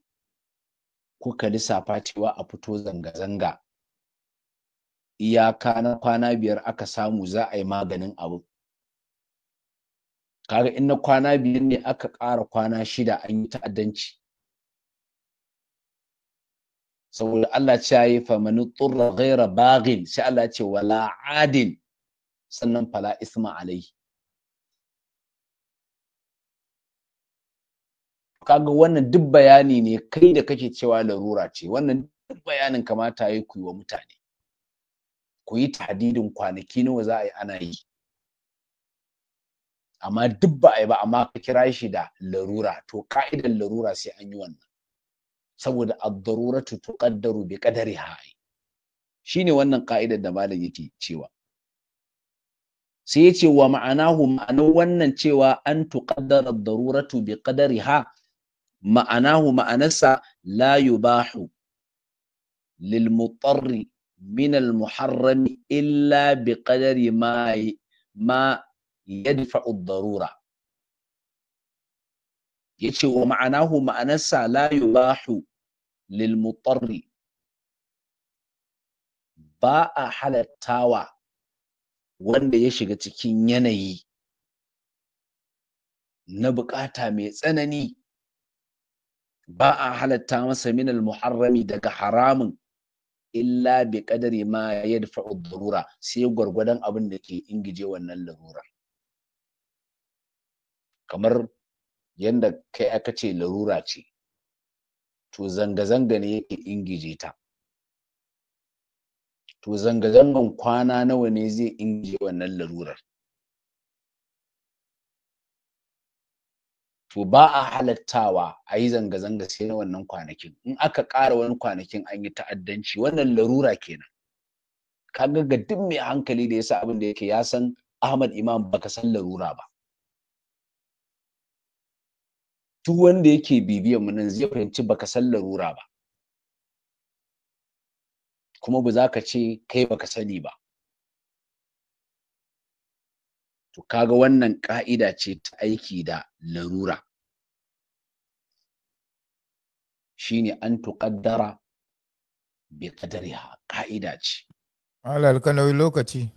kuka lissafa cewa a fito zanga-zanga iyaka na kwana biyar aka samu za a yi maganin abu kaga in na kwana biyar ne aka ƙara kwana shida an yi ta'addanci saboda Allah ce yi man turra ghaira baghin sai Allah ce wala adin sannan fala isma alai kaga wannan duk bayani ne kai da kake cewa larura ce wannan duk bayanin kamata yi ku yi wa mutane ku yi tahdidin kwanaki nawa za a yi ana yi amma duk ba a yi ba amma ka kira shi da larura to ka'idar larura sai an yi wannan saboda ad-daruratu tuqaddaru bi qadariha shine wannan ka'idar da malam yake cewa sai yace wa ma'anahu ma'anar wannan cewa an tuqaddara ad-daruratu bi ma'anahu ma'anarsa la yubahu lil mutarri min al muharrami illa bi qadari ma ma yadfa'u darura yace wa ma'anahu ma'anarsa la yubahu lil mutarri ba a halattawa wanda ya shiga cikin yanayi na bukata mai tsanani ba a halatta masa minal muharrami daga haramun illa bi kadari ma yadfa'u darura sai gwargwadon abin da ke ingije wannan larura kamar yadda kai aka ce larura ce to zanga-zanga ne yake ingije ta to zanga-zangan kwana nawa ne zai ingije wannan larurar to ba a halattawa a yi zanga-zanga sai na wannan kwanakin in aka ƙara wani kwanakin an yi ta'addanci wannan larura kenan kaga ga duk mai hankali da yasa sa abin da yake ya san ahmad imam baka san larura ba duk wanda yake bibiyan mu nan zai fahimci baka san larura ba kuma ba za ka ce kai baka sani ba to kaga wannan ka'ida ce ta aiki da larura shine an tuqaddara bi qadariha ka'ida ce alal kanawi lokaci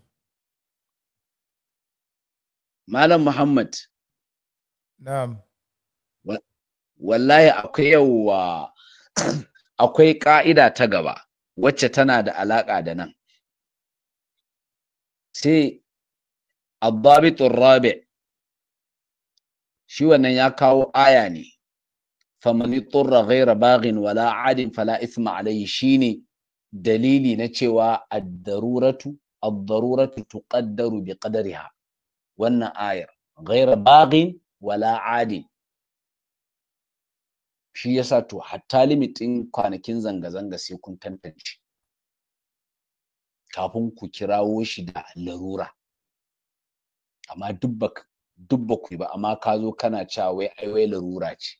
malam muhammad na'am wallahi akwai yawwa akwai ka'ida ta gaba wacce tana da alaƙa da nan sai abbabitun rabe shi wannan ya kawo aya ne famani turra ghaira baghin wala adin fala isma alayhi shine dalili na cewa ad-daruratu ad-daruratu tuqaddaru bi qadariha wannan ayar ghaira baghin wala adin shi yasa to hatta limit ɗin kwanakin zanga-zanga sai kun tantance kafin ku kirawo shi da larura amma duk ba ku ba amma ka zo kana cewa wai ai larura ce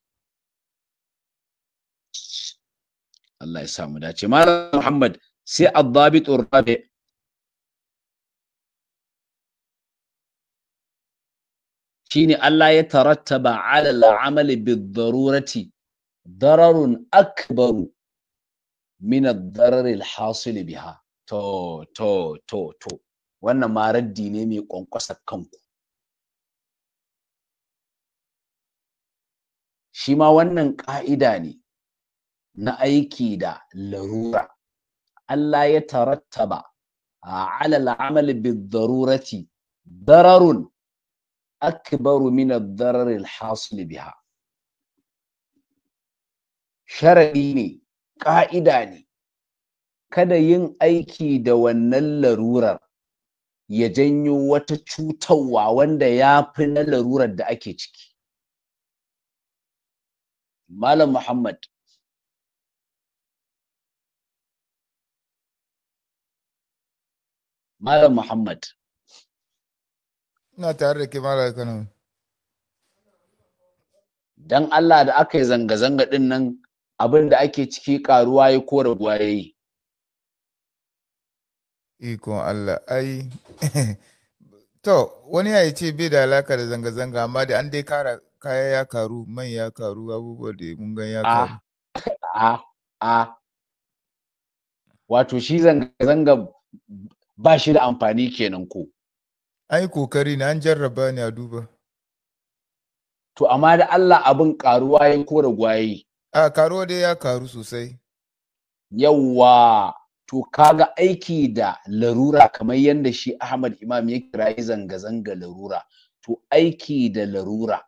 Allah ya samu dace malam Muhammad sai adhabit rabi shine Allah ya tarattaba ala al amali bid-darurati dararun akbaru min ad-darar hasil biha to to to wannan ma raddi ne mai kwankwasa kanku shi ma wannan ƙa'ida ne na aiki da larura Allah ya tarattaba ala al'amal bid-darurati dararun akbaru min ad-darar hasil biha sharadi ne ƙa'ida ne kada yin aiki da wannan larurar ya janyo wata cutarwa wanda ya fi na larurar da ake ciki malam muhammad malam muhammad ina tare da ke malam kano don allah da aka yi zanga-zanga din nan abin da ake ciki karuwa ya ko raguwa ya yi ikon Allah ai to wani ya ce bai da alaka da zanga-zanga amma da an dai kara kaya ya karu man ya karu abubuwa da mun gan ya karu wato shi zanga-zanga ba shi da amfani kenan ko an yi kokari na an jarraba ne a duba to amma da Allah abin karuwa ya ko raguwa ya yi a karuwa dai ya karu sosai yawwa to kaga aiki da larura kamar yadda shi ahmad imam ya kira yi zanga-zanga larura to aiki da larura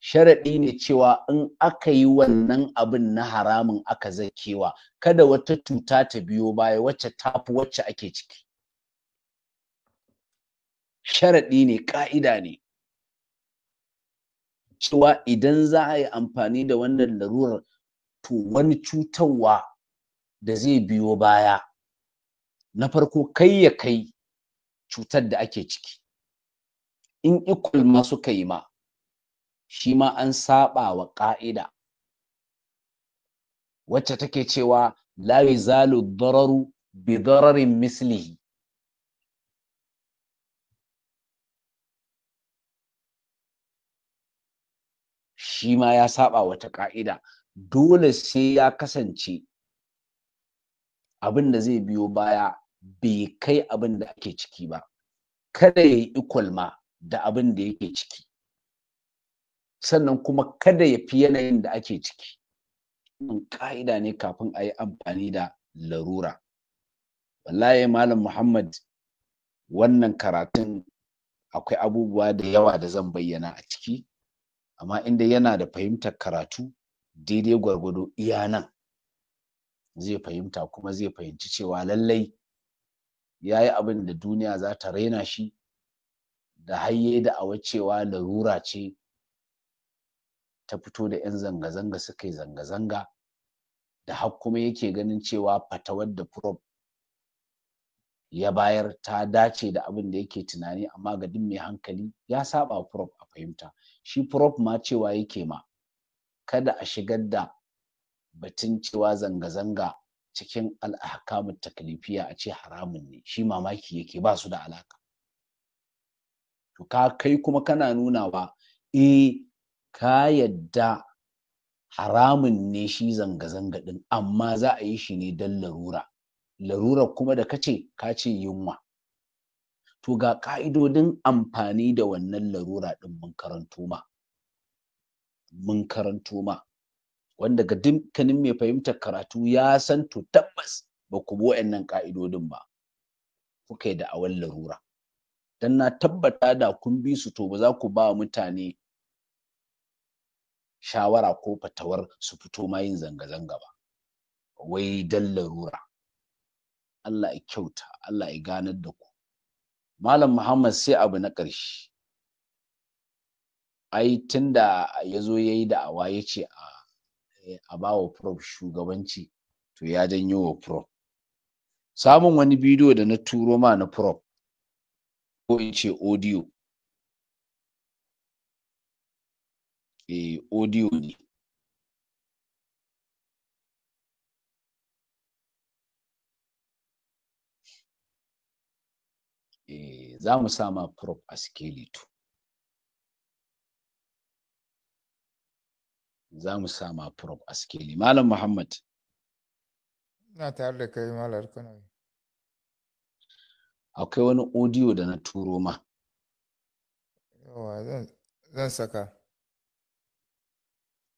sharaɗi ne cewa in aka yi wannan abin na haramun aka zakewa kada wata tuta ta biyo baya wacce tafi wacce ake ciki sharaɗi ne ƙa'ida ne cewa idan za a yi amfani da wannan larurar to wani cutarwa da zai biyo baya na farko kai ya kai cutar da ake ciki in equal ma suka yi ma shi ma an saɓa wa ƙa'ida wacce take cewa la yazalu dararu bi dararin mislihi shi ma ya saba wata ka'ida dole sai ya kasance abin da zai biyo baya bai kai abin da ake ciki ba kada ya yi ma da abin da yake ciki sannan kuma kada ya fi yanayin da ake ciki ka'ida ne kafin a yi amfani da larura wallahi malam muhammad wannan karatun akwai abubuwa da yawa da zan bayyana a ciki amma inda yana da fahimtar karatu daidai gwargwado iya nan zai fahimta kuma zai fahimci cewa lallai ya yi abin da duniya za ta raina shi da hayye da cewa larura ce ta fito da 'yan zanga-zanga suka yi zanga-zanga da har kuma yake ganin cewa fatawar da prop ya bayar ta dace da abin da yake tunani amma ga duk mai hankali ya saba prop a fahimta shi prop ma cewa yake ma kada a shigar da batun cewa zanga-zanga cikin al'ahkamu taklifiya a ce haramun ne shi mamaki yake ba su da alaka to ka kai kuma kana nunawa eh ka yadda haramun ne shi zanga-zanga din amma za a yi shi ne don larura larurar kuma da kace kace yunwa to ga ƙa'idodin amfani da wannan larura din mun karanto ma mun karanto ma wanda ga dukkanin mai fahimtar karatu ya san to tabbas ba ku bi wa'annan ƙa'idodin ba kuka yi da awan larura dan na tabbata da kun bi su to ba za ku ba mutane shawara ko fatawar su fito ma yin zanga-zanga ba wai dan larura Allah ya kyauta Allah ya ganar da ku malam muhammad sai abu na ƙarshe ai tunda ya zo ya yi da'awa ya ce eh, a ba wa prof shugabanci to ya janyo wa prof samun wani bidiyo da na turo ma na prof ko in ce audio eh audio ne za mu sama prop a skeleton za mu sama prop a skeli malam muhammad na tare da kai malar kano akwai wani audio da na turo ma yawa zan saka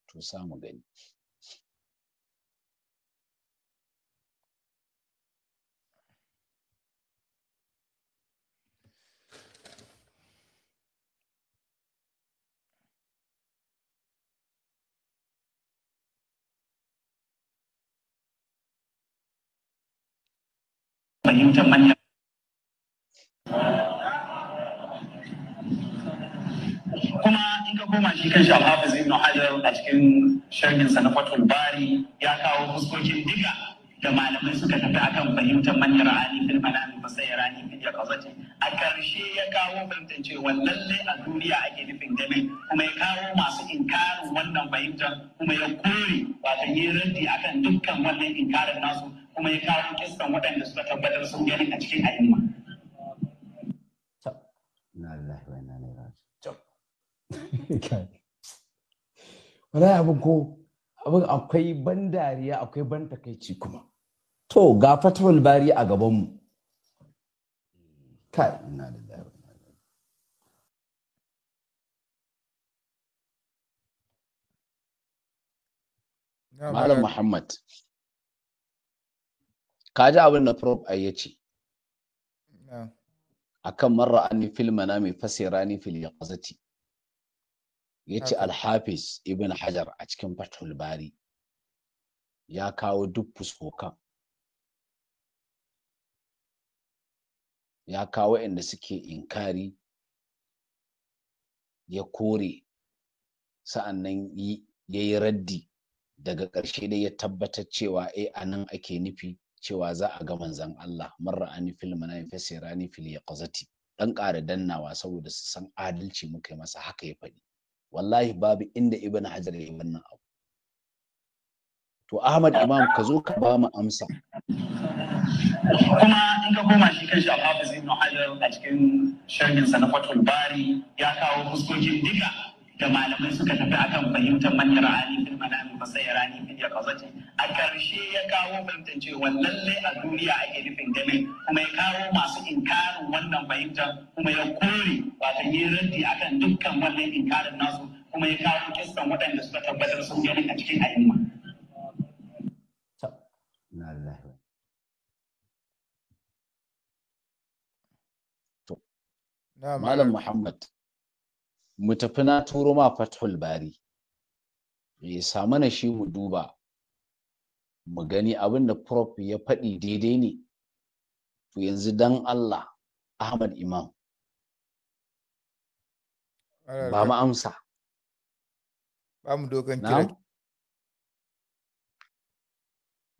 to samu gani fahimtar manyan kuma in ka koma shi kan shafafa zai ibn hajar a cikin sharhinsa na fatul bari ya kawo fuskokin diga da malamai suka tafi akan fahimtar manyan ra'ani fil manami fasai rani fil yakazati a karshe ya kawo fahimtar cewa lalle a duniya ake nufin game kuma ya kawo masu inkarin wannan fahimtar kuma ya kore wato yi raddi akan dukkan wannan inkarin nasu kuma ya kawo kiskan waɗanda suka tabbatar sun gani a cikin al'umma. Wani abin ko abin akwai ban dariya akwai ban takaici kuma. To ga fatawul bari a gabanmu. Kai, ina da Malam Muhammad. ka ji abin da prof ai ya ce akan marra anni fil manami fasirani fil yaqazati yace al-hafiz ibn hajar a cikin fathul bari ya kawo duk fuskokan ya kawo inda suke inkari ya kore sa'annan ya yi raddi daga ƙarshe dai ya tabbatar cewa eh a nan ake nufi cewa za a ga manzan Allah marra ani fil manami fili fil yaqazati dan ƙara dannawa saboda su san adalci muka yi masa haka ya faɗi wallahi babu inda ibn hajar ya wannan abu to ahmad imam ka zo ka ba mu amsa kuma in ka koma shi kanshi al-hafiz ibn hajar a cikin sharhin na fatul bari ya kawo fuskokin duka da malamai suka tafi akan fahimtar manyan ra'ani fil manami fa sai rani fil yaqazati a karshe ya kawo fahimtar cewa lalle a duniya ake nufin game kuma ya kawo masu inkarin wannan fahimtar kuma ya kore wato yi raddi akan dukkan wannan inkarin nasu kuma ya kawo kiskan waɗanda suka tabbatar sun gani a cikin ayyuma. Malam Muhammad. mu tafi na turo ma fathul bari ya samu na shi mu duba mu gani abin da prof ya faɗi daidai ne to yanzu dan Allah Ahmad Imam ba mu amsa ba mu dogon kira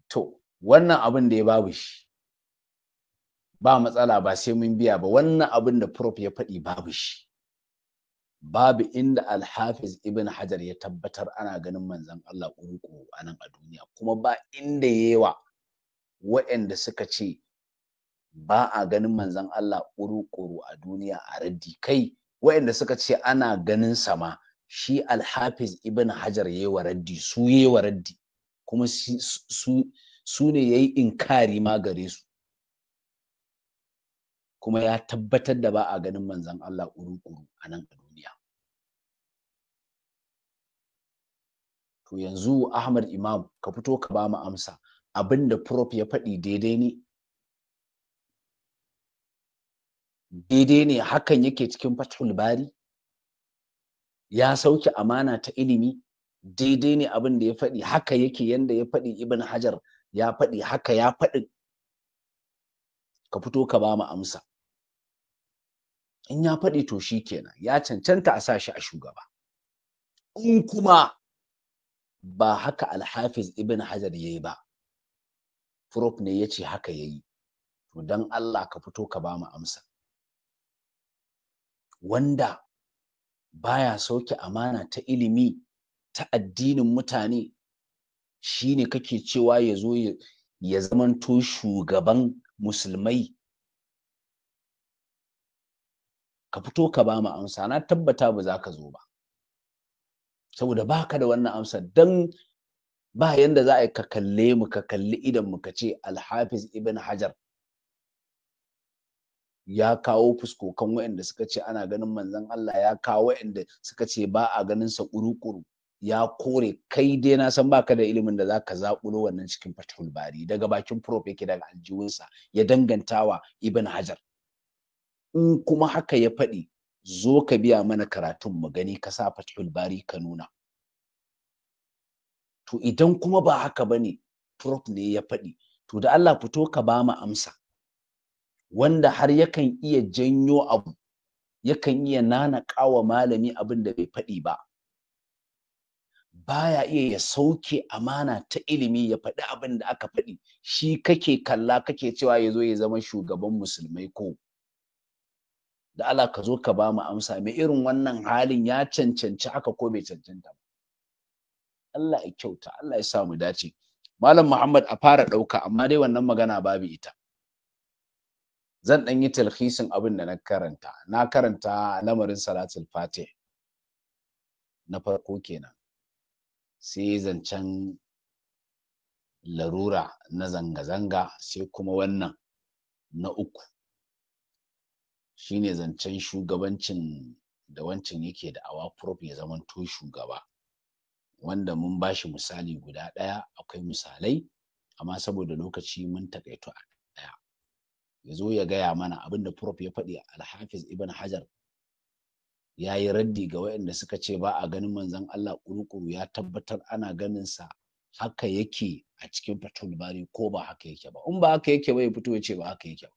to wannan abin da ya babu shi ba matsala ba sai mun biya ba wannan abin da prof ya faɗi babu shi babu inda alhafiz ibn hajar ya tabbatar ana ganin manzan Allah uruku a nan a duniya kuma ba inda yewa waɗanda suka ce ba a ganin manzan Allah uruƙuru a duniya a raddi kai waɗanda suka ce ana ganin sama shi alhafiz ibn hajar ya wa raddi su ya wa raddi kuma su ne ya yi inkari ma gare su kuma ya tabbatar da ba a ganin manzan Allah uruƙuru a nan to yanzu Ahmad Imam ka fito ka ba mu amsa abin prof ya faɗi daidai ne daidai ne hakan yake cikin fathul bari ya sauke amana ta ilimi daidai ne abin ya faɗi haka yake yanda ya faɗi ibn hajar ya faɗi haka ya faɗi ka fito ka ba mu amsa in ya faɗi to shi kenan ya cancanta a sa shi a shugaba in kuma ba haka alhafiz ibn hajar yayi ba prof ne ya ce haka yayi to dan Allah ka fito ka ba mu amsa wanda baya sauke amana ta ilimi ta addinin mutane shine kake cewa ya zo ya zamanto shugaban musulmai ka fito ka ba mu amsa na tabbata ba za ka zo ba saboda baka da wannan amsa dan ba yanda za a yi ka kalle mu ka kalli idan mu ka ce alhafiz ibn hajar ya kawo fuskokan waɗanda suka ce ana ganin manzon Allah ya kawo waɗanda suka ce ba a ganin sa kurukuru. ya kore kai dai na san baka da ilimin da zaka zaƙulo wannan cikin fatul bari daga bakin prof yake daga aljiwinsa ya dangantawa ibn hajar in kuma haka ya faɗi zo ka biya mana karatun mu gani ka sa fathul bari ka nuna to idan kuma ba haka bane prof ne ya faɗi to da Allah fito ka ba mu amsa wanda har yakan iya janyo abu yakan iya nana kawa malami abin da bai faɗi ba baya iya ya sauke amana ta ilimi ya faɗi abin da aka faɗi shi kake kalla kake cewa yazo ya zama shugaban musulmai ko da Allah ka zo ka ba mu amsa mai irin wannan halin ya cancanci haka ko bai cancanta ba Allah ya kyauta Allah ya sa mu dace Malam Muhammad a fara ɗauka amma dai wannan magana babu ita zan ɗan yi talhisin abin da na karanta na karanta lamarin salatul fatih na farko kenan sai zancen larura na zanga-zanga sai kuma wannan na uku shine zancen shugabancin da wancan yake da awa prof ya zamanto shugaba wanda mun bashi misali guda ɗaya akwai misalai amma saboda lokaci mun taƙaitu a ɗaya ya zo ya gaya mana abin da prof ya faɗi alhafiz ibn hajar ya yi raddi ga waɗanda suka ce ba a ganin manzon Allah kurukuru ya tabbatar ana ganin sa haka yake a cikin fatul bari ko ba haka yake ba in ba haka yake ba ya fito ya ce ba haka yake ba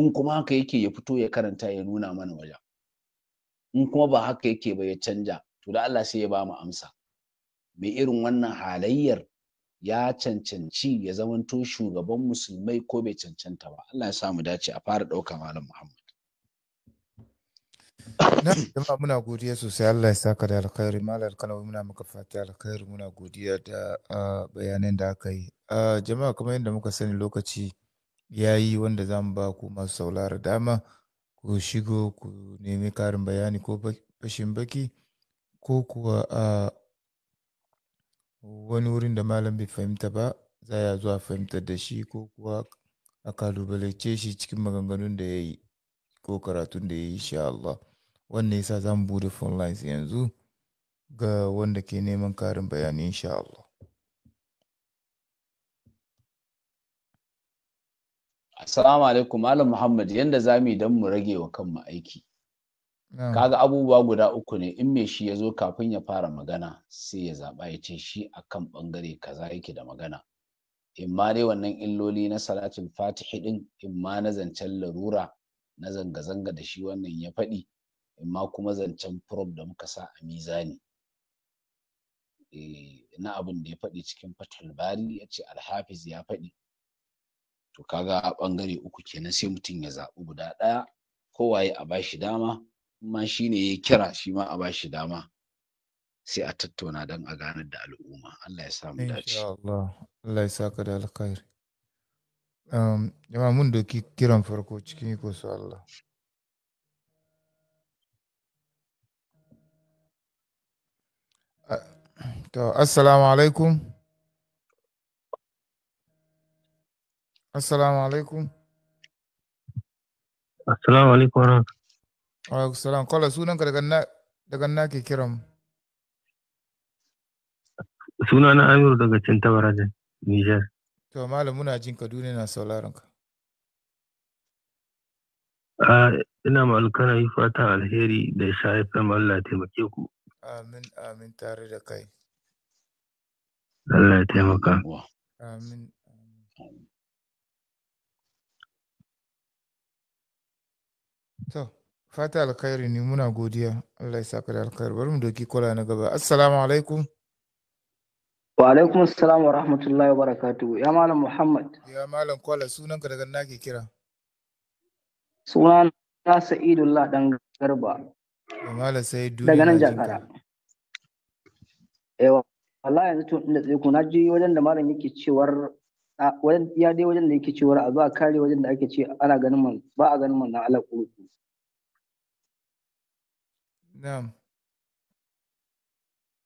in kuma haka yake ya fito ya karanta ya nuna mana wajen in kuma ba haka yake ba ya canja to da Allah sai ya ba mu amsa mai irin wannan halayyar ya cancanci ya zamanto shugaban musulmai ko bai cancanta ba Allah ya sa mu dace a fara ɗauka malam Muhammad na jama'a muna godiya sosai Allah ya saka da alkhairi malam alkanawi muna maka fata alkhairi muna godiya da ah, bayanan da aka yi ah, jama'a kamar yadda muka sani lokaci ya yi wanda za mu ba ku masu saulara dama ku shigo ku nemi karin bayani ko fashin baki ko kuwa a wani wurin da malam bai fahimta ba za ya zuwa fahimtar da shi ko kuwa a kalubalace shi cikin maganganun da ya yi ko karatun da ya yi sha Allah wannan yasa za mu bude phone lines yanzu ga wanda ke neman karin bayani insha Allah Assalamu alaikum Malam Muhammad yadda za mu yi don mu rage wa kanmu aiki. Kaga abubuwa guda uku ne in me shi ya zo kafin ya fara magana sai ya zaɓa ya ce shi kan ɓangare kaza yake da magana. In ma dai wannan illoli na salatin fatihi ɗin in ma na zancen larura na zanga-zanga da shi wannan ya faɗi in ma kuma zancen prob da muka sa a mizani. Eh, na abin da ya faɗi cikin fatul bari ya ce alhafiz ya faɗi to kaga bangare uku kenan sai mutum ya zaɓi guda ɗaya kowaye a bashi dama ma shi ne ya kira shi ma a bashi dama sai a tattauna don a ganar da al'umma Allah ya mu dace Allah Allah ya saka da alkhairi um, jama'a mun doki kiran farko cikin iko su Allah to assalamu alaikum Assalamu alaikum. Assalamu alaikum wa Alaikum salam. Kola, sunanka daga na ke kiran. Suna na Amiru daga Cintabara tabarajin, Nijar. To, malam muna jin Kaduna na sauraron ka. ina malkana yi fata alheri da shafin Allah taimake ku. Amin, amin tare da kai. Allah ya taimaka. To, fata alkhairi ne muna godiya. Allah ya saka da alkhairi. Bari mu doki kola na gaba. Assalamu alaikum. Wa alaikum assalam wa rahmatullahi wa barakatuhu. Ya malam Muhammad. Ya malam kola sunanka daga na ke kira. Sunan na Sa'idullah dan Garba. Malam Sa'idu. Daga nan Jakara. Ewa, eh, Allah yanzu tun inda tsaye na ji wajen da malam yake cewar wajen iya dai wajen da yake cewar a zuwa kare wajen da ake ce ana ganin man ba a ganin manzon Allah ko Na'am.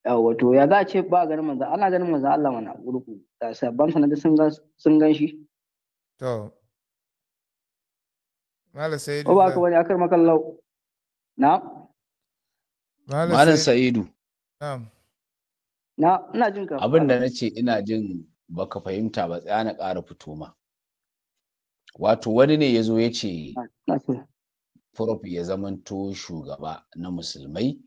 wato ya za a ce ba a ganin manzon ana ganin manzon Allah mana gurku da sabban sanadi sun gan sun gan shi. To. Mala Sa'idu. Ko ba ka wani akar makallau. Na'am. Malam Sa'idu. Na'am. Na ina jin ka. Abin da nace ina jin baka fahimta ba tsaya na ƙara fito ma wato wani ne ya zo ya ce prof ya zamanto shugaba na musulmai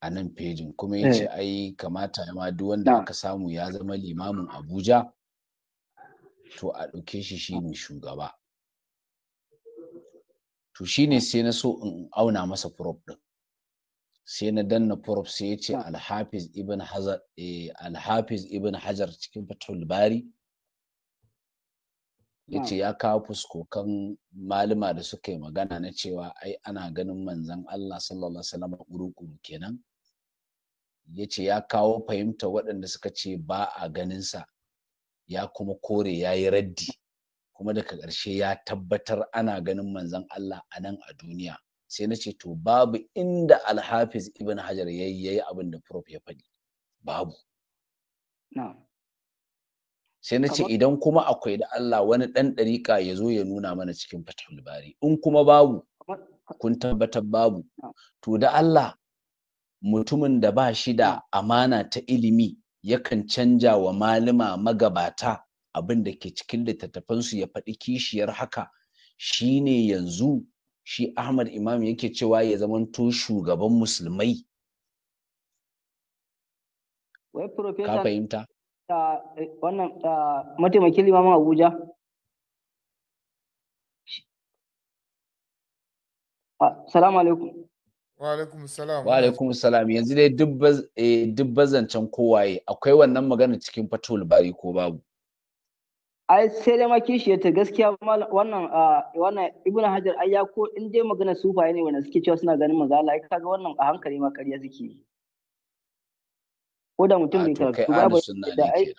a nan fejin kuma ya ce eh. ai kamata ma duk wanda aka samu ya zama limamin abuja to a ɗauke shi shi ne shugaba to shi ne sai na so in auna masa prof ɗin sai na danna prof sai ya ce ah. alhafiz ibn hajar eh, alhafiz ibn hajar cikin fatul bari ya ah. ce ya kawo fuskokan malama da suka yi magana na cewa ai ana ganin manzan Allah sallallahu alaihi wasallam kuru kenan ya ce ya kawo fahimta waɗanda suka ce ba a ganinsa ya kuma kore ya yi raddi kuma daga ƙarshe ya tabbatar ana ganin manzan Allah a nan a duniya sai na ce to babu inda alhafiz ibn hajar ya yi abin da prof ya faɗi babu sai na ce idan kuma akwai da Allah wani ɗan ɗariƙa ya zo ya nuna mana cikin fatul bari in kuma babu kun tabbatar babu to da Allah mutumin da ba shi da amana ta ilimi yakan canja wa malama magabata abin da ke cikin littattafansu ya faɗi kishiyar haka shine yanzu shi Ahmad Imam yake cewa ya zamanto shugaban musulmai. Ka fahimta? Eh, wannan mataimakin limamin Abuja? Ah, salamu alaikum. Wa alaikum salam. Yanzu dai duk eh, bazancen kowaye akwai wannan magana cikin fatul bari ko babu. ai sai dai ma ta gaskiya wannan wannan ibnu hajar ai ya ko in dai magana sufaye ne wanda suke cewa suna ganin manzo Allah kaga wannan a hankali ma ƙarya suke ko da mutum bai karatu ba ba da ai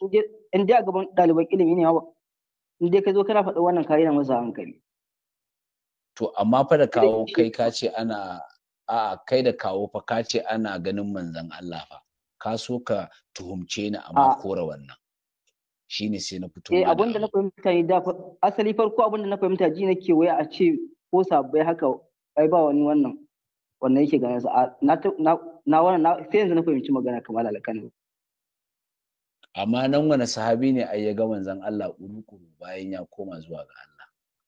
in dai a gaban ɗaliban ilimi ne in dai ka zo kana faɗa wannan kayan na masa hankali to amma fa da kawo kai ka ce ana a kai da kawo fa ka ce ana ganin manzon Allah fa ka so ka tuhumce ni amma kore wannan shine sai na fito eh abinda na fahimta ne da asali farko abin da na fahimta ji nake waya a ce ko sabai haka ai ba wani wannan wannan yake ganin sa na na wannan sai yanzu na fahimci magana kamar alƙalin amma nan wani sahabi ne ai ya ga manzon Allah kuru-kuru bayan ya koma zuwa ga Allah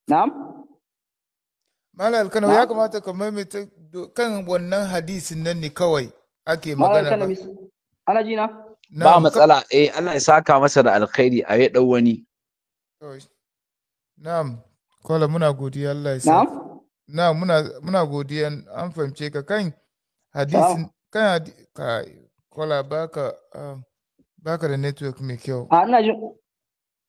na'am Malam Alkano ya kamata ka maimaita kan wannan hadisin nan ne kawai ake magana ba. Malam Alkano ana jina? ba matsala eh Allah ya saka masa da alkhairi a ya dau wani na'am kola muna godiya Allah ya saka na'am muna muna godiya an fahimce ka kan hadisin kan ka kola um, baka baka da network mai kyau a ina jin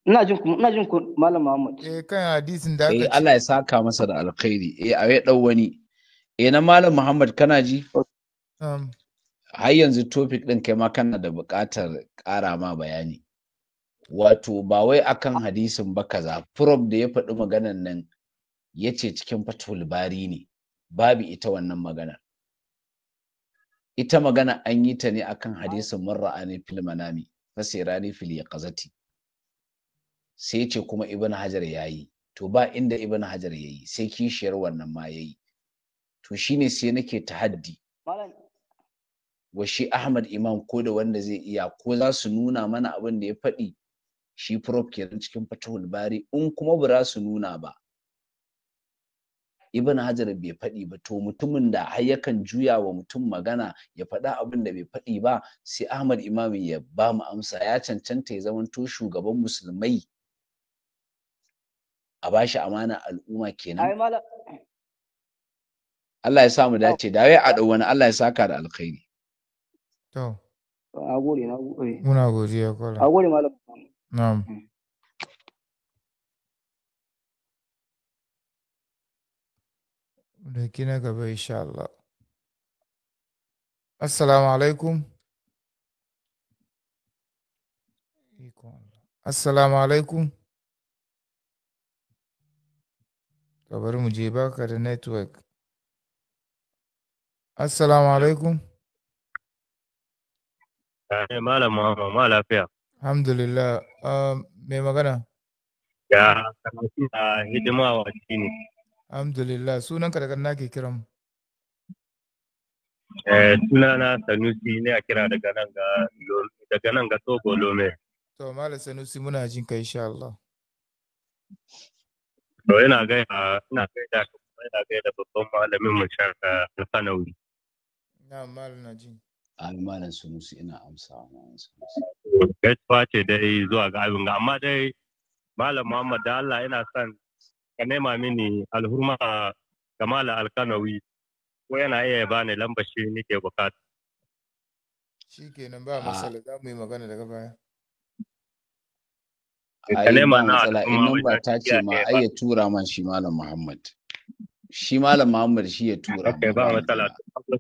ina jin ina jin malam Muhammad eh kan hadisin da aka eh Allah ya saka masa da alkhairi eh a ya dau wani eh na malam Muhammad kana ji har yanzu topic ɗin kai ma kana da buƙatar ƙara ma bayani wato ba wai akan hadisin ba kaza prof da ya faɗi maganan nan ya ce cikin fatul bari ne babu ita wannan magana ita magana an yi ta ne akan hadisin marra ne fil manami fasirani fil yaqazati sai ce kuma ibn hajar yayi to ba inda ibn hajar yayi sai kishiyar wannan ma yayi to shine sai nake tahaddi malam wa shi Ahmad Imam ko da wanda zai iya ko za su nuna mana abin da ya faɗi shi prof kenan cikin fatahul bari in kuma ba za su nuna ba Ibn Hajar bai faɗi ba to mutumin da har yakan juya wa mutum magana ya faɗa abin da bai faɗi ba sai Ahmad Imam ya ba mu amsa ya cancanta ya zama to shugaban musulmai a bashi amana al'umma kenan Allah ya samu dace da wai a wani Allah ya saka da alkhairi To. Na gode, na gode. Eh. Muna godiya kwallo. Na gode malam. Na'am. Mm. Da kina gaba insha Allah. Assalamu alaikum. Assalamu alaikum. Ka bari mu je baka da network. Assalamu alaikum. Eh malam Muhammad ma lafiya. Alhamdulillah. Ah, me magana? Ya karatu a hidima wa ne. Alhamdulillah. Sunan Sunanka daga ke kiran mu. Eh, Suna na Sanusi ne a kira daga nan ga daga nan ga Togo Lome. To malam Sanusi muna jin kai insha Allah. To ina ga ina ga da ina ga da babban malamin mu shaka Alkanawi. Na malam na jin. Amin malam sunusi ina amsawa malam sunusi. Gaisuwa ce dai zuwa ga abin ga. amma dai malam Muhammad da Allah ina son ka nema mini alhurma ga malam alkanawi ko yana iya ba ni lambar shi nake bukata. Shi nan ba matsala za mu yi magana daga baya. Ka nema na alhurma ba ta ce ma ai ya tura man shi malam Muhammad. Shi malam Muhammad shi ya tura. shi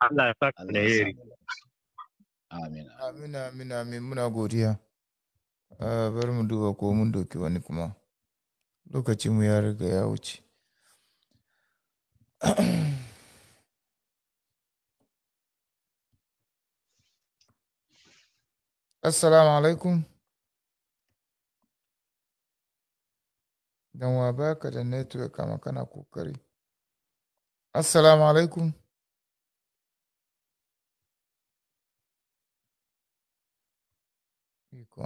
amin amin amin amin muna godiya bari mu duba ko mun doki wani kuma Lokaci mu ya riga ya wuce Assalamu alaikum. Dan wa baka da network kama kana kokari. Assalamu alaikum. فيكم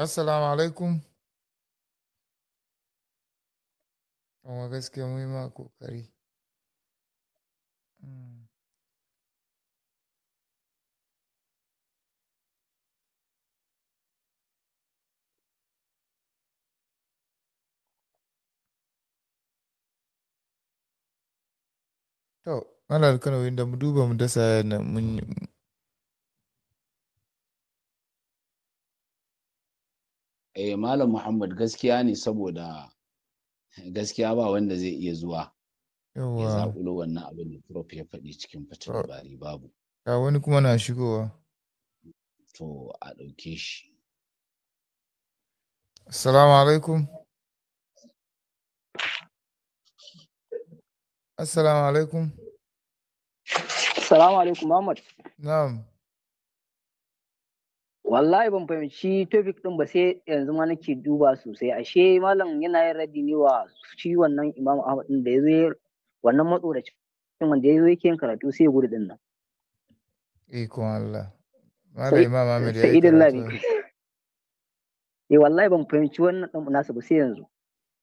السلام عليكم kuma gaskiya mun yi ma ƙoƙari. Mm. To, Malam Kano inda mu duba mu dasa na mun Eh Malam Muhammad gaskiya ne saboda gaskiya ba wanda zai iya zuwa ya zaɓulo wannan abin da prof ya faɗi cikin fata labari oh. babu ga wani kuma na shigowa to a ɗauke shi assalamu alaikum assalamu alaikum assalamu alaikum muhammad na'am wallahi ban fahimci topic din ba sai yanzu ma nake duba sosai ashe malam yana yin radi ne wa shi wannan imamu ahmad din da ya zo wannan matsoracin wanda ya zo yake yin karatu sai ya gudu din nan ko Allah malam imam ahmad ya yi karatu eh wallahi ban fahimci wannan dan nasu ba sai yanzu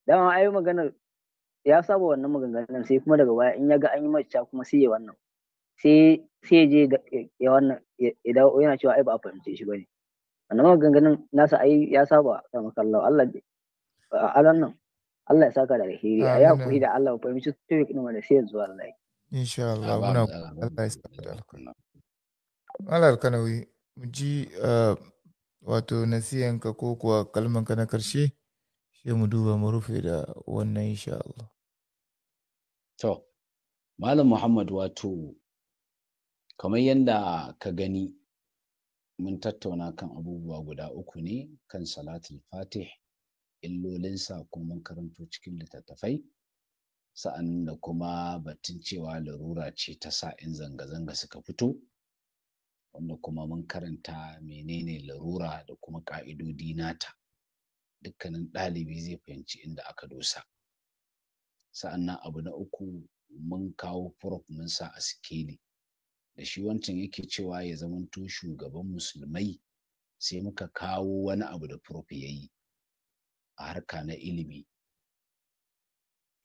dama ayi maganar ya saba wannan maganganun sai kuma daga baya in ya ga an yi mace kuma sai ya wannan sai sai je ya wannan ya dawo yana cewa ai ba a fahimce shi bane annabi maganganun nasa ai ya saba ta makallau Allah alan nan Allah ya saka da alheri a ya kuhi da Allah fahimci topic kuma da sai zuwa Allah insha Allah muna Allah ya saka da alheri Allah kanawi mu ji wato nasiyanka ko kuwa ka na karshe sai mu duba mu rufe da wannan insha Allah to malam Muhammad wato kamar yadda ka gani mun tattauna kan abubuwa guda uku ne kan salatul fatih illolinsa ko mun karanto cikin littattafai sa'an da kuma batun cewa larura ce ta sa in zanga-zanga suka fito wanda kuma mun karanta menene larura da kuma ƙa'idodi nata dukkanin ɗalibi zai fahimci inda aka dosa sa'annan abu na uku mun kawo prof mun sa a sikeli da shi wancan yake cewa ya zamanto shugaban musulmai sai muka kawo wani abu da prof ya yi a harka na ilimi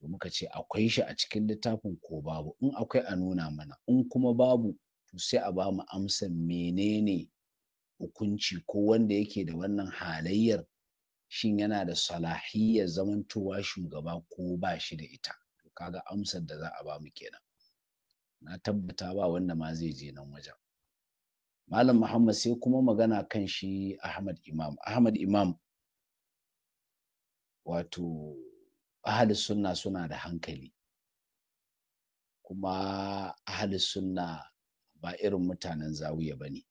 To muka ce akwai shi a cikin littafin ko babu in akwai a nuna mana in kuma babu to sai a bamu mu amsan menene hukunci ko wanda yake da wannan halayyar shin yana da salahiyar zamantowa shugaba ko ba shi da ita ka ga amsar da za a ba kenan na tabbata ba wanda ma zai je nan wajen malam muhammad sai kuma magana kan shi ahmad imam ahmad imam wato ahli sunna suna da hankali kuma ahli sunna ba irin mutanen zawiya ba ne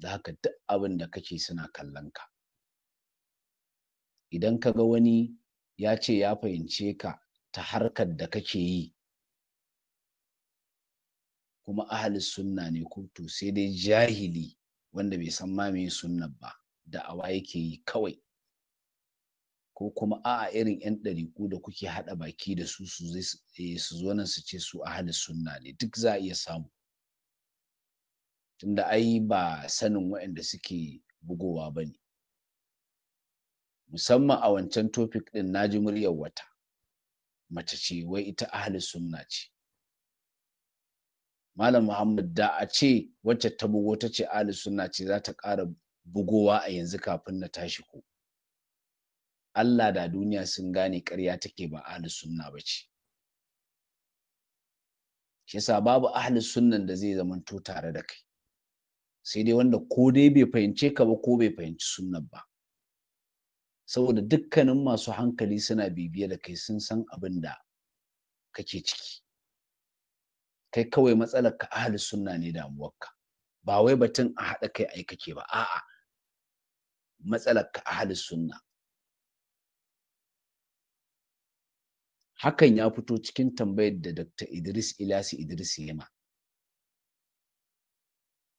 da haka duk abin da kake suna kallon ka idan ka ga wani ya ce ya fahimce ka ta harkar da kake yi kuma ahli sunna ne ko sai dai jahili wanda bai san ma me sunna ba awa yake yi kawai ko kuma a'a irin 'yan ɗariƙu da kuke haɗa baki da su su eh, zo nan su ce su ahalis sunna ne duk za a iya samu tunda ai ba sanin waɗanda suke bugowa ba ne musamman a wancan topic ɗin naji muryar wata mace ce wai ita ahli sunna ce malam muhammad da a ce wacce ta bugo ta ce ali sunna ce za ta ƙara bugowa a yanzu kafin na tashi ko Allah da duniya sun gane ƙarya take ba Ali sunna ba ce shi yasa babu ahli sunnan da zai zamanto tare da kai sai dai wanda ko dai bai fahimce ka ba ko bai fahimci sunnan ba saboda dukkanin masu hankali suna bibiye da kai sun san abin da kake ciki kai kawai matsalar ka ahli sunna ne damuwarka ba wai batun a haɗa kai ai kake ba a'a matsalar ka ahli sunna hakan ya fito cikin tambayar da Dr. Idris Ilasi Idris Yema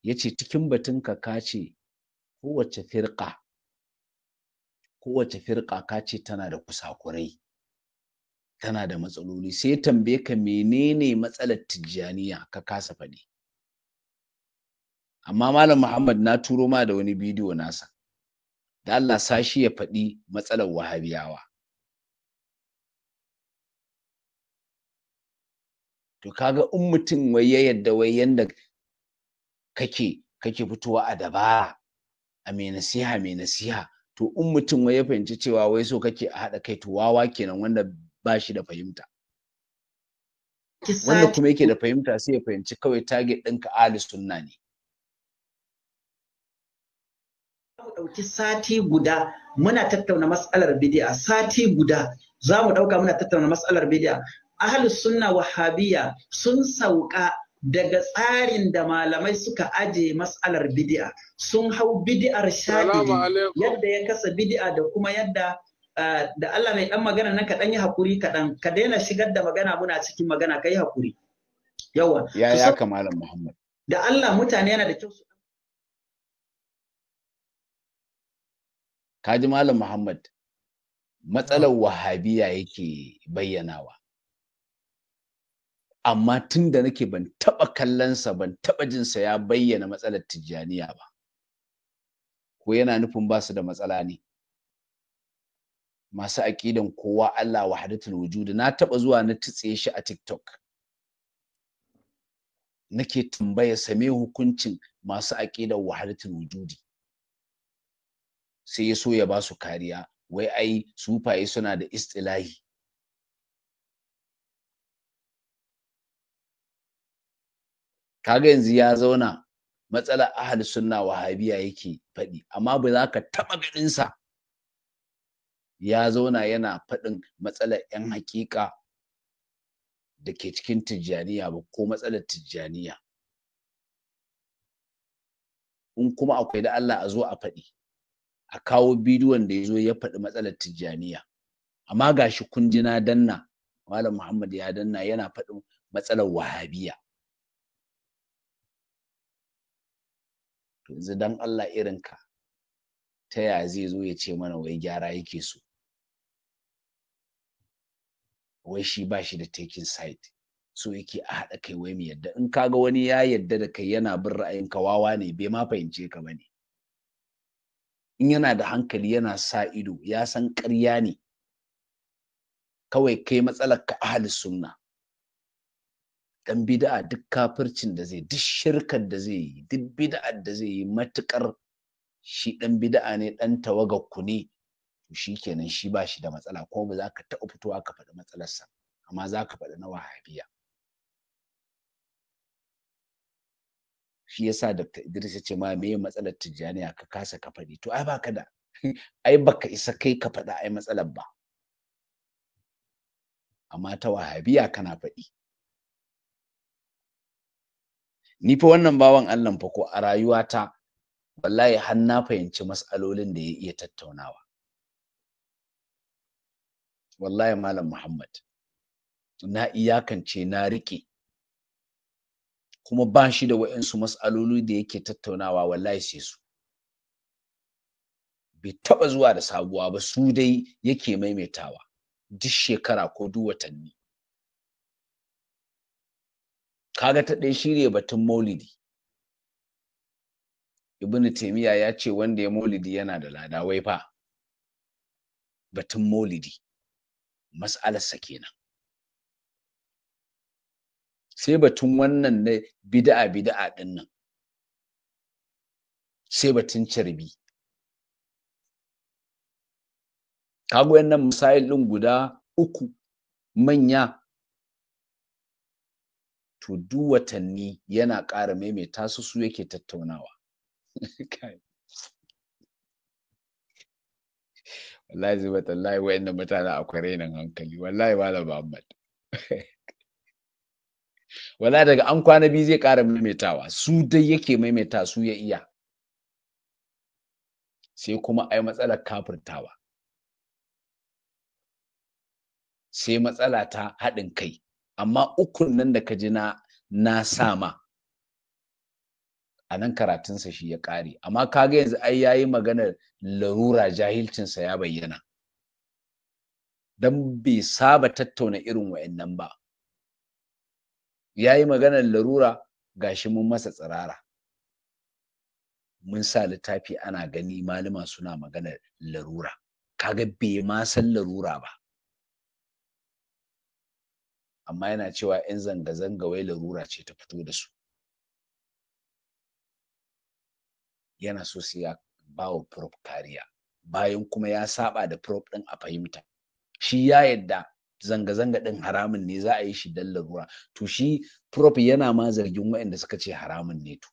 yace cikin batun ka kace kowace firqa kowace firqa kace tana da kusakurai tana da matsaloli sai tambaye ka menene matsalar tijjaniya ka kasa faɗi amma malam muhammad na turo ma da wani bidiyo nasa da Allah sashi ya faɗi matsalar wahabiyawa to kaga in mutum wai yadda wai yanda kake kake fitowa a dabara a mai nasiha mai nasiha to in mutum wai ya fahimci cewa wai so kake a haɗa kai to wawa kenan wanda ba da fahimta wanda kuma yake da fahimta sai ya fahimci kawai target ɗinka ahli sunna ne ɗauki sati guda muna tattauna matsalar bidi'a sati guda za mu ɗauka muna tattauna matsalar bidi'a ahli sunna wahabiya sun sauka daga tsarin da malamai suka aje matsalar bidi'a sun hau bidi'ar shadi yadda ya kasa bidi'a da kuma yadda Eh, da Allah mai dan magana nan ka dan yi hakuri kaɗan ka daina shigar da magana muna cikin magana ka yi hakuri yawa ya ya kamalan Muhammad da Allah mutane yana da kyau su kaji malam Muhammad matsalar wahabiya yake bayyanawa amma tun da nake ban taɓa kallonsa ban taɓa jinsa ya bayyana matsalar tijjaniya ba ko yana nufin ba su da matsala ne masu aƙidan kowa Allah wahdatul wujud na taba zuwa na tutse shi a TikTok nake tambaya same hukuncin masu aƙidan wahdatul wujudi sai ya so ya ba su kariya wai ai sufaye suna da istilahi kaga yanzu ya zauna matsalar ahal sunna wahabiya yake faɗi amma ba za ka taɓa ganinsa ya zauna yana faɗin matsalar 'yan haƙiƙa da ke cikin tijjaniya ba ko matsalar tijjaniya in kuma akwai da Allah a zo a faɗi a kawo bidiyon da ya zo ya faɗi matsalar tijjaniya amma ga shi kunjina danna malam muhammad ya danna yana faɗin matsalar wahabiya yanzu dan Allah irinka ta ya zai zo ya ce mana wai gyara yake so wai shi ba shi da taking side so yake a haɗa kai wai mu yadda in kaga wani ya yadda da kai yana bin ra'ayin ka wawa ne bai ma fahimce ka bane in yana da hankali yana sa ido ya san ƙarya ne kawai kai matsalar ka ahli sunna dan bid'a duk kafircin da zai duk shirkar da zai yi duk bid'ar da zai yi matukar shi dan bid'a ne dan tawagar ku ne to shi kenan shi ba shi da matsala ko ba za ka taɓa fitowa ka faɗi matsalarsa amma za ka faɗi na wahabiya shi yasa Dr. Idris ya ce ma me matsalar Tijjaniya ka kasa ka faɗi to ai baka da ai baka isa kai ka faɗa ai matsalar ba amma ta wahabiya kana faɗi ni fa wannan bawan Allah fa ko a rayuwata wallahi har na fahimci mas'alolin da ya iya tattaunawa wallahi malam muhammad na iyakance na riƙe kuma ba shi da wa'insu matsaloli da yake tattaunawa wallahi sai su bai taɓa zuwa da sabuwa ba su dai yake maimaitawa duk shekara ko duk watanni kaga ta ɗaya shirya batun maulidi ibn taimiyya ya ce wanda ya maulidi yana da lada wai fa batun maulidi sa kenan sai batun wannan na bid'a bid'a din nan sai batun carbi kago yannan misayil din guda uku manya to duk watanni yana ƙara maimaita su su yake tattaunawa wallahi zuba tallahi wayannan mutane akwai renin hankali wallahi malam Muhammad wallahi daga an kwana biyu zai ƙara maimaitawa su dai yake maimaita su ya iya sai kuma ai matsalar kafirtawa sai matsala ta haɗin kai amma ukun nan da ka ji na na sama a nan karatunsa shi ya ƙare amma kaga yanzu ai yayi maganar larura jahilcinsa ya bayyana don bai saba tattauna irin wa'annan ba Ya yayi maganar larura gashi mun masa tsirara mun sa littafi ana gani malama suna maganar larura kaga bai ma san larura ba amma yana cewa 'yan zanga-zanga wai larura ce ta fito da su yana so sai ya ba wa prop kariya bayan kuma ya saba da prop ɗin a fahimta shi ya yadda zanga-zanga ɗin haramun ne za a yi shi dalla ruwa to shi prop yana ma zargin waɗanda suka ce haramun ne to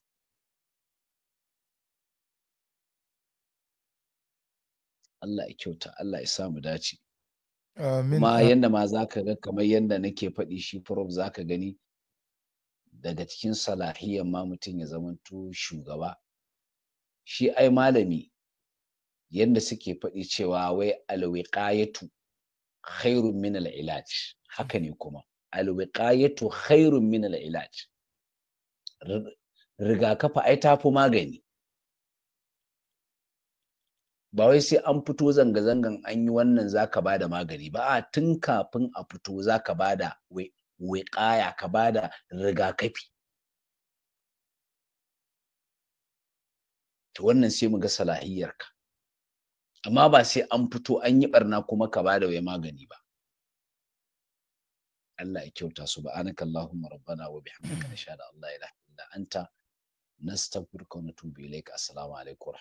Allah ya kyauta Allah ya samu dace ma yanda ma za ka ga kamar yanda nake faɗi shi prop za ka gani daga cikin salahiyar ma mutum ya zamanto shugaba shi ai malami yadda suke faɗi cewa wai alwiqayatu khairun min al'ilaj haka ne kuma alwiqayatu khairun min al'ilaj rigakafa ai tafi magani ba wai sai an fito zanga-zangan an yi wannan zaka bada magani ba a tun kafin a fito zaka bada wiƙaya ka bada rigakafi to wannan sai mu ga salahiyar ka. amma ba sai an fito an yi barna kuma ka ba da wai magani ba Allah ya kyauta subhanaka allahumma rabbana wa bihamdika hmm. nashhadu an la ilaha illa anta nastaghfiruka wa natubu ilayka assalamu alaikum